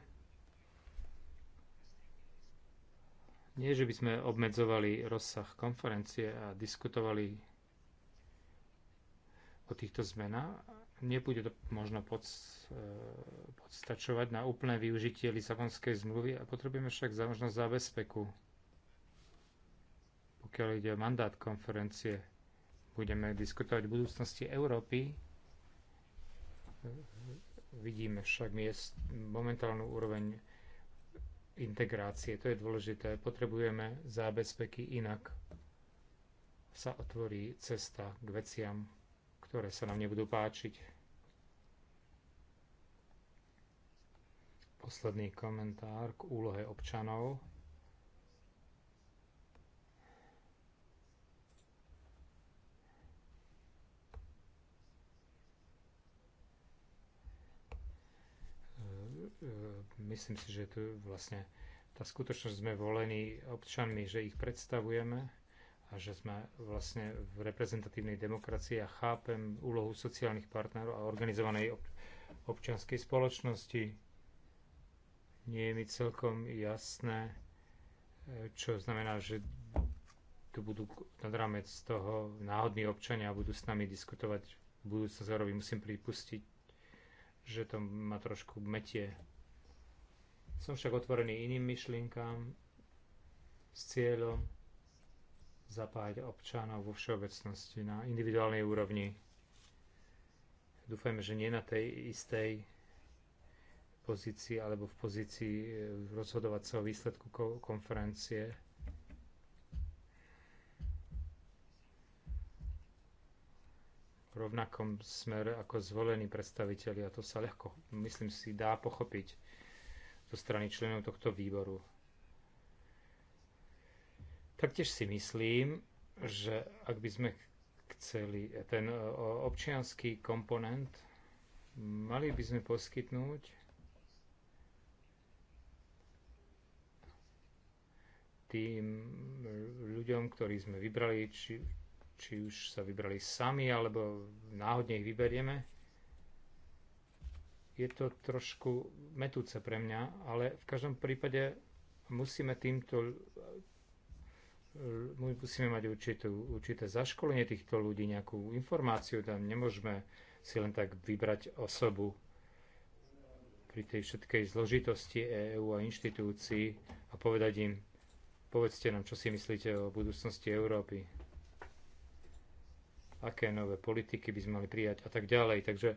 Nie, že by sme obmedzovali rozsah konferencie a diskutovali o týchto zmenách. Nebude to možno pod, e, podstačovať na úplné využitie Lisabonskej zmluvy a potrebujeme však za možnosť zábezpeku. Pokiaľ ide o mandát konferencie, budeme diskutovať v budúcnosti Európy. E, vidíme však miest, momentálnu úroveň integrácie. To je dôležité. Potrebujeme zábezpeky, inak sa otvorí cesta k veciam, ktoré sa nám nebudú páčiť. Posledný komentár k úlohe občanov Ehm, myslím si, že to vlastne tá skutočnosť, že sme volení občanmi, že ich predstavujeme a že sme vlastne v reprezentatívnej demokracii a chápem úlohu sociálnych partnerov a organizovanej občianskej spoločnosti. Nie je mi celkom jasné, ehm, čo znamená, že tu budú nad rámec toho náhodní občania a budú s nami diskutovať v budúcnosti, zároveň musím pripustiť, že to ma trošku metie. Som však otvorený iným myšlienkám s cieľom zapájať občanov vo všeobecnosti na individuálnej úrovni. Dúfajme, že nie na tej istej pozícii alebo v pozícii eh, rozhodovacieho výsledku konferencie, rovnakom smere ako zvolení predstavitelia. To sa ľahko, myslím si, dá pochopiť zo strany členov tohto výboru. Taktiež si myslím, že ak by sme chceli ten e, občianský komponent, mali by sme poskytnúť tým ľuďom, ktorí sme vybrali, či či už sa vybrali sami, alebo náhodne ich vyberieme. Je to trošku metúce pre mňa, ale v každom prípade musíme týmto musíme mať určitú, určité zaškolenie týchto ľudí, nejakú informáciu, tam nemôžeme si len tak vybrať osobu pri tej všetkej zložitosti EÚ a inštitúcií a povedať im, povedzte nám, čo si myslíte o budúcnosti Európy aké nové politiky by sme mali prijať a tak ďalej. Takže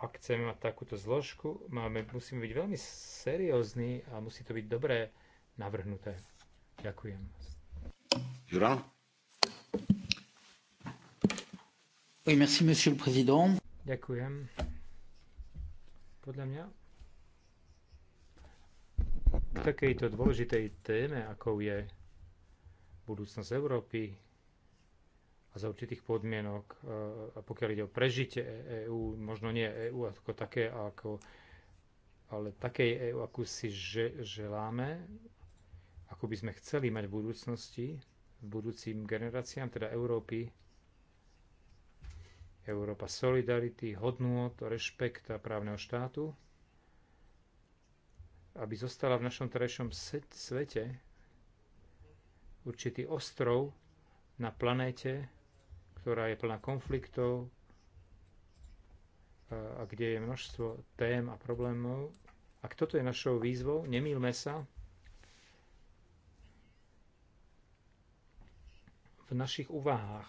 ak chceme mať takúto zložku, máme, musíme byť veľmi seriózni a musí to byť dobré navrhnuté. Ďakujem. Jura? Oui, merci, monsieur le président. Ďakujem. Podľa mňa k takejto dôležitej téme, ako je budúcnosť Európy, a za určitých podmienok, e, a pokiaľ ide o prežitie EÚ, e možno nie EÚ ako také, ako, ale takej EÚ, akú si že, želáme, ako by sme chceli mať v budúcnosti, v budúcim generáciám, teda Európy, Európa solidarity, hodnôt, rešpekta právneho štátu, aby zostala v našom terajšom svete určitý ostrov na planéte, ktorá je plná konfliktov a kde je množstvo tém a problémov. A toto je našou výzvou, nemýlme sa, v našich úvahách.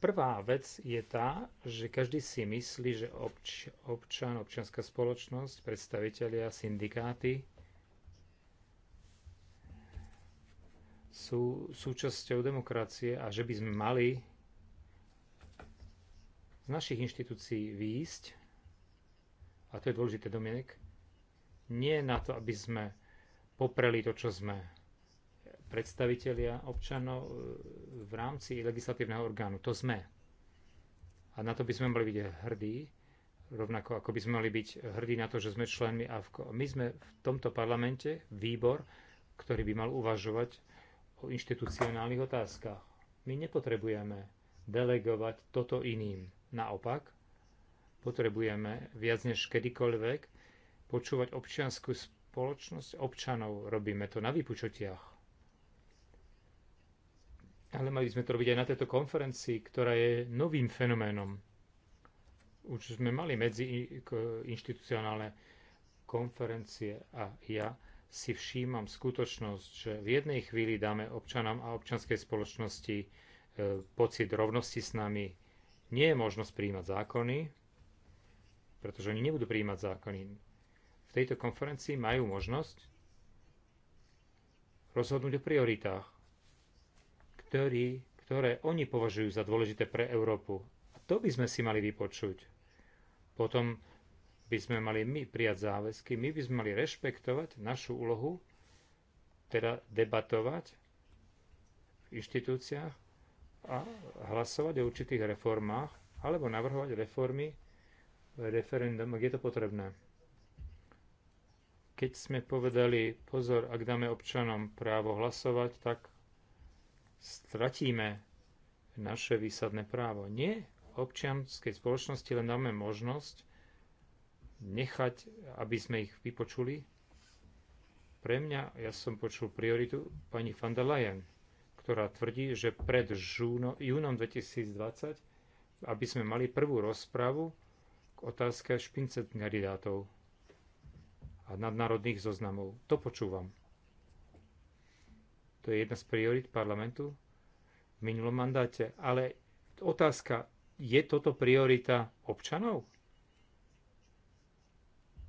Prvá vec je tá, že každý si myslí, že obč- občan, občianská spoločnosť, predstavitelia, syndikáty sú súčasťou demokracie a že by sme mali z našich inštitúcií výjsť, a to je dôležité, Dominik, nie na to, aby sme popreli to, čo sme predstavitelia občanov e, v rámci legislatívneho orgánu. To sme. A na to by sme mali byť hrdí, rovnako ako by sme mali byť hrdí na to, že sme členmi AVKO. My sme v tomto parlamente výbor, ktorý by mal uvažovať o inštitucionálnych otázkach. My nepotrebujeme delegovať toto iným. Naopak, potrebujeme viac než kedykoľvek počúvať občianskú spoločnosť občanov. Robíme to na vypučotiach. Ale mali sme to robiť aj na tejto konferencii, ktorá je novým fenoménom. Už sme mali medzi inštitucionálne konferencie a ja si všímam skutočnosť, že v jednej chvíli dáme občanom a občanskej spoločnosti e, pocit rovnosti s nami, nie je možnosť prijímať zákony, pretože oni nebudú prijímať zákony. V tejto konferencii majú možnosť rozhodnúť o prioritách, ktorý, ktoré oni považujú za dôležité pre Európu. A to by sme si mali vypočuť. Potom by sme mali my prijať záväzky, my by sme mali rešpektovať našu úlohu, teda debatovať v inštitúciách a hlasovať o určitých reformách alebo navrhovať reformy v referendum, ak je to potrebné. Keď sme povedali, pozor, ak dáme občanom právo hlasovať, tak stratíme naše výsadné právo. Nie občianskej spoločnosti len dáme možnosť nechať, aby sme ich vypočuli. Pre mňa, ja som počul prioritu pani van der Leyen ktorá tvrdí, že pred žúno, júnom 2020, aby sme mali prvú rozpravu k otázke špincet kandidátov a nadnárodných zoznamov. To počúvam. To je jedna z priorit parlamentu v minulom mandáte. Ale otázka, je toto priorita občanov?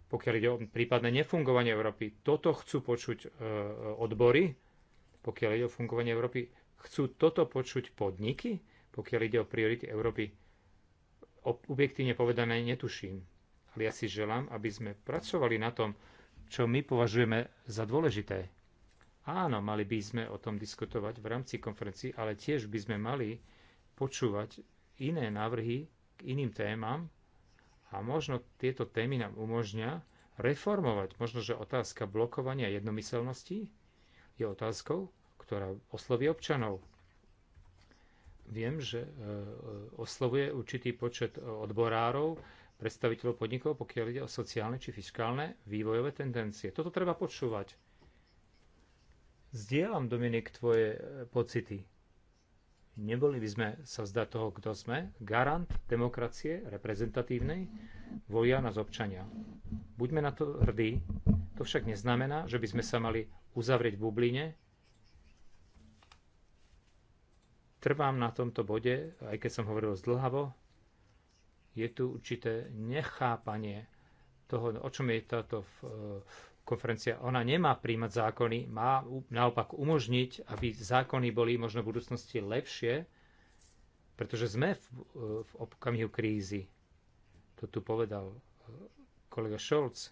Pokiaľ ide o prípadné nefungovanie Európy, toto chcú počuť e, odbory, pokiaľ ide o fungovanie Európy. Chcú toto počuť podniky, pokiaľ ide o priority Európy? Objektívne povedané netuším, ale ja si želám, aby sme pracovali na tom, čo my považujeme za dôležité. Áno, mali by sme o tom diskutovať v rámci konferencií, ale tiež by sme mali počúvať iné návrhy k iným témam a možno tieto témy nám umožňa reformovať. Možno, že otázka blokovania jednomyselnosti je otázkou, ktorá osloví občanov. Viem, že e, e, oslovuje určitý počet odborárov, predstaviteľov podnikov, pokiaľ ide o sociálne či fiskálne vývojové tendencie. Toto treba počúvať. Zdieľam, Dominik, tvoje e, pocity. Neboli by sme sa zdať toho, kto sme. Garant demokracie reprezentatívnej volia nás občania. Buďme na to hrdí. To však neznamená, že by sme sa mali uzavrieť v bubline Trvám na tomto bode, aj keď som hovoril zdlhavo, je tu určité nechápanie toho, o čom je táto eh, konferencia. Ona nemá príjmať zákony, má naopak umožniť, aby zákony boli možno v budúcnosti lepšie, pretože sme v, eh, v okamihu krízy. To tu povedal eh, kolega Scholz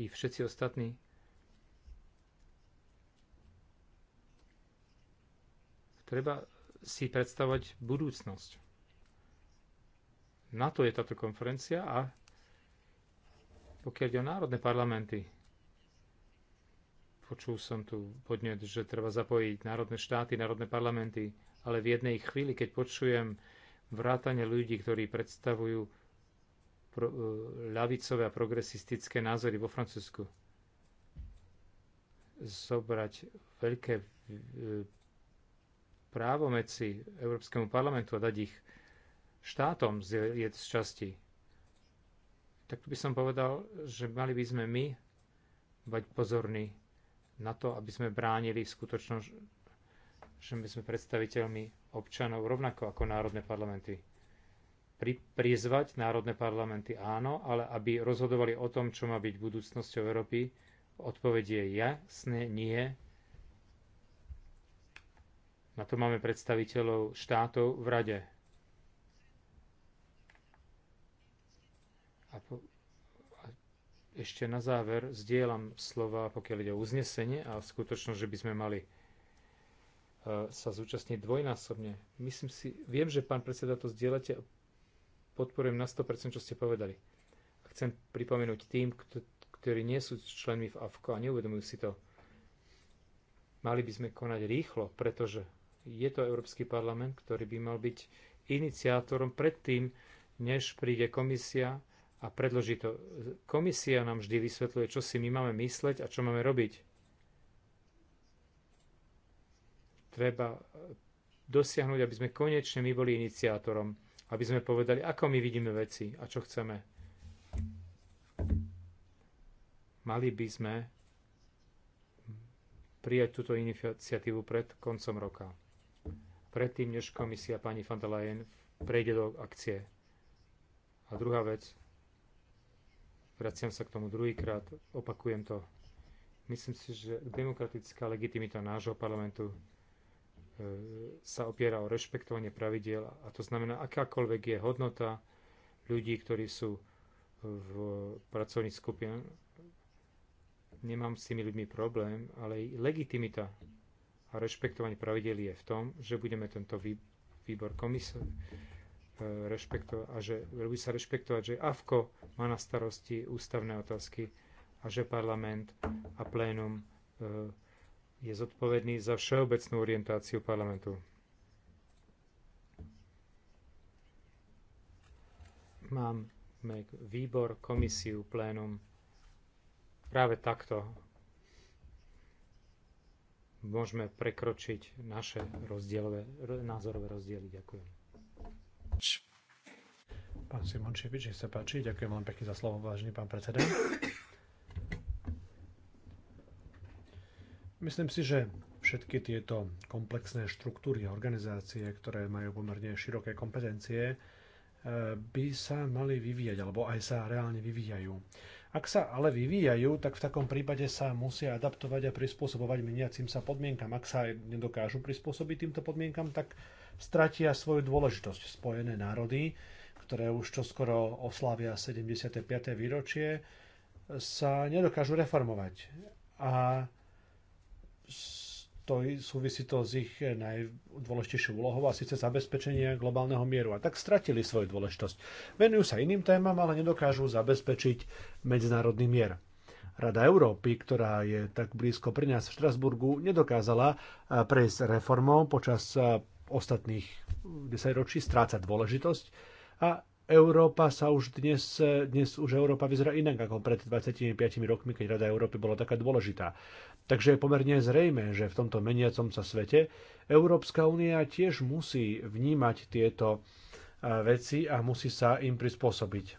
i všetci ostatní Treba si predstavovať budúcnosť. Na to je táto konferencia a pokiaľ ide o národné parlamenty, počul som tu podnet, že treba zapojiť národné štáty, národné parlamenty, ale v jednej chvíli, keď počujem vrátane ľudí, ktorí predstavujú pro, e, ľavicové a progresistické názory vo Francúzsku, zobrať veľké e, právomeci Európskemu parlamentu a dať ich štátom z, je z časti, tak by som povedal, že mali by sme my bať pozorní na to, aby sme bránili skutočnosť, že my sme predstaviteľmi občanov rovnako ako národné parlamenty. Pri, prizvať národné parlamenty áno, ale aby rozhodovali o tom, čo má byť budúcnosťou Európy, odpoveď je jasné nie, na to máme predstaviteľov štátov v rade. A, po, a ešte na záver zdieľam slova, pokiaľ ide o uznesenie a skutočnosť, že by sme mali e, sa zúčastniť dvojnásobne. Myslím si, viem, že pán predseda to zdieľate, podporujem na 100%, čo ste povedali. A chcem pripomenúť tým, ktorí nie sú členmi v AFKO a neuvedomujú si to, mali by sme konať rýchlo, pretože je to Európsky parlament, ktorý by mal byť iniciátorom predtým, než príde komisia a predloží to. Komisia nám vždy vysvetľuje, čo si my máme mysleť a čo máme robiť. Treba dosiahnuť, aby sme konečne my boli iniciátorom, aby sme povedali, ako my vidíme veci a čo chceme. Mali by sme prijať túto iniciatívu pred koncom roka predtým, než komisia pani van der Leyen prejde do akcie. A druhá vec, vraciam sa k tomu druhýkrát, opakujem to. Myslím si, že demokratická legitimita nášho parlamentu e, sa opiera o rešpektovanie pravidiel a to znamená, akákoľvek je hodnota ľudí, ktorí sú v pracovných skupinách, nemám s tými ľuďmi problém, ale i legitimita a rešpektovanie pravidel je v tom, že budeme tento výbor komisie e, rešpektovať a že bude sa rešpektovať, že AFKO má na starosti ústavné otázky a že parlament a plénum e, je zodpovedný za všeobecnú orientáciu parlamentu. Mám výbor, komisiu, plénum práve takto môžeme prekročiť naše rozdielové, názorové rozdiely. Ďakujem. Pán Simončevič, nech sa páči. Ďakujem veľmi pekne za slovo, vážený pán predseda. Myslím si, že všetky tieto komplexné štruktúry a organizácie, ktoré majú pomerne široké kompetencie, eh, by sa mali vyvíjať, alebo aj sa reálne vyvíjajú. Ak sa ale vyvíjajú, tak v takom prípade sa musia adaptovať a prispôsobovať meniacim sa podmienkam. Ak sa nedokážu prispôsobiť týmto podmienkam, tak stratia svoju dôležitosť. Spojené národy, ktoré už čoskoro oslavia 75. výročie, sa nedokážu reformovať. A to súvisí to s ich eh, najdôležitejšou úlohou a síce zabezpečenie globálneho mieru. A tak stratili svoju dôležitosť. Venujú sa iným témam, ale nedokážu zabezpečiť medzinárodný mier. Rada Európy, ktorá je tak blízko pri nás v Štrasburgu, nedokázala eh, prejsť reformou počas eh, ostatných desaťročí, stráca dôležitosť a Európa sa už dnes, dnes už Európa vyzerá inak ako pred 25 rokmi, keď Rada Európy bola taká dôležitá. Takže je pomerne zrejme, že v tomto meniacom sa svete Európska únia tiež musí vnímať tieto e, veci a musí sa im prispôsobiť. E,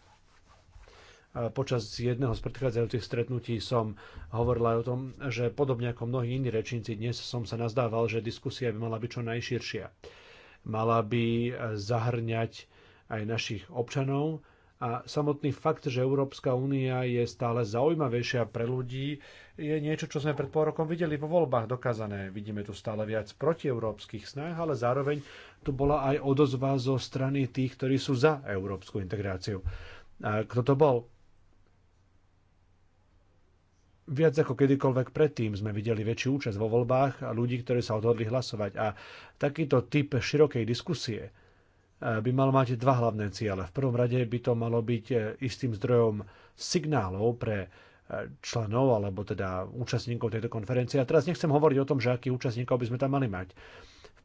počas jedného z predchádzajúcich stretnutí som hovorila o tom, že podobne ako mnohí iní rečníci dnes som sa nazdával, že diskusia by mala byť čo najširšia. Mala by e, zahrňať aj našich občanov a samotný fakt, že Európska únia je stále zaujímavejšia pre ľudí, je niečo, čo sme pred pol rokom videli vo voľbách dokázané. Vidíme tu stále viac protieurópskych snah, ale zároveň tu bola aj odozva zo strany tých, ktorí sú za európsku integráciu. A kto to bol? viac ako kedykoľvek predtým sme videli väčšiu účasť vo voľbách a ľudí, ktorí sa odhodli hlasovať. A takýto typ širokej diskusie by mal mať dva hlavné ciele. V prvom rade by to malo byť eh, istým zdrojom signálov pre eh, členov alebo teda účastníkov tejto konferencie. A teraz nechcem hovoriť o tom, že akých účastníkov by sme tam mali mať.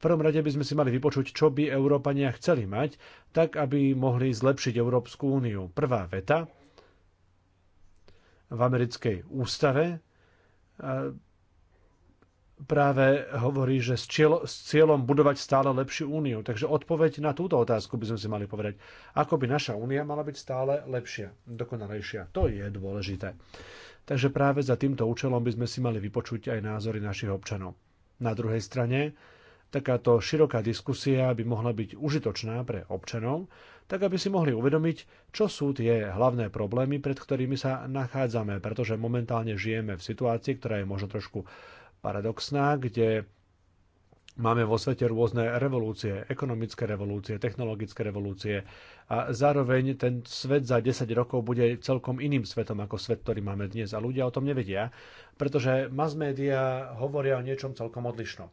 V prvom rade by sme si mali vypočuť, čo by Európania chceli mať, tak aby mohli zlepšiť Európsku úniu. Prvá veta v americkej ústave eh, práve hovorí, že s, cieľ, s cieľom budovať stále lepšiu úniu. Takže odpoveď na túto otázku by sme si mali povedať. Ako by naša únia mala byť stále lepšia, dokonalejšia. To je dôležité. Takže práve za týmto účelom by sme si mali vypočuť aj názory našich občanov. Na druhej strane, takáto široká diskusia by mohla byť užitočná pre občanov, tak aby si mohli uvedomiť, čo sú tie hlavné problémy, pred ktorými sa nachádzame, pretože momentálne žijeme v situácii, ktorá je možno trošku paradoxná, kde Máme vo svete rôzne revolúcie, ekonomické revolúcie, technologické revolúcie a zároveň ten svet za 10 rokov bude celkom iným svetom ako svet, ktorý máme dnes a ľudia o tom nevedia, pretože mass media hovoria o niečom celkom odlišnom.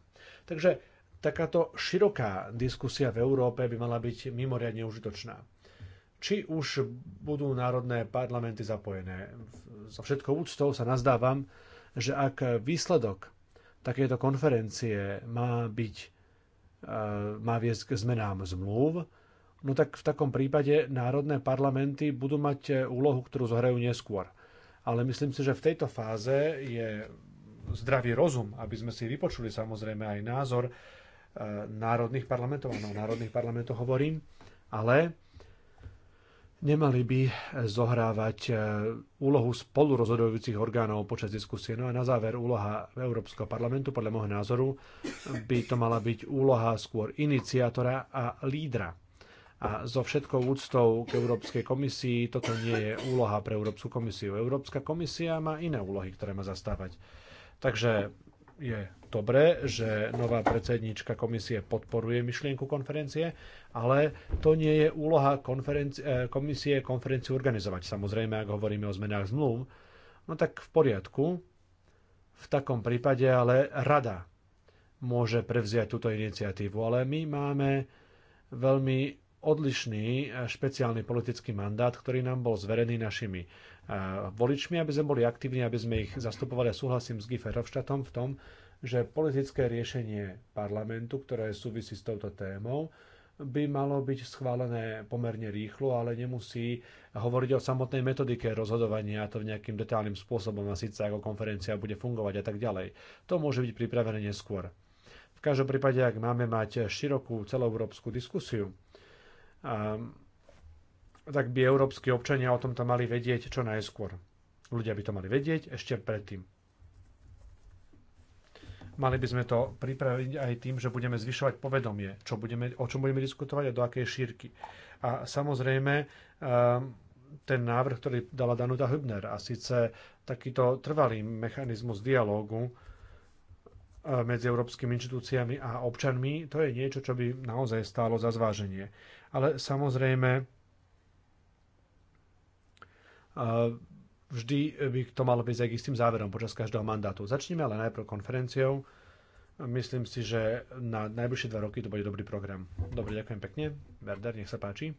Takže takáto široká diskusia v Európe by mala byť mimoriadne užitočná. Či už budú národné parlamenty zapojené. So všetkou úctou sa nazdávam, že ak výsledok takéto konferencie má byť, e, má viesť k zmenám zmluv, no tak v takom prípade národné parlamenty budú mať e, úlohu, ktorú zohrajú neskôr. Ale myslím si, že v tejto fáze je zdravý rozum, aby sme si vypočuli samozrejme aj názor e, národných parlamentov, no národných parlamentov hovorím, ale nemali by eh, zohrávať eh, úlohu spolurozhodujúcich orgánov počas diskusie. No a na záver úloha Európskeho parlamentu, podľa môjho názoru, by to mala byť úloha skôr iniciátora a lídra. A so všetkou úctou k Európskej komisii toto nie je úloha pre Európsku komisiu. Európska komisia má iné úlohy, ktoré má zastávať. Takže je dobré, že nová predsedníčka komisie podporuje myšlienku konferencie, ale to nie je úloha konferencie, eh, komisie konferenciu organizovať. Samozrejme, ak hovoríme o zmenách zmluv, no tak v poriadku. V takom prípade ale rada môže prevziať túto iniciatívu, ale my máme veľmi odlišný špeciálny politický mandát, ktorý nám bol zverený našimi voličmi, aby sme boli aktívni, aby sme ich zastupovali. A súhlasím s Giferovštatom v tom, že politické riešenie parlamentu, ktoré súvisí s touto témou, by malo byť schválené pomerne rýchlo, ale nemusí hovoriť o samotnej metodike rozhodovania a to nejakým detálnym spôsobom a síce ako konferencia bude fungovať a tak ďalej. To môže byť pripravené neskôr. V každom prípade, ak máme mať širokú celoeurópsku diskusiu, um, tak by európsky občania o tomto mali vedieť čo najskôr. Ľudia by to mali vedieť ešte predtým. Mali by sme to pripraviť aj tým, že budeme zvyšovať povedomie, čo budeme, o čom budeme diskutovať a do akej šírky. A samozrejme, ehm, ten návrh, ktorý dala Danuta Hübner, a síce takýto trvalý mechanizmus dialógu e, medzi európskymi inštitúciami a občanmi, to je niečo, čo by naozaj stálo za zváženie. Ale samozrejme, Vždy by to malo byť s istým záverom počas každého mandátu. Začneme ale najprv konferenciou. Myslím si, že na najbližšie dva roky to bude dobrý program. Dobre, ďakujem pekne. Verder, nech sa páči.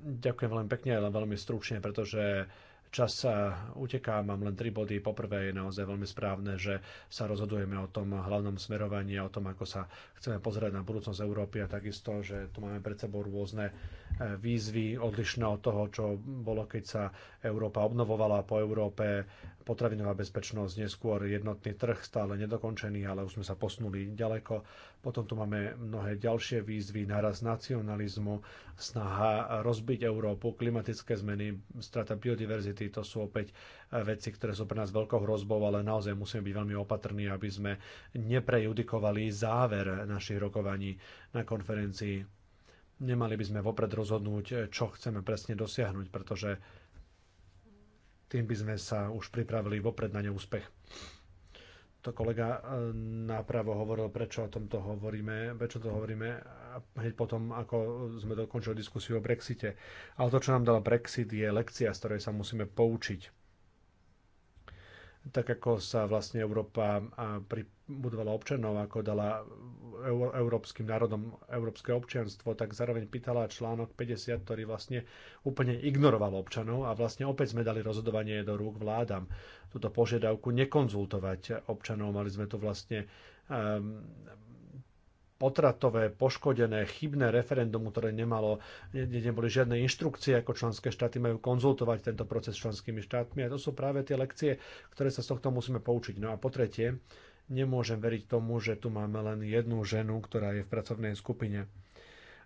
Ďakujem veľmi pekne, len veľmi stručne, pretože čas sa uteká, mám len tri body. Poprvé je naozaj veľmi správne, že sa rozhodujeme o tom hlavnom smerovaní, o tom, ako sa chceme pozerať na budúcnosť Európy a takisto, že tu máme pred sebou rôzne výzvy odlišné od toho, čo bolo, keď sa Európa obnovovala po Európe, potravinová bezpečnosť, neskôr jednotný trh, stále nedokončený, ale už sme sa posunuli ďaleko. Potom tu máme mnohé ďalšie výzvy, naraz nacionalizmu, snaha rozbiť Európu, klimatické zmeny, strata biodiverzity, to sú opäť veci, ktoré sú pre nás veľkou hrozbou, ale naozaj musíme byť veľmi opatrní, aby sme neprejudikovali záver našich rokovaní na konferencii nemali by sme vopred rozhodnúť, eh, čo chceme presne dosiahnuť, pretože tým by sme sa už pripravili vopred na neúspech. To kolega eh, nápravo hovoril, prečo o tomto hovoríme, prečo to hovoríme hneď potom, ako sme dokončili diskusiu o Brexite. Ale to, čo nám dal Brexit, je lekcia, z ktorej sa musíme poučiť tak ako sa vlastne Európa pribudovala občanov, ako dala európskym národom európske občianstvo, tak zároveň pýtala článok 50, ktorý vlastne úplne ignoroval občanov a vlastne opäť sme dali rozhodovanie do rúk vládam. Túto požiadavku nekonzultovať občanov, mali sme tu vlastne um, potratové, poškodené, chybné referendum, ktoré nemalo, ne, neboli žiadne inštrukcie, ako členské štáty majú konzultovať tento proces s členskými štátmi. A to sú práve tie lekcie, ktoré sa z tohto musíme poučiť. No a po tretie, nemôžem veriť tomu, že tu máme len jednu ženu, ktorá je v pracovnej skupine.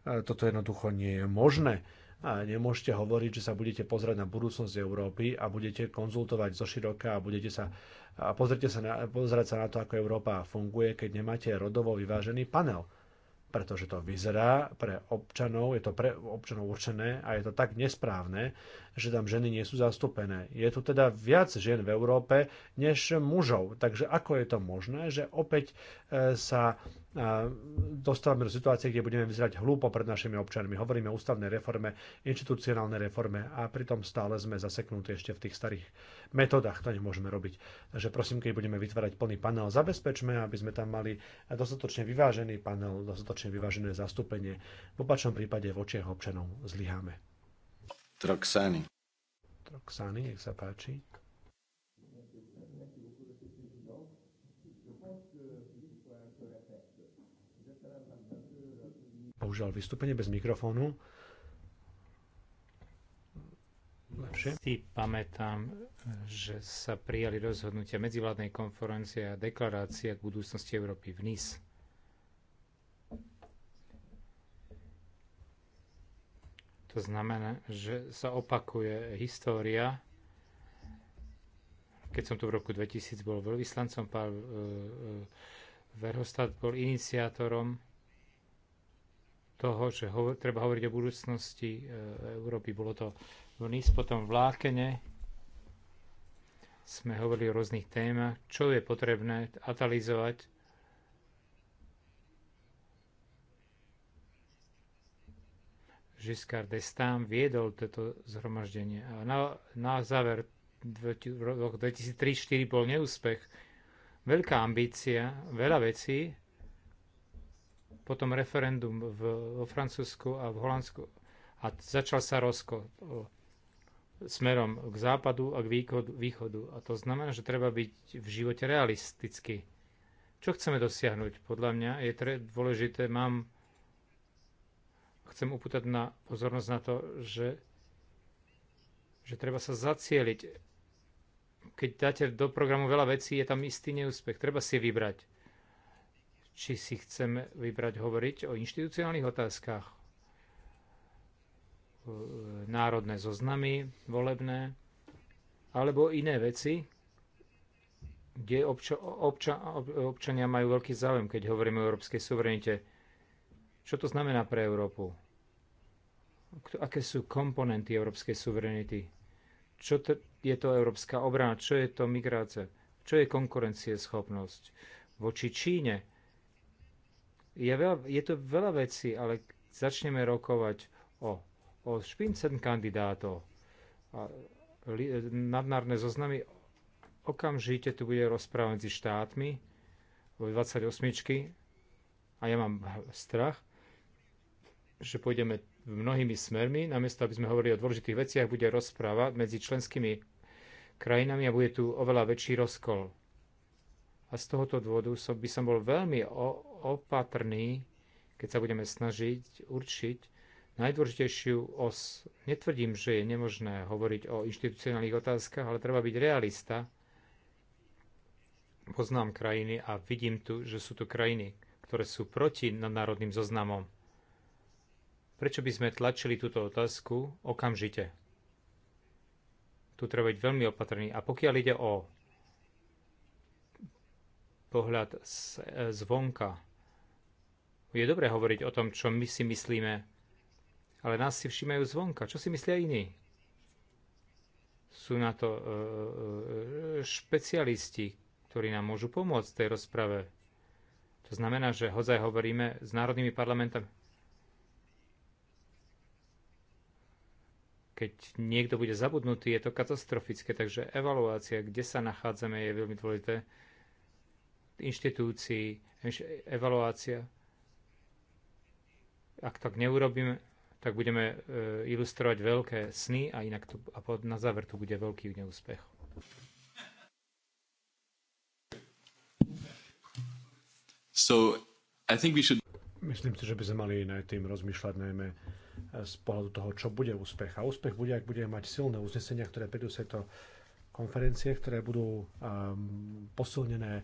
E, toto jednoducho nie je možné a nemôžete hovoriť, že sa budete pozerať na budúcnosť Európy a budete konzultovať zo široka a budete sa a pozrite sa na, pozerať sa na to, ako Európa funguje, keď nemáte rodovo vyvážený panel. Pretože to vyzerá pre občanov, je to pre občanov určené a je to tak nesprávne, že tam ženy nie sú zastúpené. Je tu teda viac žien v Európe než mužov. Takže ako je to možné, že opäť e, sa dostávame do situácie, kde budeme vyzerať hlúpo pred našimi občanmi. Hovoríme o ústavnej reforme, inštitucionálnej reforme a pritom stále sme zaseknutí ešte v tých starých metodách, to nemôžeme robiť. Takže prosím, keď budeme vytvárať plný panel, zabezpečme, aby sme tam mali dostatočne vyvážený panel, dostatočne vyvážené zastúpenie. V opačnom prípade v očiach občanov zlyháme. Troxány. Troxány, nech sa páči. bohužiaľ vystúpenie bez mikrofónu. Lepšie. Si pamätám, že sa prijali rozhodnutia medzivládnej konferencie a deklarácia k budúcnosti Európy v NIS. To znamená, že sa opakuje história. Keď som tu v roku 2000 bol veľvyslancom, pán e, e, Verhostad bol iniciátorom toho, že ho, treba hovoriť o budúcnosti e, Európy. Bolo to v NIS, potom v Lákene. Sme hovorili o rôznych témach, čo je potrebné atalizovať. Giscard d'Estaing viedol toto zhromaždenie. A na, na záver rok 2003-2004 bol neúspech. Veľká ambícia, veľa vecí, potom referendum v, vo Francúzsku a v Holandsku a začal sa rozkol smerom k západu a k východu, východu. A to znamená, že treba byť v živote realistický. Čo chceme dosiahnuť? Podľa mňa je tre- dôležité, mám, chcem upútať na pozornosť na to, že, že treba sa zacieliť. Keď dáte do programu veľa vecí, je tam istý neúspech. Treba si vybrať či si chceme vybrať hovoriť o inštitucionálnych otázkach, e, národné zoznamy volebné, alebo iné veci, kde obča, obča, občania majú veľký záujem, keď hovoríme o európskej suverenite. Čo to znamená pre Európu? Aké sú komponenty európskej suverenity? Čo to, je to európska obrana? Čo je to migrácia? Čo je konkurencieschopnosť? Voči Číne je, veľa, je to veľa vecí, ale začneme rokovať o, o špincen kandidátov a li, nadnárne zoznamy. Okamžite tu bude rozpráva medzi štátmi vo 28 a ja mám strach, že pôjdeme mnohými smermi. Namiesto, aby sme hovorili o dôležitých veciach, bude rozpráva medzi členskými krajinami a bude tu oveľa väčší rozkol. A z tohoto dôvodu som, by som bol veľmi opatrní, keď sa budeme snažiť určiť najdôležitejšiu os. Netvrdím, že je nemožné hovoriť o inštitucionálnych otázkach, ale treba byť realista. Poznám krajiny a vidím tu, že sú tu krajiny, ktoré sú proti nadnárodným zoznamom. Prečo by sme tlačili túto otázku okamžite? Tu treba byť veľmi opatrný. A pokiaľ ide o pohľad e, zvonka, je dobré hovoriť o tom, čo my si myslíme, ale nás si všímajú zvonka. Čo si myslia iní? Sú na to e, e, e špecialisti, ktorí nám môžu pomôcť v tej rozprave. To znamená, že hozaj hovoríme s národnými parlamentami. Keď niekto bude zabudnutý, je to katastrofické, takže evaluácia, kde sa nachádzame, je veľmi dôležité. inštitúcii evaluácia ak tak neurobíme, tak budeme e, ilustrovať veľké sny a inak tu, a na záver tu bude veľký neúspech. So, I think we should... Myslím si, že by sme mali nad tým rozmýšľať najmä e, z pohľadu toho, čo bude úspech. A úspech bude, ak bude mať silné uznesenia, ktoré prídu sa to konferencie, ktoré budú um, posilnené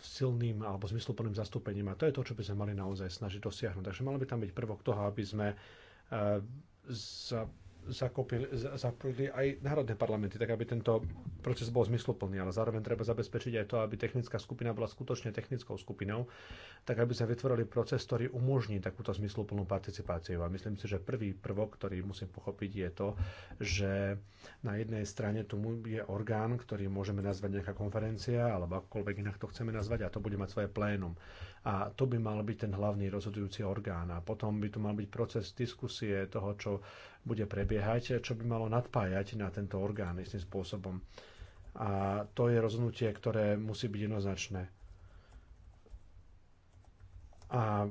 silným alebo zmysluplným zastúpením. A to je to, čo by sme mali naozaj snažiť dosiahnuť. Takže malo by tam byť prvok toho, aby sme e, zakopili, zapojili aj národné parlamenty, tak aby tento proces bol zmysluplný, ale zároveň treba zabezpečiť aj to, aby technická skupina bola skutočne technickou skupinou, tak aby sa vytvorili proces, ktorý umožní takúto zmysluplnú participáciu. A myslím si, že prvý prvok, ktorý musím pochopiť, je to, že na jednej strane tu je orgán, ktorý môžeme nazvať nejaká konferencia, alebo akokoľvek inak to chceme nazvať, a to bude mať svoje plénum. A to by mal byť ten hlavný rozhodujúci orgán. A potom by tu mal byť proces diskusie toho, čo bude prebiehať, čo by malo nadpájať na tento orgán istým spôsobom. A to je rozhodnutie, ktoré musí byť jednoznačné. A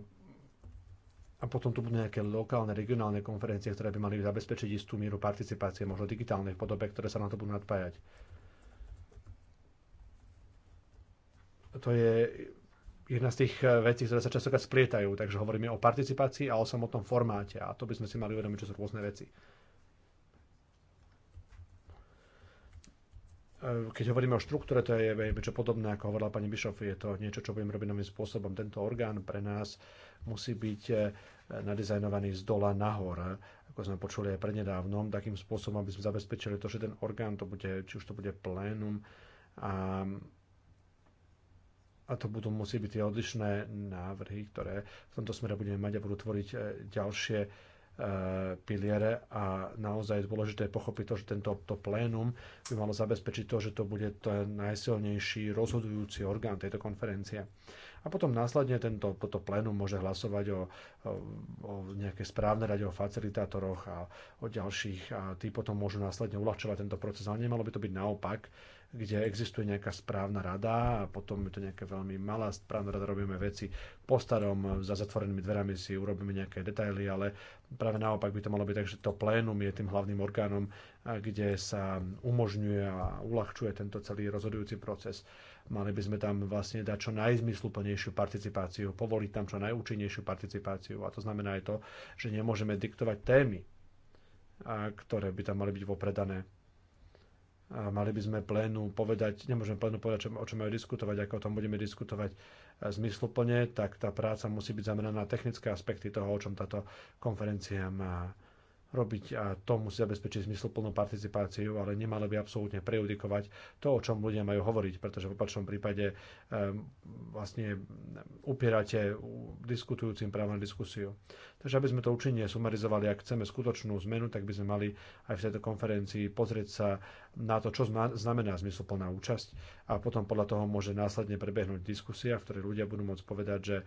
a potom tu budú nejaké lokálne, regionálne konferencie, ktoré by mali zabezpečiť istú mieru participácie, možno digitálnej v podobe, ktoré sa na to budú nadpájať. To je jedna z tých eh, vecí, ktoré sa častokrát splietajú. Takže hovoríme o participácii a o samotnom formáte. A to by sme si mali uvedomiť, čo sú rôzne veci. Eh, keď hovoríme o štruktúre, to je niečo podobné, ako hovorila pani Bišov, je to niečo, čo budeme robiť novým spôsobom. Tento orgán pre nás musí byť eh, nadizajnovaný z dola nahor, ako sme počuli aj prednedávnom, takým spôsobom, aby sme zabezpečili to, že ten orgán, to bude, či už to bude plénum, a a to budú musieť byť tie odlišné návrhy, ktoré v tomto smere budeme mať a budú tvoriť e, ďalšie e, piliere a naozaj je dôležité pochopiť to, že tento to plénum by malo zabezpečiť to, že to bude ten najsilnejší rozhodujúci orgán tejto konferencie. A potom následne tento, toto plénum môže hlasovať o, o, o nejaké správne rade, o facilitátoroch a o ďalších a tí potom môžu následne uľahčovať tento proces. Ale nemalo by to byť naopak, kde existuje nejaká správna rada a potom je to nejaká veľmi malá správna rada, robíme veci po starom, za zatvorenými dverami si urobíme nejaké detaily, ale práve naopak by to malo byť tak, že to plénum je tým hlavným orgánom, kde sa umožňuje a uľahčuje tento celý rozhodujúci proces. Mali by sme tam vlastne dať čo najzmysluplnejšiu participáciu, povoliť tam čo najúčinnejšiu participáciu a to znamená aj to, že nemôžeme diktovať témy, ktoré by tam mali byť vopredané a mali by sme plénu povedať, nemôžeme plénu povedať, o čom majú diskutovať, ako o tom budeme diskutovať e, zmysluplne, tak tá práca musí byť zameraná na technické aspekty toho, o čom táto konferencia má robiť a to musí zabezpečiť zmysluplnú participáciu, ale nemalo by absolútne prejudikovať to, o čom ľudia majú hovoriť, pretože v opačnom prípade um, vlastne upierate diskutujúcim právne diskusiu. Takže aby sme to účinne sumarizovali, ak chceme skutočnú zmenu, tak by sme mali aj v tejto konferencii pozrieť sa na to, čo znamená zmysluplná účasť a potom podľa toho môže následne prebehnúť diskusia, v ktorej ľudia budú môcť povedať, že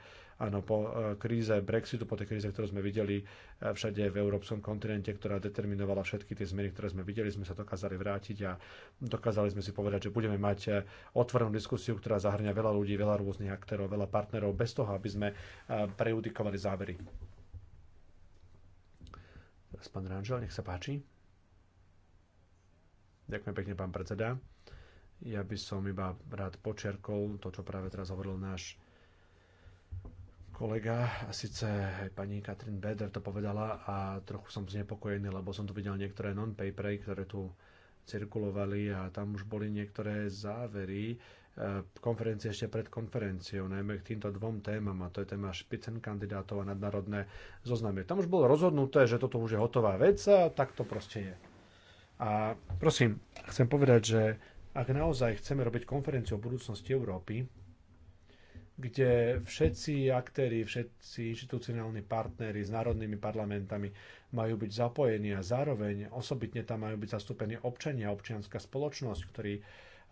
Áno, po e, kríze Brexitu, po tej kríze, ktorú sme videli e, všade v európskom kontinente, ktorá determinovala všetky tie zmeny, ktoré sme videli, sme sa dokázali vrátiť a dokázali sme si povedať, že budeme mať e, otvorenú diskusiu, ktorá zahrňa veľa ľudí, veľa rôznych aktérov, veľa partnerov, bez toho, aby sme prejudikovali závery. Teraz pán Ranžel, nech sa páči. Ďakujem pekne, pán predseda. Ja by som iba rád počerkol to, čo práve teraz hovoril náš kolega, a síce pani Katrin Beder to povedala a trochu som znepokojený, lebo som tu videl niektoré non-papery, ktoré tu cirkulovali a tam už boli niektoré závery e, konferencie ešte pred konferenciou, najmä k týmto dvom témam, a to je téma špicen kandidátov a nadnárodné zoznamy. Tam už bolo rozhodnuté, že toto už je hotová vec a tak to proste je. A prosím, chcem povedať, že ak naozaj chceme robiť konferenciu o budúcnosti Európy, kde všetci aktéri, všetci inštitucionálni partnery s národnými parlamentami majú byť zapojení a zároveň osobitne tam majú byť zastúpení občania, občianská spoločnosť, ktorí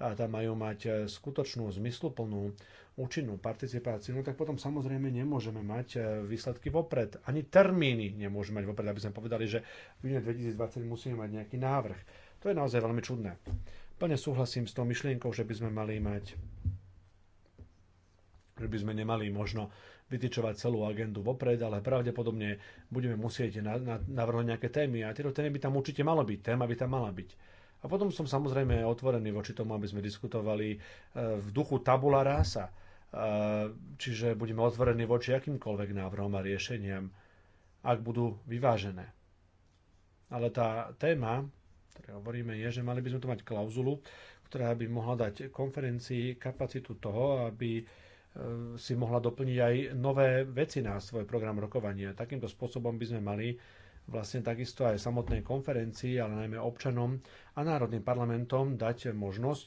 tam majú mať e, skutočnú, zmysluplnú, účinnú participáciu, no tak potom samozrejme nemôžeme mať e, výsledky vopred. Ani termíny nemôžeme mať vopred, aby sme povedali, že v júne 2020 musíme mať nejaký návrh. To je naozaj veľmi čudné. Plne súhlasím s tou myšlienkou, že by sme mali mať že by sme nemali možno vytičovať celú agendu vopred, ale pravdepodobne budeme musieť navrhnúť nejaké témy a tieto témy by tam určite malo byť, téma by tam mala byť. A potom som samozrejme otvorený voči tomu, aby sme diskutovali e, v duchu tabula rasa, e, čiže budeme otvorení voči akýmkoľvek návrhom a riešeniam, ak budú vyvážené. Ale tá téma, ktoré hovoríme, je, že mali by sme tu mať klauzulu, ktorá by mohla dať konferencii kapacitu toho, aby E, si mohla doplniť aj nové veci na svoj program rokovania. Takýmto spôsobom by sme mali vlastne takisto aj samotnej konferencii, ale najmä občanom a národným parlamentom dať možnosť,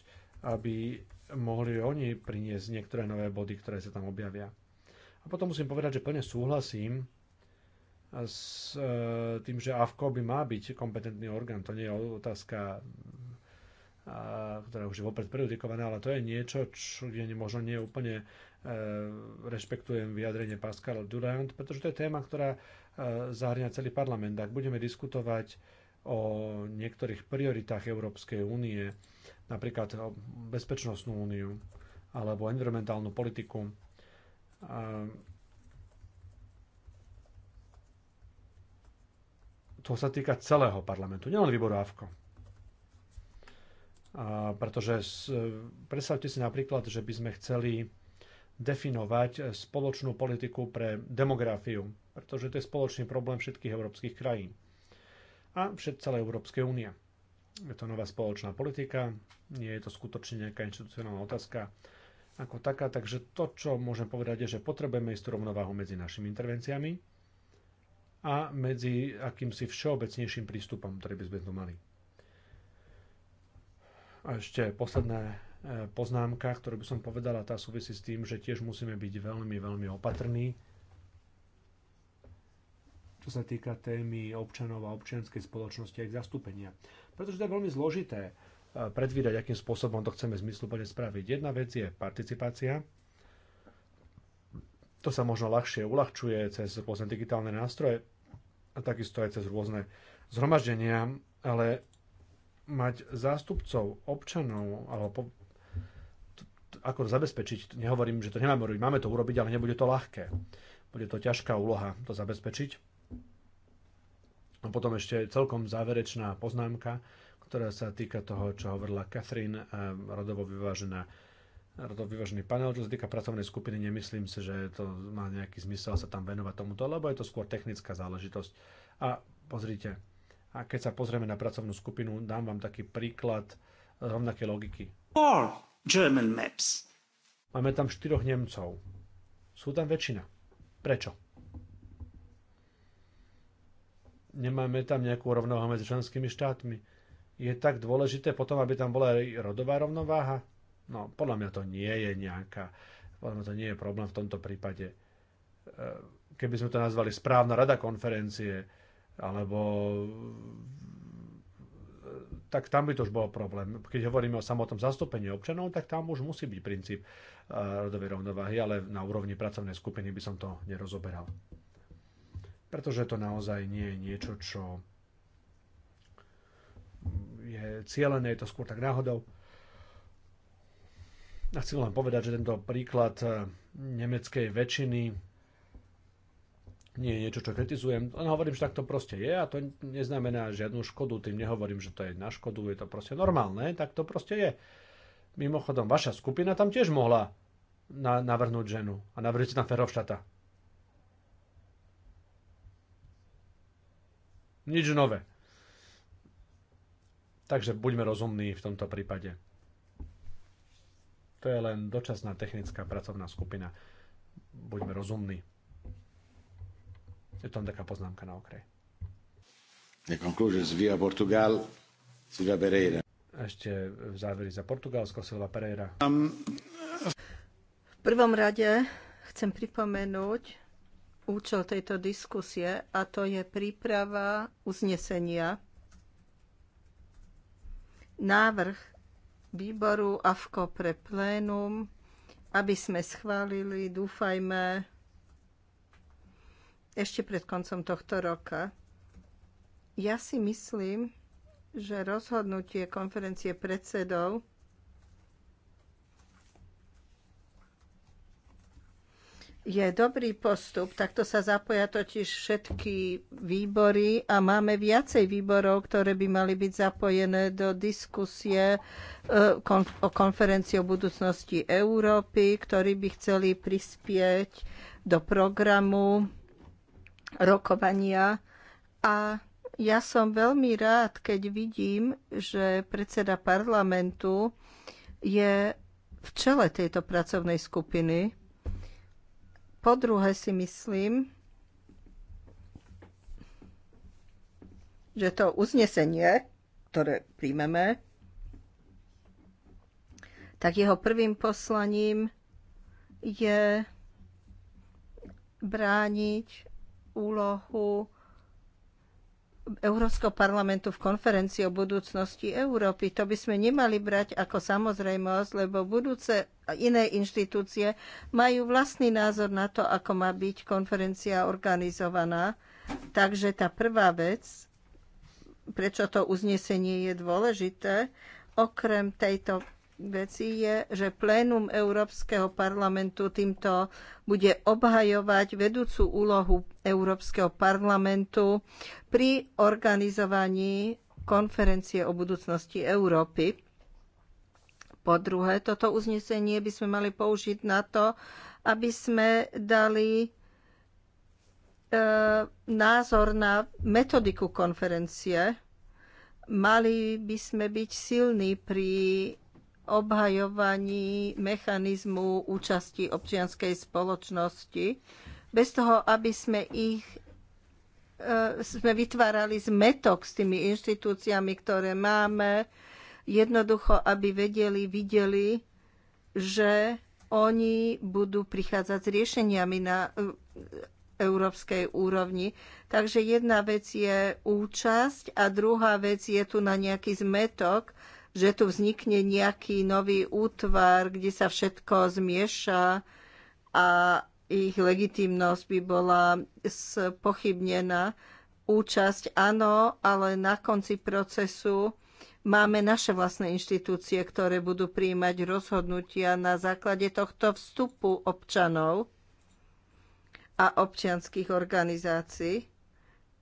aby mohli oni priniesť niektoré nové body, ktoré sa tam objavia. A potom musím povedať, že plne súhlasím s e, tým, že AFKO by má byť kompetentný orgán. To nie je otázka e, ktorá už je vopred predikovaná, ale to je niečo, čo, je možno nie je úplne Eh, rešpektujem vyjadrenie Pascal Durand, pretože to je téma, ktorá eh, zahrňa celý parlament. Ak budeme diskutovať o niektorých prioritách Európskej únie, napríklad o bezpečnostnú úniu alebo environmentálnu politiku, eh, to sa týka celého parlamentu, nielen výboru AVKO. A pretože predstavte si napríklad, že by sme chceli definovať eh, spoločnú politiku pre demografiu, pretože to je spoločný problém všetkých európskych krajín a všet celé Európskej únie. Je to nová spoločná politika, nie je to skutočne nejaká inštitucionálna otázka ako taká, takže to, čo môžem povedať, je, že potrebujeme istú rovnováhu medzi našimi intervenciami a medzi akýmsi všeobecnejším prístupom, ktorý by sme tu mali. A ešte posledné poznámka, ktoré by som povedala, tá súvisí s tým, že tiež musíme byť veľmi, veľmi opatrní, čo sa týka témy občanov a občianskej spoločnosti a ich zastúpenia. Pretože to je veľmi zložité eh, predvídať, akým spôsobom to chceme zmysluplne spraviť. Jedna vec je participácia, to sa možno ľahšie uľahčuje cez rôzne digitálne nástroje a takisto aj cez rôzne zhromaždenia, ale mať zástupcov občanov alebo ako zabezpečiť. Nehovorím, že to nemáme robiť, máme to urobiť, ale nebude to ľahké. Bude to ťažká úloha to zabezpečiť. A potom ešte celkom záverečná poznámka, ktorá sa týka toho, čo hovorila Catherine, eh, rodovo vyvážená rodovo vyvážený panel, čo sa týka pracovnej skupiny, nemyslím si, že to má nejaký zmysel sa tam venovať tomuto, lebo je to skôr technická záležitosť. A pozrite, a keď sa pozrieme na pracovnú skupinu, dám vám taký príklad rovnakej logiky. Four. German maps. Máme tam štyroch Nemcov. Sú tam väčšina. Prečo? Nemáme tam nejakú rovnováhu medzi členskými štátmi. Je tak dôležité potom, aby tam bola aj rodová rovnováha? No, podľa mňa to nie je nejaká, podľa mňa to nie je problém v tomto prípade. E, keby sme to nazvali správna rada konferencie, alebo tak tam by to už bol problém. Keď hovoríme o samotnom zastúpení občanov, tak tam už musí byť princíp e, rodovej rovnováhy, ale na úrovni pracovnej skupiny by som to nerozoberal. Pretože to naozaj nie je niečo, čo je cieľené, je to skôr tak náhodou. A chcem len povedať, že tento príklad e, nemeckej väčšiny nie je niečo, čo kritizujem. Len no, hovorím, že takto proste je a to neznamená žiadnu škodu. Tým nehovorím, že to je na škodu, je to proste normálne, tak to proste je. Mimochodom, vaša skupina tam tiež mohla na, navrhnúť ženu a navrhnúť na Ferovštata. Nič nové. Takže buďme rozumní v tomto prípade. To je len dočasná technická pracovná skupina. Buďme rozumní. Je to len taká poznámka na okraj. The conclusions via Portugal, Silva Pereira. Ešte v záveri za Portugalsko, Silva Pereira. Um, v prvom rade chcem pripomenúť účel tejto diskusie a to je príprava uznesenia. Návrh výboru AFKO pre plénum, aby sme schválili, dúfajme, ešte pred koncom tohto roka. Ja si myslím, že rozhodnutie konferencie predsedov je dobrý postup. Takto sa zapoja totiž všetky výbory a máme viacej výborov, ktoré by mali byť zapojené do diskusie e, o konferencii o budúcnosti Európy, ktorí by chceli prispieť do programu rokovania a ja som veľmi rád, keď vidím, že predseda parlamentu je v čele tejto pracovnej skupiny. Po druhé si myslím, že to uznesenie, ktoré príjmeme, tak jeho prvým poslaním je brániť úlohu Európskeho parlamentu v konferencii o budúcnosti Európy. To by sme nemali brať ako samozrejmosť, lebo budúce iné inštitúcie majú vlastný názor na to, ako má byť konferencia organizovaná. Takže tá prvá vec, prečo to uznesenie je dôležité, okrem tejto veci je, že plénum Európskeho parlamentu týmto bude obhajovať vedúcu úlohu Európskeho parlamentu pri organizovaní konferencie o budúcnosti Európy. Po druhé, toto uznesenie by sme mali použiť na to, aby sme dali e, názor na metodiku konferencie. Mali by sme byť silní pri obhajovaní mechanizmu účasti občianskej spoločnosti, bez toho, aby sme ich e, sme vytvárali zmetok s tými inštitúciami, ktoré máme, jednoducho, aby vedeli, videli, že oni budú prichádzať s riešeniami na e, európskej úrovni. Takže jedna vec je účasť a druhá vec je tu na nejaký zmetok, že tu vznikne nejaký nový útvar, kde sa všetko zmieša a ich legitimnosť by bola spochybnená. Účasť áno, ale na konci procesu máme naše vlastné inštitúcie, ktoré budú príjmať rozhodnutia na základe tohto vstupu občanov a občianských organizácií.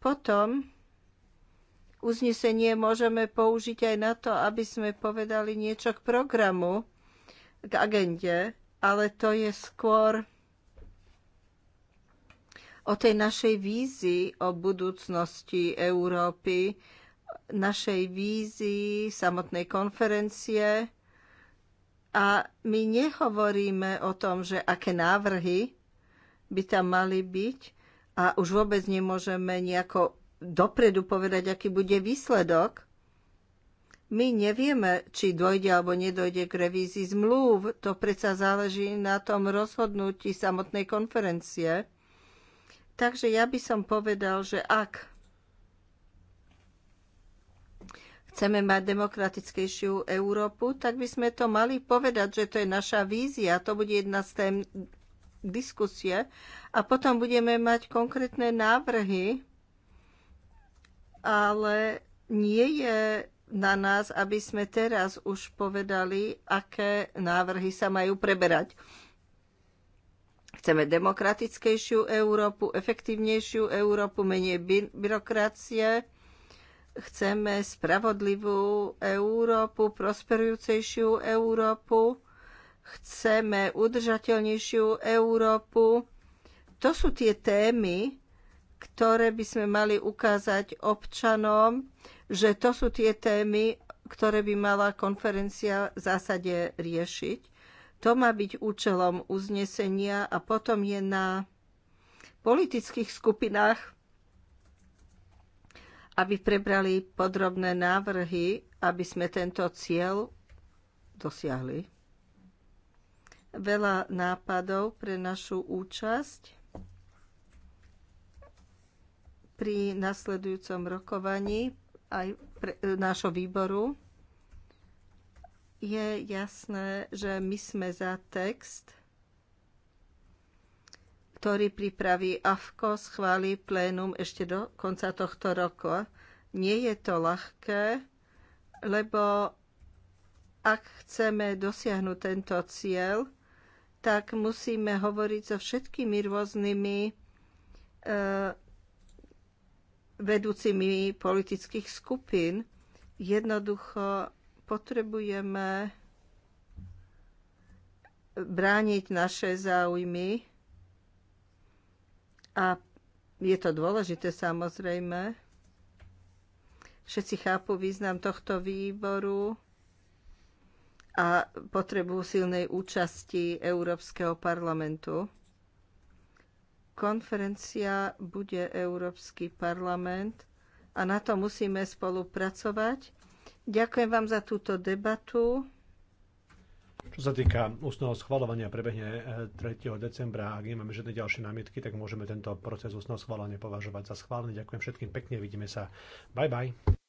Potom uznesenie môžeme použiť aj na to, aby sme povedali niečo k programu, k agende, ale to je skôr o tej našej vízii o budúcnosti Európy, našej vízii samotnej konferencie. A my nehovoríme o tom, že aké návrhy by tam mali byť a už vôbec nemôžeme nejako dopredu povedať, aký bude výsledok. My nevieme, či dojde alebo nedojde k revízii zmluv. To predsa záleží na tom rozhodnutí samotnej konferencie. Takže ja by som povedal, že ak chceme mať demokratickejšiu Európu, tak by sme to mali povedať, že to je naša vízia, to bude jedna z tém diskusie a potom budeme mať konkrétne návrhy, ale nie je na nás, aby sme teraz už povedali, aké návrhy sa majú preberať. Chceme demokratickejšiu Európu, efektívnejšiu Európu, menej by- byrokracie. Chceme spravodlivú Európu, prosperujúcejšiu Európu. Chceme udržateľnejšiu Európu. To sú tie témy, ktoré by sme mali ukázať občanom, že to sú tie témy, ktoré by mala konferencia v zásade riešiť. To má byť účelom uznesenia a potom je na politických skupinách, aby prebrali podrobné návrhy, aby sme tento cieľ dosiahli. Veľa nápadov pre našu účasť pri nasledujúcom rokovaní aj pre, e, nášho výboru. Je jasné, že my sme za text, ktorý pripraví AFKO, schváli plénum ešte do konca tohto roka. Nie je to ľahké, lebo ak chceme dosiahnuť tento cieľ, tak musíme hovoriť so všetkými rôznymi e, vedúcimi politických skupín. Jednoducho potrebujeme brániť naše záujmy a je to dôležité samozrejme. Všetci chápu význam tohto výboru a potrebu silnej účasti Európskeho parlamentu konferencia bude Európsky parlament a na to musíme spolupracovať. Ďakujem vám za túto debatu. Čo sa týka ústneho schvalovania, prebehne 3. E, decembra. Ak nemáme žiadne ďalšie námietky, tak môžeme tento proces ústneho schvalovania považovať za schválený. Ďakujem všetkým pekne, vidíme sa. Bye bye.